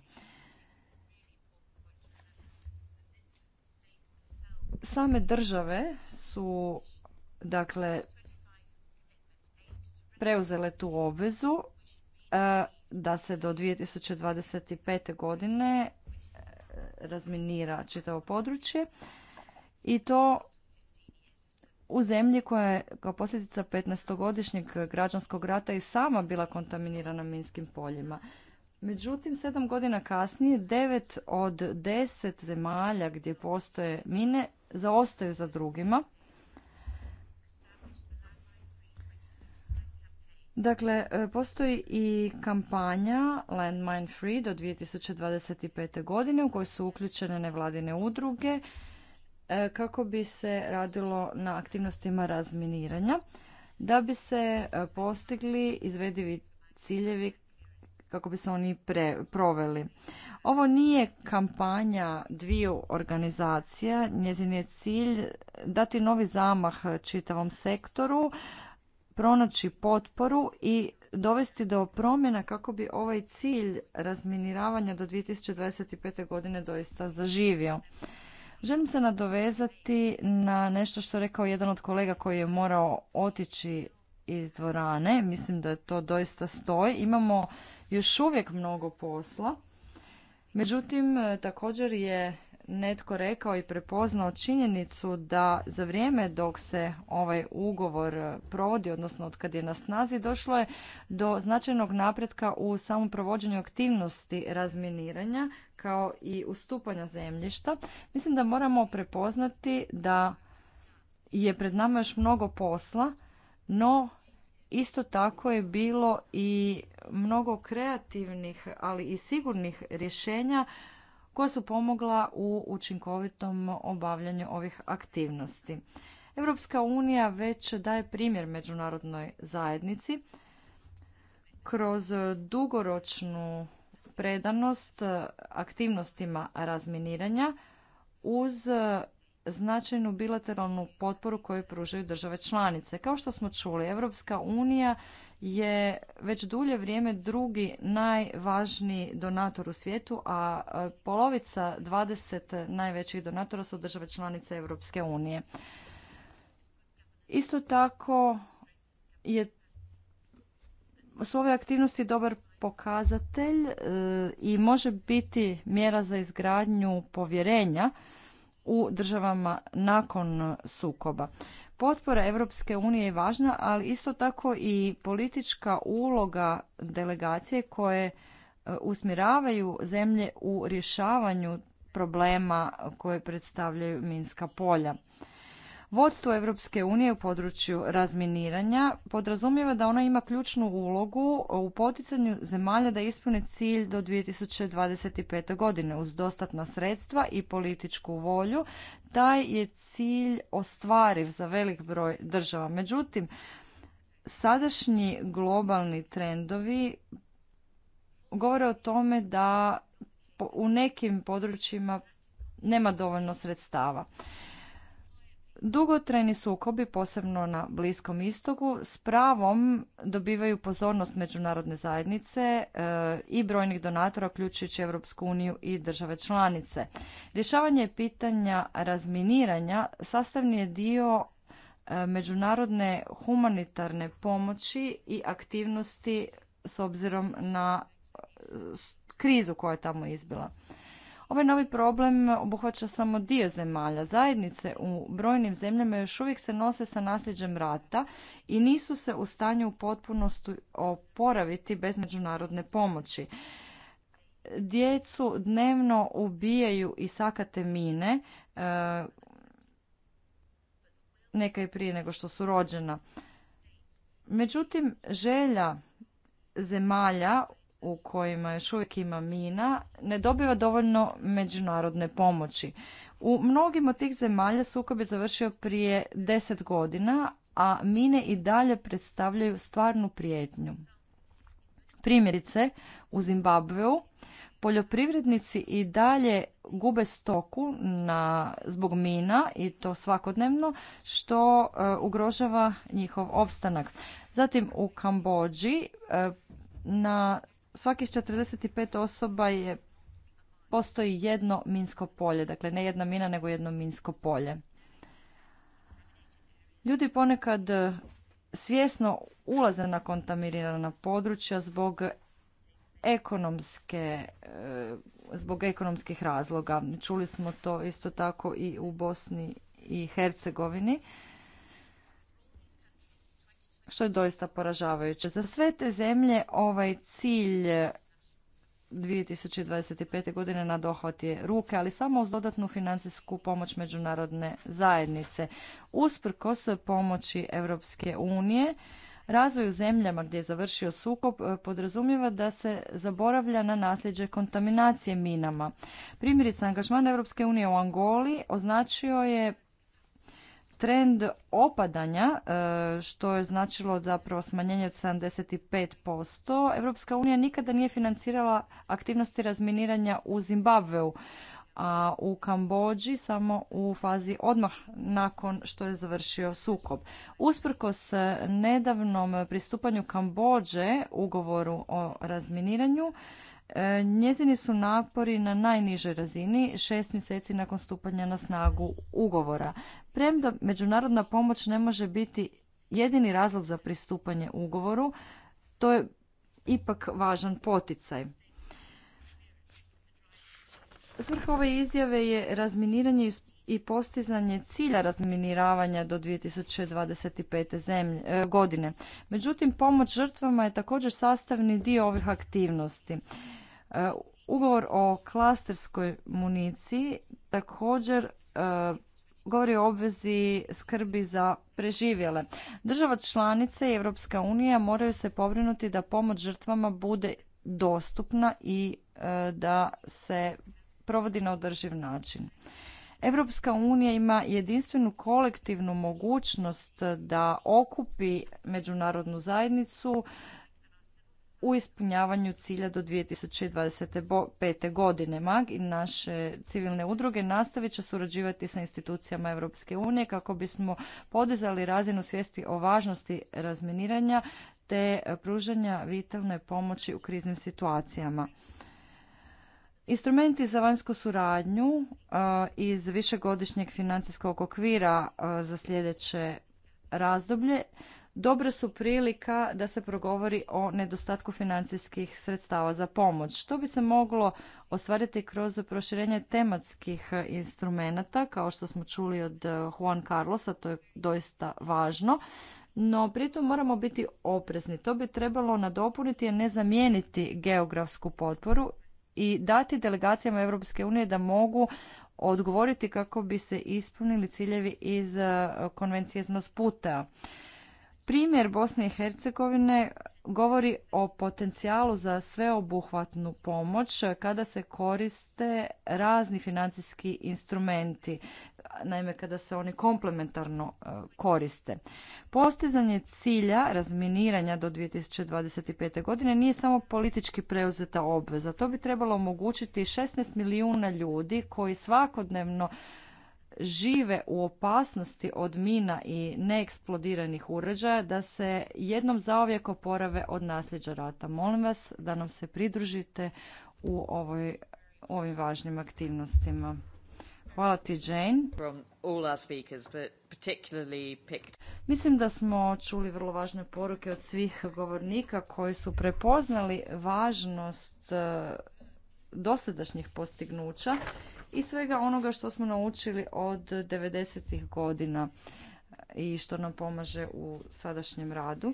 Same države su dakle preuzele tu obvezu e, da se do 2025. godine e, razminira čitavo područje i to u zemlji koja je kao posljedica 15-godišnjeg građanskog rata i sama bila kontaminirana minskim poljima. Međutim, sedam godina kasnije, devet od deset zemalja gdje postoje mine zaostaju za drugima Dakle, e, postoji i kampanja Landmine Free do 2025. godine u kojoj su uključene nevladine udruge e, kako bi se radilo na aktivnostima razminiranja da bi se e, postigli izvedivi ciljevi kako bi se oni proveli. Ovo nije kampanja dviju organizacija, njezin je cilj dati novi zamah čitavom sektoru, pronaći potporu i dovesti do promjena kako bi ovaj cilj razminiravanja do 2025. godine doista zaživio. Želim se nadovezati na nešto što je rekao jedan od kolega koji je morao otići iz dvorane. Mislim da to doista stoji. Imamo još uvijek mnogo posla. Međutim, također je netko rekao i prepoznao činjenicu da za vrijeme dok se ovaj ugovor provodi, odnosno od kad je na snazi, došlo je do značajnog napretka u samom provođenju aktivnosti razminiranja kao i ustupanja zemljišta. Mislim da moramo prepoznati da je pred nama još mnogo posla, no isto tako je bilo i mnogo kreativnih, ali i sigurnih rješenja koja su pomogla u učinkovitom obavljanju ovih aktivnosti. Europska unija već daje primjer međunarodnoj zajednici kroz dugoročnu predanost aktivnostima razminiranja uz značajnu bilateralnu potporu koju pružaju države članice. Kao što smo čuli, Europska unija je već dulje vrijeme drugi najvažniji donator u svijetu, a polovica 20 najvećih donatora su države članice Europske unije. Isto tako je su ove aktivnosti dobar pokazatelj e, i može biti mjera za izgradnju povjerenja u državama nakon sukoba. Potpora Europske unije je važna, ali isto tako i politička uloga delegacije koje e, usmjeravaju zemlje u rješavanju problema koje predstavljaju minska polja. Vodstvo Europske unije u području razminiranja podrazumijeva da ona ima ključnu ulogu u poticanju zemalja da ispune cilj do 2025. godine uz dostatna sredstva i političku volju. Taj je cilj ostvariv za velik broj država. Međutim, sadašnji globalni trendovi govore o tome da u nekim područjima nema dovoljno sredstava. Dugotrajni sukobi, posebno na Bliskom istoku, s pravom dobivaju pozornost međunarodne zajednice e, i brojnih donatora, uključujući Europsku uniju i države članice. Rješavanje pitanja razminiranja sastavni je dio e, međunarodne humanitarne pomoći i aktivnosti s obzirom na e, krizu koja je tamo izbila. Ovaj novi problem obuhvaća samo dio zemalja. Zajednice u brojnim zemljama još uvijek se nose sa nasljeđem rata i nisu se u stanju u potpunosti oporaviti bez međunarodne pomoći. Djecu dnevno ubijaju i sakate mine, e, neka i prije nego što su rođena. Međutim, želja zemalja u kojima još uvijek ima mina ne dobiva dovoljno međunarodne pomoći. U mnogim od tih zemalja sukob je završio prije deset godina, a mine i dalje predstavljaju stvarnu prijetnju. Primjerice, u Zimbabveu poljoprivrednici i dalje gube stoku na, zbog mina i to svakodnevno što e, ugrožava njihov opstanak. Zatim u Kambođi e, na svakih 45 osoba je postoji jedno minsko polje, dakle ne jedna mina nego jedno minsko polje. Ljudi ponekad e, svjesno ulaze na kontaminirana područja zbog ekonomske e, zbog ekonomskih razloga. Čuli smo to isto tako i u Bosni i Hercegovini što je doista poražavajuće. Za sve te zemlje ovaj cilj 2025. godine na dohvat je ruke, ali samo uz dodatnu financijsku pomoć međunarodne zajednice. Usprkos pomoći Europske unije, razvoj u zemljama gdje je završio sukob e, podrazumijeva da se zaboravlja na nasljeđe kontaminacije minama. Primjerice, angažman Europske unije u Angoli označio je trend opadanja, e, što je značilo zapravo smanjenje od 75%. Europska unija nikada nije financirala aktivnosti razminiranja u Zimbabveu, a u Kambođi samo u fazi odmah nakon što je završio sukob. Usprkos nedavnom pristupanju Kambođe ugovoru o razminiranju, E, njezini su napori na najnižoj razini šest mjeseci nakon stupanja na snagu ugovora. Premda međunarodna pomoć ne može biti jedini razlog za pristupanje ugovoru, to je ipak važan poticaj. Svrha ove izjave je razminiranje i postizanje cilja razminiravanja do 2025. E, godine. Međutim, pomoć žrtvama je također sastavni dio ovih aktivnosti. E, ugovor o klasterskoj municiji također e, govori o obvezi skrbi za preživjele. Država članice i Europska unija moraju se pobrinuti da pomoć žrtvama bude dostupna i e, da se provodi na održiv način. Europska unija ima jedinstvenu kolektivnu mogućnost da okupi međunarodnu zajednicu u ispunjavanju cilja do 2025. godine. MAG i naše civilne udruge nastavit će surađivati sa institucijama Europske unije kako bismo podizali razinu svijesti o važnosti razminiranja te pružanja vitalne pomoći u kriznim situacijama. Instrumenti za vanjsku suradnju e, iz višegodišnjeg financijskog okvira e, za sljedeće razdoblje dobra su prilika da se progovori o nedostatku financijskih sredstava za pomoć. To bi se moglo ostvariti kroz proširenje tematskih instrumenata, kao što smo čuli od eh, Juan Carlosa, to je doista važno. No, pritom moramo biti oprezni. To bi trebalo nadopuniti i ne zamijeniti geografsku potporu i dati delegacijama Europske unije da mogu odgovoriti kako bi se ispunili ciljevi iz eh, konvencije znosputa. Primjer Bosne i Hercegovine govori o potencijalu za sveobuhvatnu pomoć kada se koriste razni financijski instrumenti, naime kada se oni komplementarno e, koriste. Postizanje cilja razminiranja do 2025. godine nije samo politički preuzeta obveza. To bi trebalo omogućiti 16 milijuna ljudi koji svakodnevno žive u opasnosti od mina i neeksplodiranih uređaja da se jednom zaovijek oporave od nasljeđa rata. Molim vas da nam se pridružite u ovoj, ovim važnim aktivnostima. Hvala ti, Jane. Mislim da smo čuli vrlo važne poruke od svih govornika koji su prepoznali važnost eh, dosadašnjih postignuća i svega onoga što smo naučili od 90. godina i što nam pomaže u sadašnjem radu.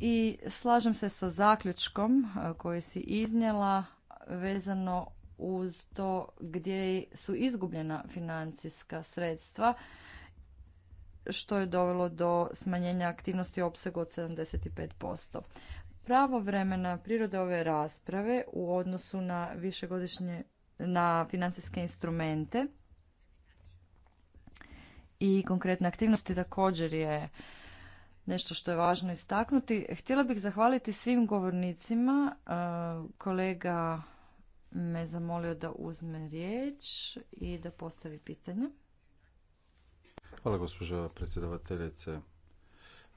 I slažem se sa zaključkom e, koji si iznijela vezano uz to gdje su izgubljena financijska sredstva što je dovelo do smanjenja aktivnosti opsegu od 75%. Pravo vremena priroda ove rasprave u odnosu na višegodišnje na financijske instrumente i konkretne aktivnosti također je nešto što je važno istaknuti. Htjela bih zahvaliti svim govornicima. E, kolega me zamolio da uzme riječ i da postavi pitanje. Hvala gospođo predsjedavateljice.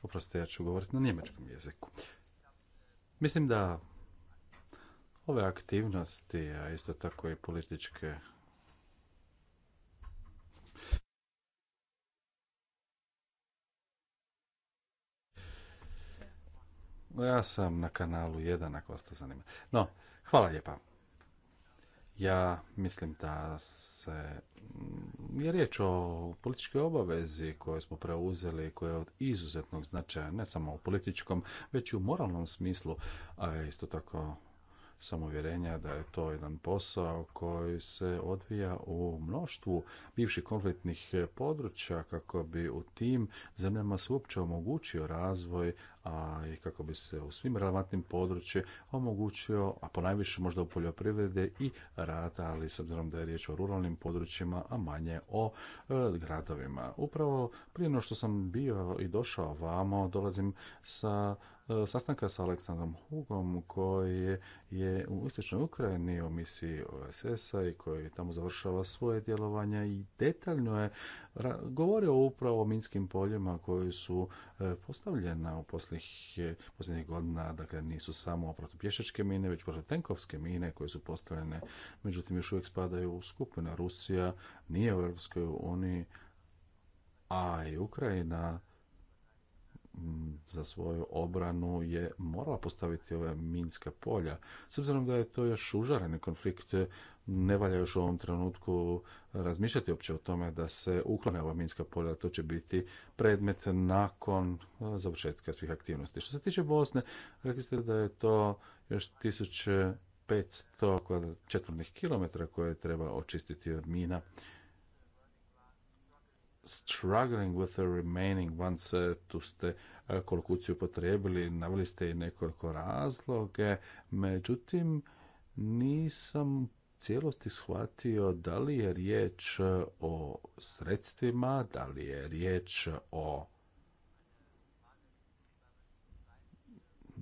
Oprostite, ja ću govoriti na njemačkom jeziku. Mislim da ove aktivnosti, a isto tako i političke Ja sam na kanalu jedan, ako vas to zanima. No, hvala lijepa. Ja mislim da se je riječ o političkoj obavezi koje smo preuzeli, i koja je od izuzetnog značaja, ne samo u političkom, već i u moralnom smislu, a isto tako samovjerenja da je to jedan posao koji se odvija u mnoštvu bivših konfliktnih područja kako bi u tim zemljama se uopće omogućio razvoj, a i kako bi se u svim relevantnim područjima omogućio, a ponajviše možda u poljoprivrede i rata, ali s obzirom da je riječ o ruralnim područjima, a manje o e, gradovima. Upravo prije no što sam bio i došao vamo, dolazim sa e, sastanka sa Aleksandrom Hugom koji je, u istočnoj Ukrajini u misiji OSS-a i koji tamo završava svoje djelovanje i detaljno je govorio upravo o minskim poljima koji su E, postavljena u posljednjih, godina, dakle nisu samo protupješačke mine, već protutenkovske mine koje su postavljene, međutim još uvijek spadaju u skupina Rusija nije u Europskoj uniji, a i Ukrajina za svoju obranu je morala postaviti ove minska polja. S obzirom da je to još užareni konflikt, ne valja još u ovom trenutku razmišljati uopće o tome da se uklone ova minska polja, to će biti predmet nakon e, završetka svih aktivnosti. Što se tiče Bosne, rekli ste da je to još 1500 četvrnih kilometara koje treba očistiti od mina struggling with the remaining ones, eh, tu ste eh, kolokuciju potrebili, naveli ste i nekoliko razloge, međutim nisam cijelosti shvatio da li je riječ eh, o sredstvima, da li je riječ o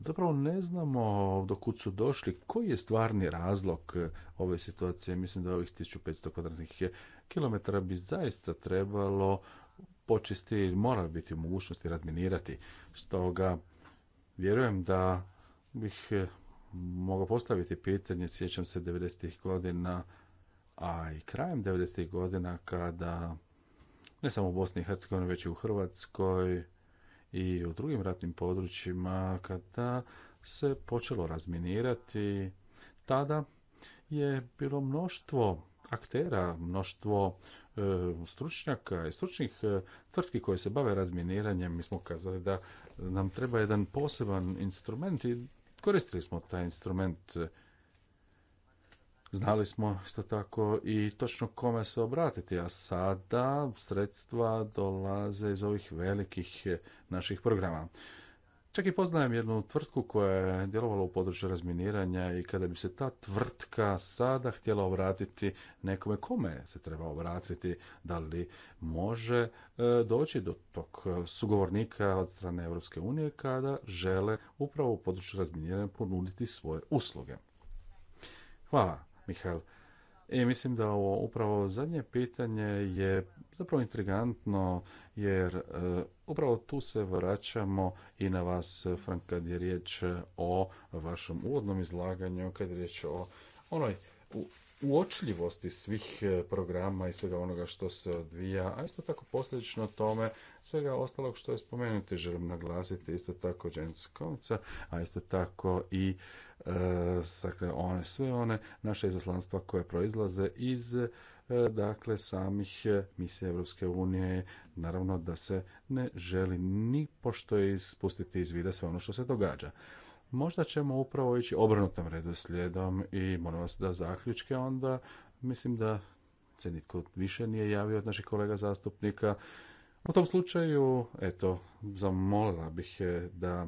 zapravo ne znamo do kud su došli, koji je stvarni razlog ove situacije. Mislim da ovih 1500 kvadratnih Kilometra bi zaista trebalo počisti, mora biti u mogućnosti razminirati. Stoga vjerujem da bih eh, mogao postaviti pitanje, sjećam se 90. godina, a i krajem 90. godina kada ne samo u Bosni i Hercegovini, već i u Hrvatskoj i u drugim ratnim područjima, kada se počelo razminirati, tada je bilo mnoštvo aktera, mnoštvo e, stručnjaka i stručnih e, tvrtki koje se bave razminiranjem. Mi smo kazali da nam treba jedan poseban instrument i koristili smo taj instrument. Znali smo isto tako i točno kome se obratiti, a sada sredstva dolaze iz ovih velikih e, naših programa. Čak i poznajem jednu tvrtku koja je djelovala u području razminiranja i kada bi se ta tvrtka sada htjela obratiti nekome kome se treba obratiti, da li može e, doći do tog sugovornika od strane Europske unije kada žele upravo u području razminiranja ponuditi svoje usluge. Hvala, Mihael. I mislim da ovo upravo zadnje pitanje je zapravo intrigantno jer e, upravo tu se vraćamo i na vas, Frank, kad je riječ o vašem uvodnom izlaganju, kad je riječ o onoj uočljivosti svih e, programa i svega onoga što se odvija, a isto tako posljedično tome svega ostalog što je spomenuti, želim naglasiti isto tako Jens a isto tako i dakle one, sve one naše izaslanstva koje proizlaze iz e, dakle samih e, misija Europske unije naravno da se ne želi ni pošto ispustiti iz vida sve ono što se događa. Možda ćemo upravo ići obrnutom redoslijedom i molim vas da zaključke onda mislim da se nitko više nije javio od naših kolega zastupnika. U tom slučaju, eto, zamolila bih e, da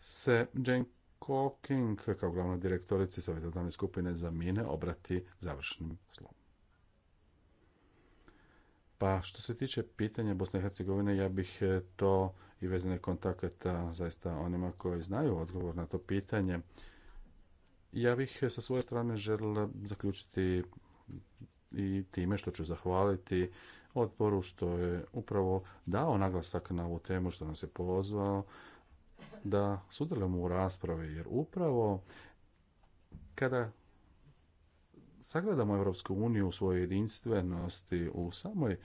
se Jane Hawking kao glavna direktorica savjetodavne skupine za mine obrati završnim slovom. Pa što se tiče pitanja Bosne i Hercegovine, ja bih e, to i vezane kontakata zaista onima koji znaju odgovor na to pitanje. Ja bih e, sa svoje strane želila zaključiti i time što ću zahvaliti odboru što je upravo dao naglasak na ovu temu što nas je pozvao da sudjelujemo u raspravi, jer upravo kada sagledamo Europsku uniju u svojoj jedinstvenosti, u samoj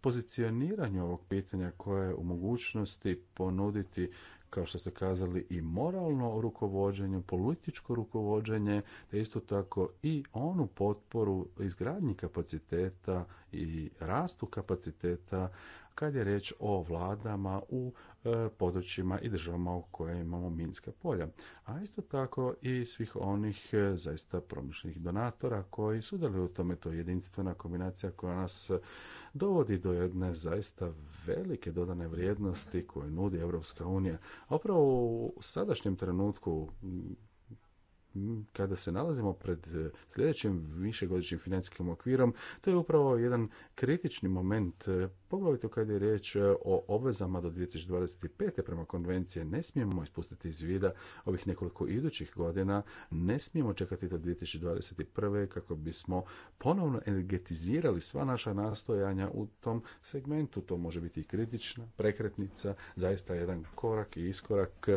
pozicioniranju ovog pitanja koje je u mogućnosti ponuditi kao što ste kazali i moralno rukovođenje, političko rukovođenje, te isto tako i onu potporu izgradnji kapaciteta i rastu kapaciteta kad je riječ o vladama u e, područjima i državama u koje imamo minska polja, a isto tako i svih onih e, zaista promišljenih donatora koji dali u tome. To jedinstvena kombinacija koja nas e, dovodi do jedne zaista velike dodane vrijednosti koje nudi Europska unija. A upravo u sadašnjem trenutku Mm, kada se nalazimo pred e, sljedećim višegodišnjim financijskim okvirom, to je upravo jedan kritični moment, e, poglavito kada je riječ e, o obvezama do 2025. prema konvencije. Ne smijemo ispustiti iz vida ovih nekoliko idućih godina, ne smijemo čekati do 2021. kako bismo ponovno energetizirali sva naša nastojanja u tom segmentu. To može biti i kritična prekretnica, zaista jedan korak i iskorak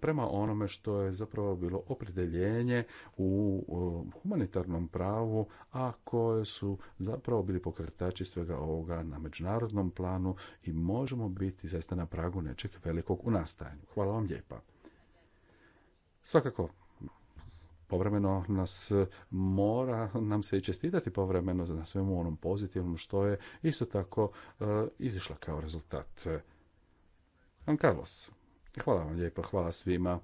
prema onome što je zapravo bilo opredeljeno utemeljenje u humanitarnom pravu, a koje su zapravo bili pokretači svega ovoga na međunarodnom planu i možemo biti zaista na pragu nečeg velikog u nastajanju. Hvala vam lijepa. Svakako, povremeno nas mora nam se i čestitati povremeno na svemu onom pozitivnom što je isto tako e, izišla kao rezultat. An Carlos, hvala vam lijepa, hvala svima.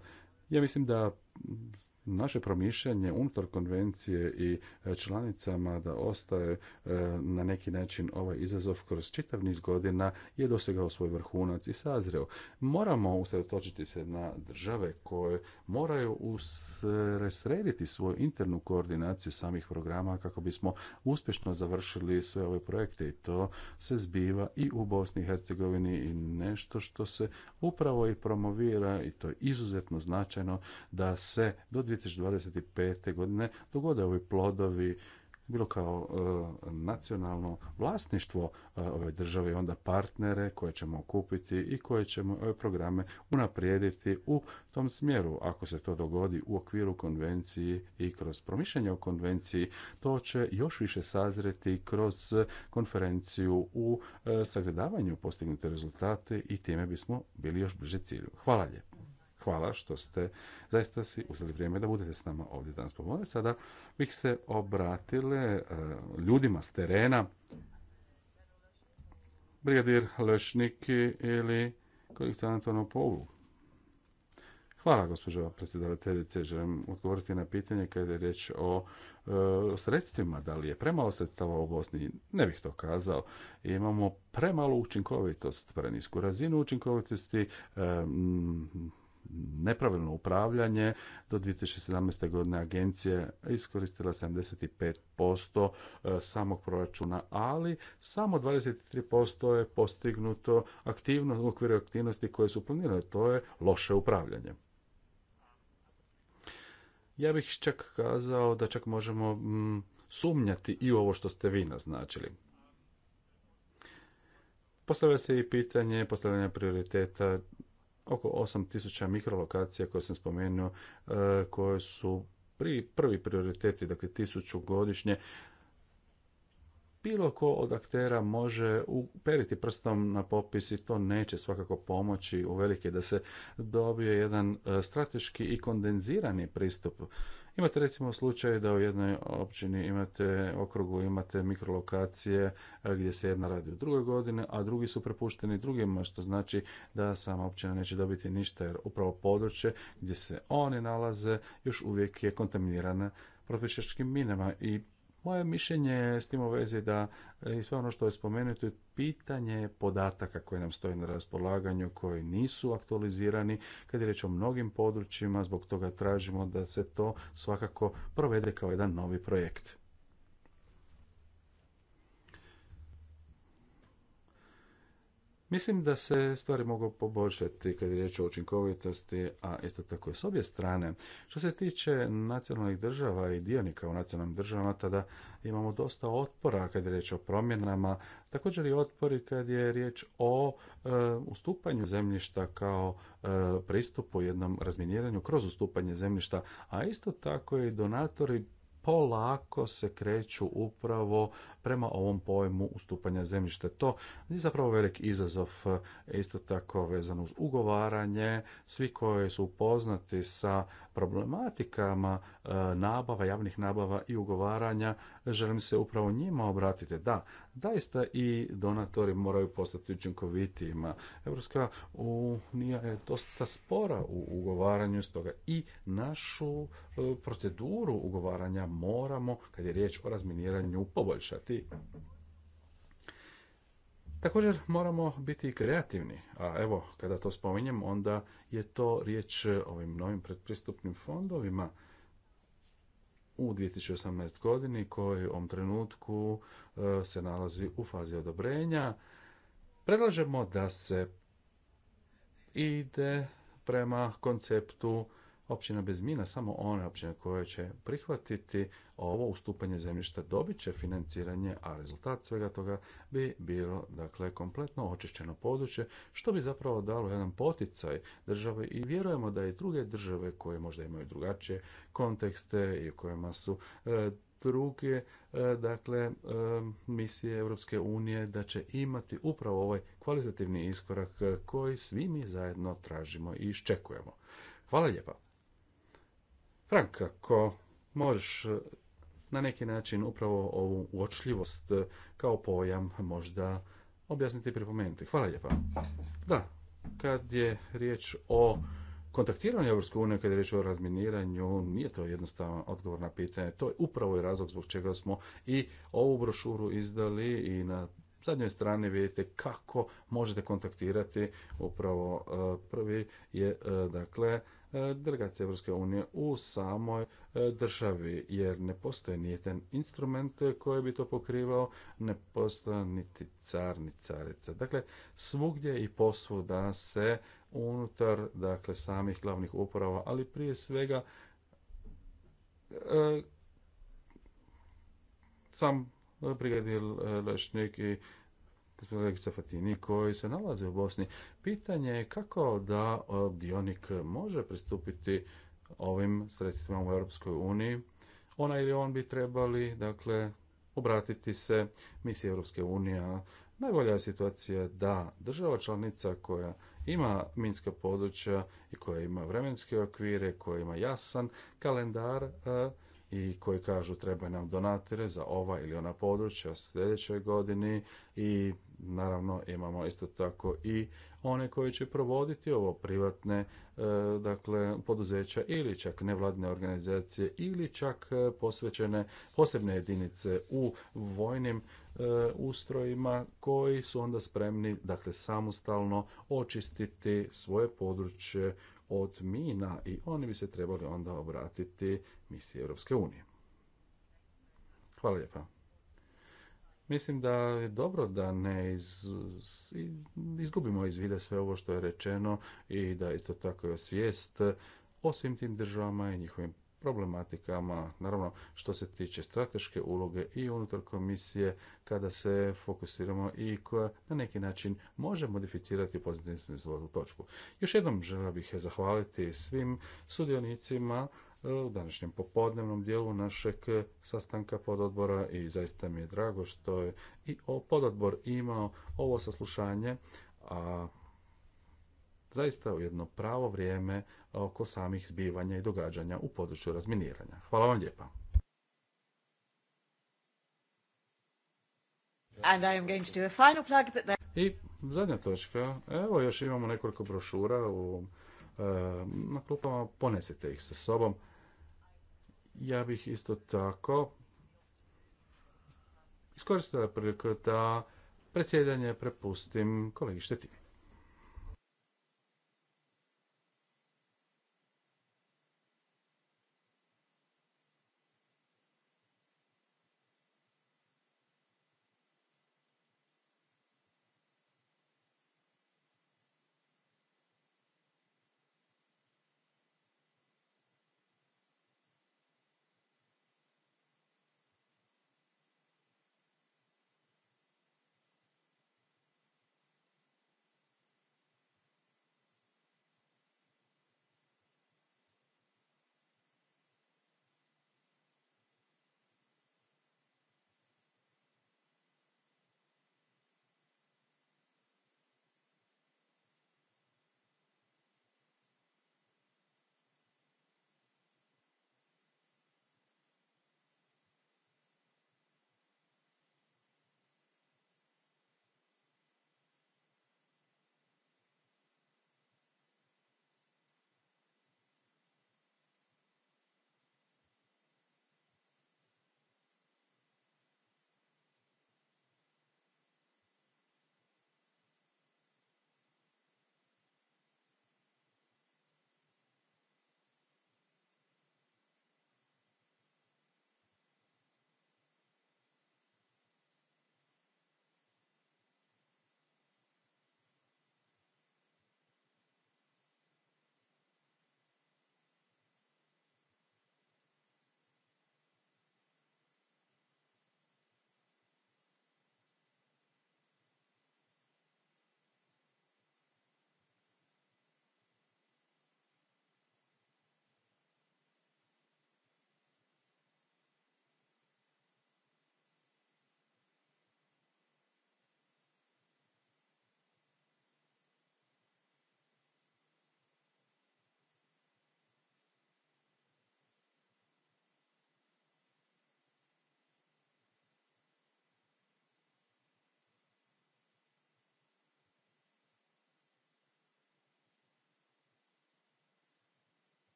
Ja mislim da naše promišljanje unutar konvencije i e, članicama da ostaje e, na neki način ovaj izazov kroz čitav niz godina je dosegao svoj vrhunac i sazreo. Moramo usredotočiti se na države koje moraju usrediti svoju internu koordinaciju samih programa kako bismo uspješno završili sve ove projekte i to se zbiva i u Bosni i Hercegovini i nešto što se upravo i promovira i to je izuzetno značajno da se do 2025. godine dogode ovi plodovi bilo kao e, nacionalno vlasništvo e, ove države onda partnere koje ćemo okupiti i koje ćemo ove programe unaprijediti u tom smjeru. Ako se to dogodi u okviru konvenciji i kroz promišljanje o konvenciji, to će još više sazreti kroz konferenciju u e, sagledavanju postignute rezultate i time bismo bili još bliže cilju. Hvala lijepo hvala što ste zaista si uzeli vrijeme da budete s nama ovdje danas popodne. Sada bih se obratile e, ljudima s terena. Brigadir Lešniki ili kolegica poulu Hvala, gospođo predsjedavateljice. Želim odgovoriti na pitanje kada je riječ e, o, sredstvima. Da li je premalo sredstava u Bosni? Ne bih to kazao. Imamo premalu učinkovitost, prenisku razinu učinkovitosti. E, nepravilno upravljanje. Do 2017. godine agencija iskoristila 75% e, samog proračuna, ali samo 23% je postignuto aktivno u okviru aktivnosti koje su planirane. To je loše upravljanje. Ja bih čak kazao da čak možemo mm, sumnjati i u ovo što ste vi naznačili. Postavlja se i pitanje postavljanja prioriteta oko 8000 mikrolokacija koje sam spomenuo, e, koje su pri, prvi prioriteti, dakle tisuću godišnje, bilo ko od aktera može uperiti prstom na popis i to neće svakako pomoći u velike da se dobije jedan e, strateški i kondenzirani pristup Imate recimo slučaj da u jednoj općini imate okrugu, imate mikrolokacije eh, gdje se jedna radi u drugoj godini, a drugi su prepušteni drugima, što znači da sama općina neće dobiti ništa, jer upravo područje gdje se oni nalaze još uvijek je kontaminirana protišačkim minama i moje mišljenje je s tim u vezi da e, i sve ono što je spomenuto je pitanje podataka koje nam stoji na raspolaganju, koji nisu aktualizirani, kad je reč o mnogim područjima, zbog toga tražimo da se to svakako provede kao jedan novi projekt. Mislim da se stvari mogu poboljšati kad je riječ o učinkovitosti, a isto tako i s obje strane. Što se tiče nacionalnih država i dionika u nacionalnim državama, tada imamo dosta otpora kad je riječ o promjenama, također i otpori kad je riječ o e, ustupanju zemljišta kao e, pristupu jednom razminiranju kroz ustupanje zemljišta, a isto tako i donatori polako se kreću upravo prema ovom pojmu ustupanja zemljišta. To je zapravo velik izazov, e, isto tako vezano uz ugovaranje. Svi koji su upoznati sa problematikama e, nabava, javnih nabava i ugovaranja, želim se upravo njima obratiti. Da, daista i donatori moraju postati učinkovitijima. Evropska unija je dosta spora u ugovaranju, stoga i našu e, proceduru ugovaranja moramo, kad je riječ o razminiranju, poboljšati. Također moramo biti kreativni, a evo kada to spominjem onda je to riječ o ovim novim predpristupnim fondovima u 2018. godini koji u ovom trenutku e, se nalazi u fazi odobrenja. Predlažemo da se ide prema konceptu općina bez mina, samo one općine koje će prihvatiti ovo ustupanje zemljišta dobit će financiranje, a rezultat svega toga bi bilo dakle kompletno očišćeno područje, što bi zapravo dalo jedan poticaj države i vjerujemo da i druge države koje možda imaju drugačije kontekste i u kojima su e, druge e, dakle e, misije Europske unije da će imati upravo ovaj kvalitativni iskorak koji svi mi zajedno tražimo i iščekujemo. Hvala lijepa. Frank, ako možeš e, na neki način upravo ovu uočljivost e, kao pojam možda objasniti i pripomenuti. Hvala lijepa. Da, kad je riječ o kontaktiranju Europske unije, kad je riječ o razminiranju, nije to jednostavan odgovor na pitanje. To je upravo i razlog zbog čega smo i ovu brošuru izdali i na zadnjoj strani vidite kako možete kontaktirati upravo e, prvi je dakle E, delegacije Evropske unije u samoj e, državi, jer ne postoji jedan instrument koji bi to pokrivao, ne postoji niti car, ni carica. Dakle, svugdje i posvuda se unutar dakle, samih glavnih uprava, ali prije svega e, sam brigadir e, Lešnik i Fatini koji se nalaze u Bosni Pitanje je kako da e, dionik može pristupiti ovim sredstvima u Europskoj uniji. Ona ili on bi trebali, dakle, obratiti se misiji Europske unije. Najbolja je situacija da država članica koja ima minska područja i koja ima vremenske okvire, koja ima jasan kalendar, e, i koji kažu treba nam donatire za ova ili ona područja u sljedećoj godini i naravno imamo isto tako i one koji će provoditi ovo privatne e, dakle poduzeća ili čak nevladine organizacije ili čak e, posvećene posebne jedinice u vojnim e, ustrojima koji su onda spremni dakle samostalno očistiti svoje područje od mina i oni bi se trebali onda obratiti misiji Europske unije. Hvala lijepa. Mislim da je dobro da ne iz, izgubimo iz vida sve ovo što je rečeno i da isto tako je svijest o svim tim državama i njihovim problematikama, naravno što se tiče strateške uloge i unutar komisije kada se fokusiramo i koja na neki način može modificirati pozitivnu svoju točku. Još jednom želio bih zahvaliti svim sudionicima e, u današnjem popodnevnom dijelu našeg sastanka pododbora i zaista mi je drago što je i pododbor imao ovo saslušanje, a zaista u jedno pravo vrijeme oko samih zbivanja i događanja u području razminiranja. Hvala vam lijepa. I zadnja točka, evo još imamo nekoliko brošura u, e, na klupama, ponesite ih sa sobom. Ja bih isto tako iskoristila priliku da predsjedanje prepustim kolegi Štetini.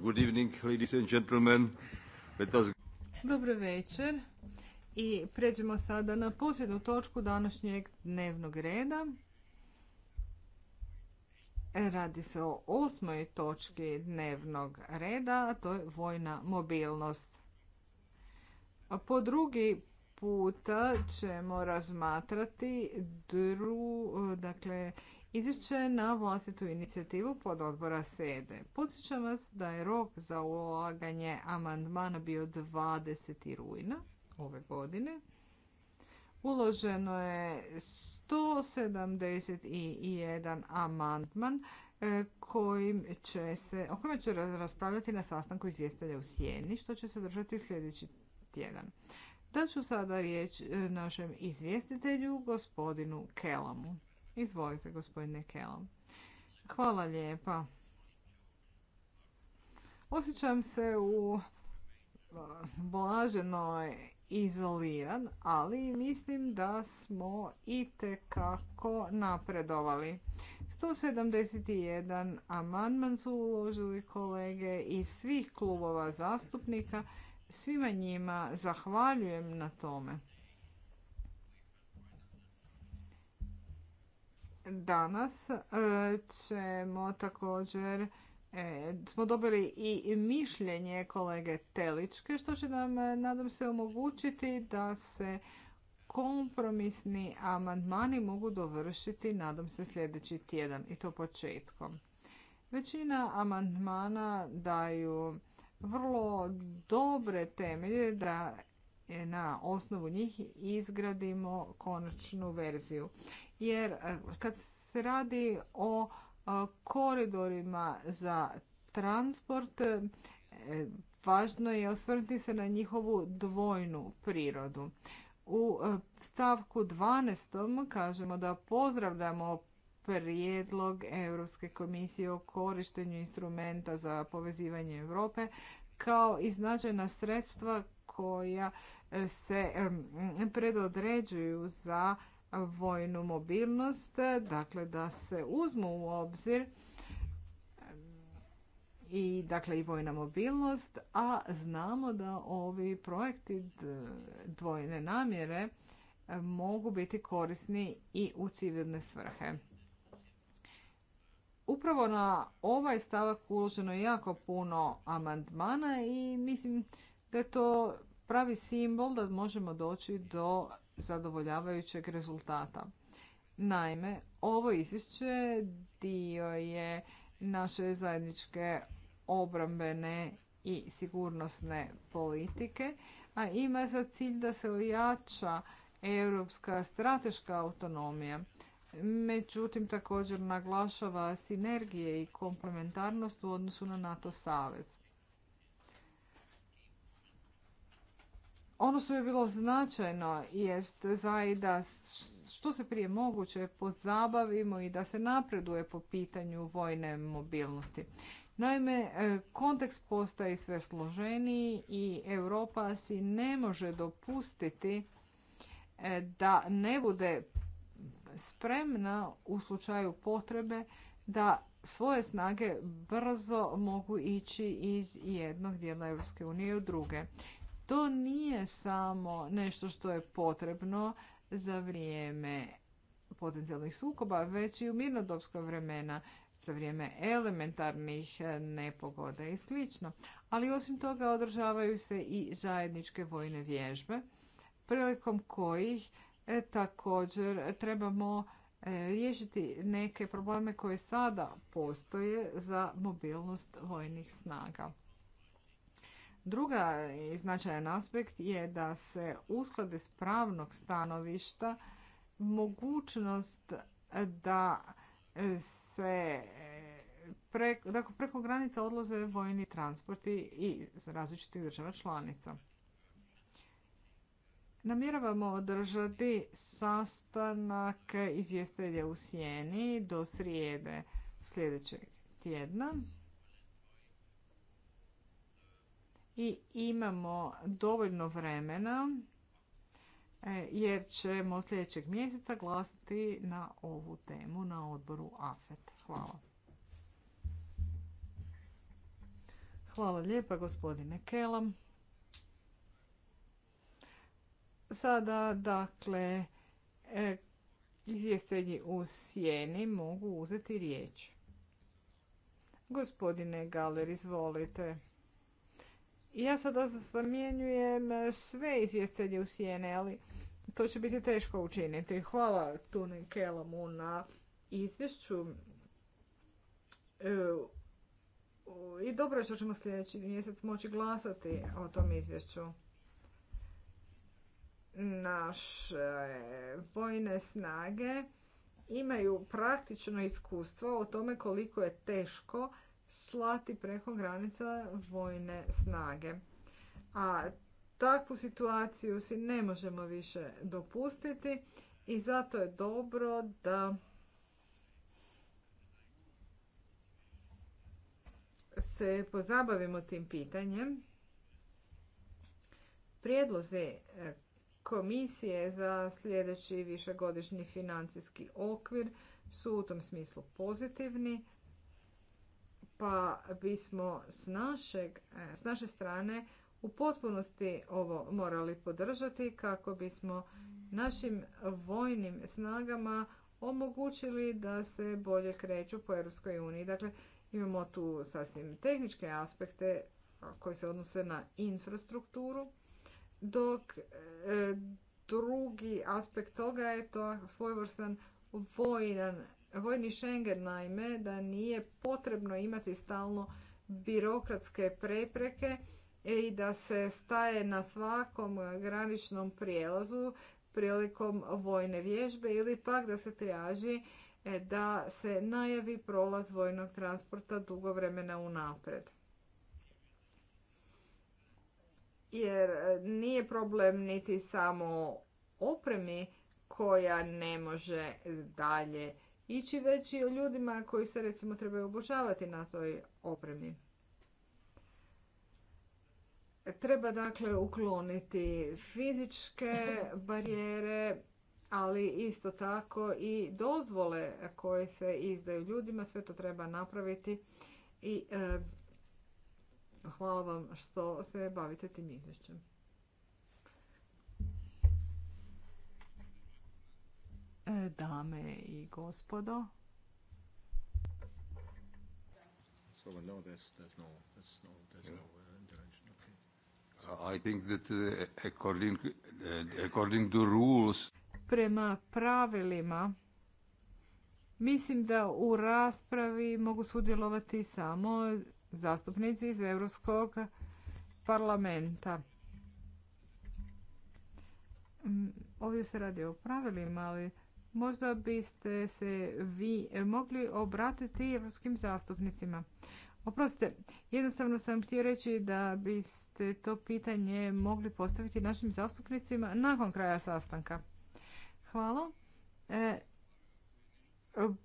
Good Dobro večer. I pređemo sada na posljednu točku današnjeg dnevnog reda. Radi se o osmoj točki dnevnog reda, a to je vojna mobilnost. A po drugi puta ćemo razmatrati dru, dakle, Izvješće na vlastitu inicijativu pod odbora sede. Podsjećam vas da je rok za ulaganje amandmana bio 20. rujna ove godine. Uloženo je 171 amandman e, kojim će se, o kojem će raspravljati na sastanku izvjestitelja u sjeni što će se držati sljedeći tjedan. Da ću sada riječ e, našem izvjestitelju, gospodinu Kelamu. Izvolite, gospodine Kelom. Hvala lijepa. Osjećam se u blaženo izoliran, ali mislim da smo i tekako napredovali. 171 amandman su uložili kolege iz svih klubova zastupnika. Svima njima zahvaljujem na tome. Danas e, ćemo također e, smo dobili i mišljenje kolege Teličke što će nam, e, nadam se, omogućiti da se kompromisni amandmani mogu dovršiti, nadam se, sljedeći tjedan i to početkom. Većina amandmana daju vrlo dobre temelje da na osnovu njih izgradimo konačnu verziju jer e, kad se radi o e, koridorima za transport, e, važno je osvrnuti se na njihovu dvojnu prirodu. U stavku 12. kažemo da pozdravljamo prijedlog Europske komisije o korištenju instrumenta za povezivanje Europe kao i značajna sredstva koja se predodređuju za vojnu mobilnost, dakle da se uzmu u obzir i dakle i vojna mobilnost, a znamo da ovi projekti dvojne namjere e, mogu biti korisni i u civilne svrhe. Upravo na ovaj stavak uloženo je jako puno amandmana i mislim da je to pravi simbol da možemo doći do zadovoljavajućeg rezultata. Naime, ovo izvješće dio je naše zajedničke obrambene i sigurnosne politike, a ima za cilj da se ojača europska strateška autonomija. Međutim, također naglašava sinergije i komplementarnost u odnosu na NATO savez. Ono što je bilo značajno jest da što se prije moguće pozabavimo i da se napreduje po pitanju vojne mobilnosti. Naime, e, kontekst postaje sve složeniji i Europa si ne može dopustiti e, da ne bude spremna u slučaju potrebe da svoje snage brzo mogu ići iz jednog dijela Europske unije u druge. To nije samo nešto što je potrebno za vrijeme potencijalnih sukoba, već i u mirnodopska vremena, za vrijeme elementarnih eh, nepogoda i sl. Ali osim toga održavaju se i zajedničke vojne vježbe, prilikom kojih eh, također trebamo eh, riješiti neke probleme koje sada postoje za mobilnost vojnih snaga. Druga značajan aspekt je da se usklade s pravnog stanovišta mogućnost da se preko, dakle, preko granica odlaze vojni transporti i iz različitih država članica. Namjeravamo održati sastanak izvjestelja u Sjeni do srijede sljedećeg tjedna. i imamo dovoljno vremena e, jer ćemo sljedećeg mjeseca glasati na ovu temu na odboru AFET. Hvala. Hvala lijepa gospodine Kelam. Sada, dakle, e, izvjestelji u sjeni mogu uzeti riječ. Gospodine Galer, izvolite. Ja sada zamjenjujem e, sve izvjestelje u sjene, to će biti teško učiniti. Hvala Tune kelomu na izvješću. E, I dobro je što ćemo sljedeći mjesec moći glasati o tom izvješću. Naše vojne snage imaju praktično iskustvo o tome koliko je teško slati preko granica vojne snage. A takvu situaciju si ne možemo više dopustiti i zato je dobro da se pozabavimo tim pitanjem. Prijedlozi e, komisije za sljedeći višegodišnji financijski okvir su u tom smislu pozitivni, pa bismo s, našeg, e, s naše strane u potpunosti ovo morali podržati kako bismo našim vojnim snagama omogućili da se bolje kreću po Europskoj uniji. Dakle, imamo tu sasvim tehničke aspekte koji se odnose na infrastrukturu, dok e, drugi aspekt toga je to svojevrstan vojnan vojni Schengen naime da nije potrebno imati stalno birokratske prepreke i da se staje na svakom graničnom prijelazu prilikom vojne vježbe ili pak da se traži e, da se najavi prolaz vojnog transporta dugo vremena unapred. Jer e, nije problem niti samo opremi koja ne može dalje ići već i o ljudima koji se recimo trebaju obučavati na toj opremi. Treba dakle ukloniti fizičke barijere, ali isto tako i dozvole koje se izdaju ljudima, sve to treba napraviti i eh, hvala vam što se bavite tim izvješćem. E, dame i gospodo. Prema pravilima mislim da u raspravi mogu sudjelovati samo zastupnici iz Europskog parlamenta. Ovdje se radi o pravilima, ali Možda biste se vi mogli obratiti evropskim zastupnicima. Oprostite, jednostavno sam htio reći da biste to pitanje mogli postaviti našim zastupnicima nakon kraja sastanka. Hvala. E,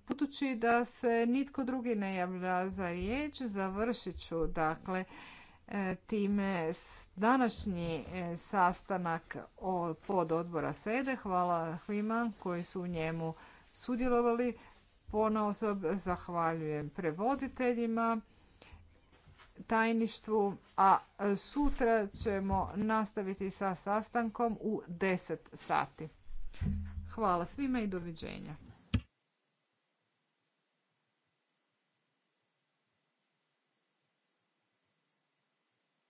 budući da se nitko drugi ne javlja za riječ, završit ću dakle E, time današnji e, sastanak pod odbora SEDE. Hvala svima koji su u njemu sudjelovali. Ponaosob zahvaljujem prevoditeljima, tajništvu, a e, sutra ćemo nastaviti sa sastankom u 10 sati. Hvala svima i doviđenja.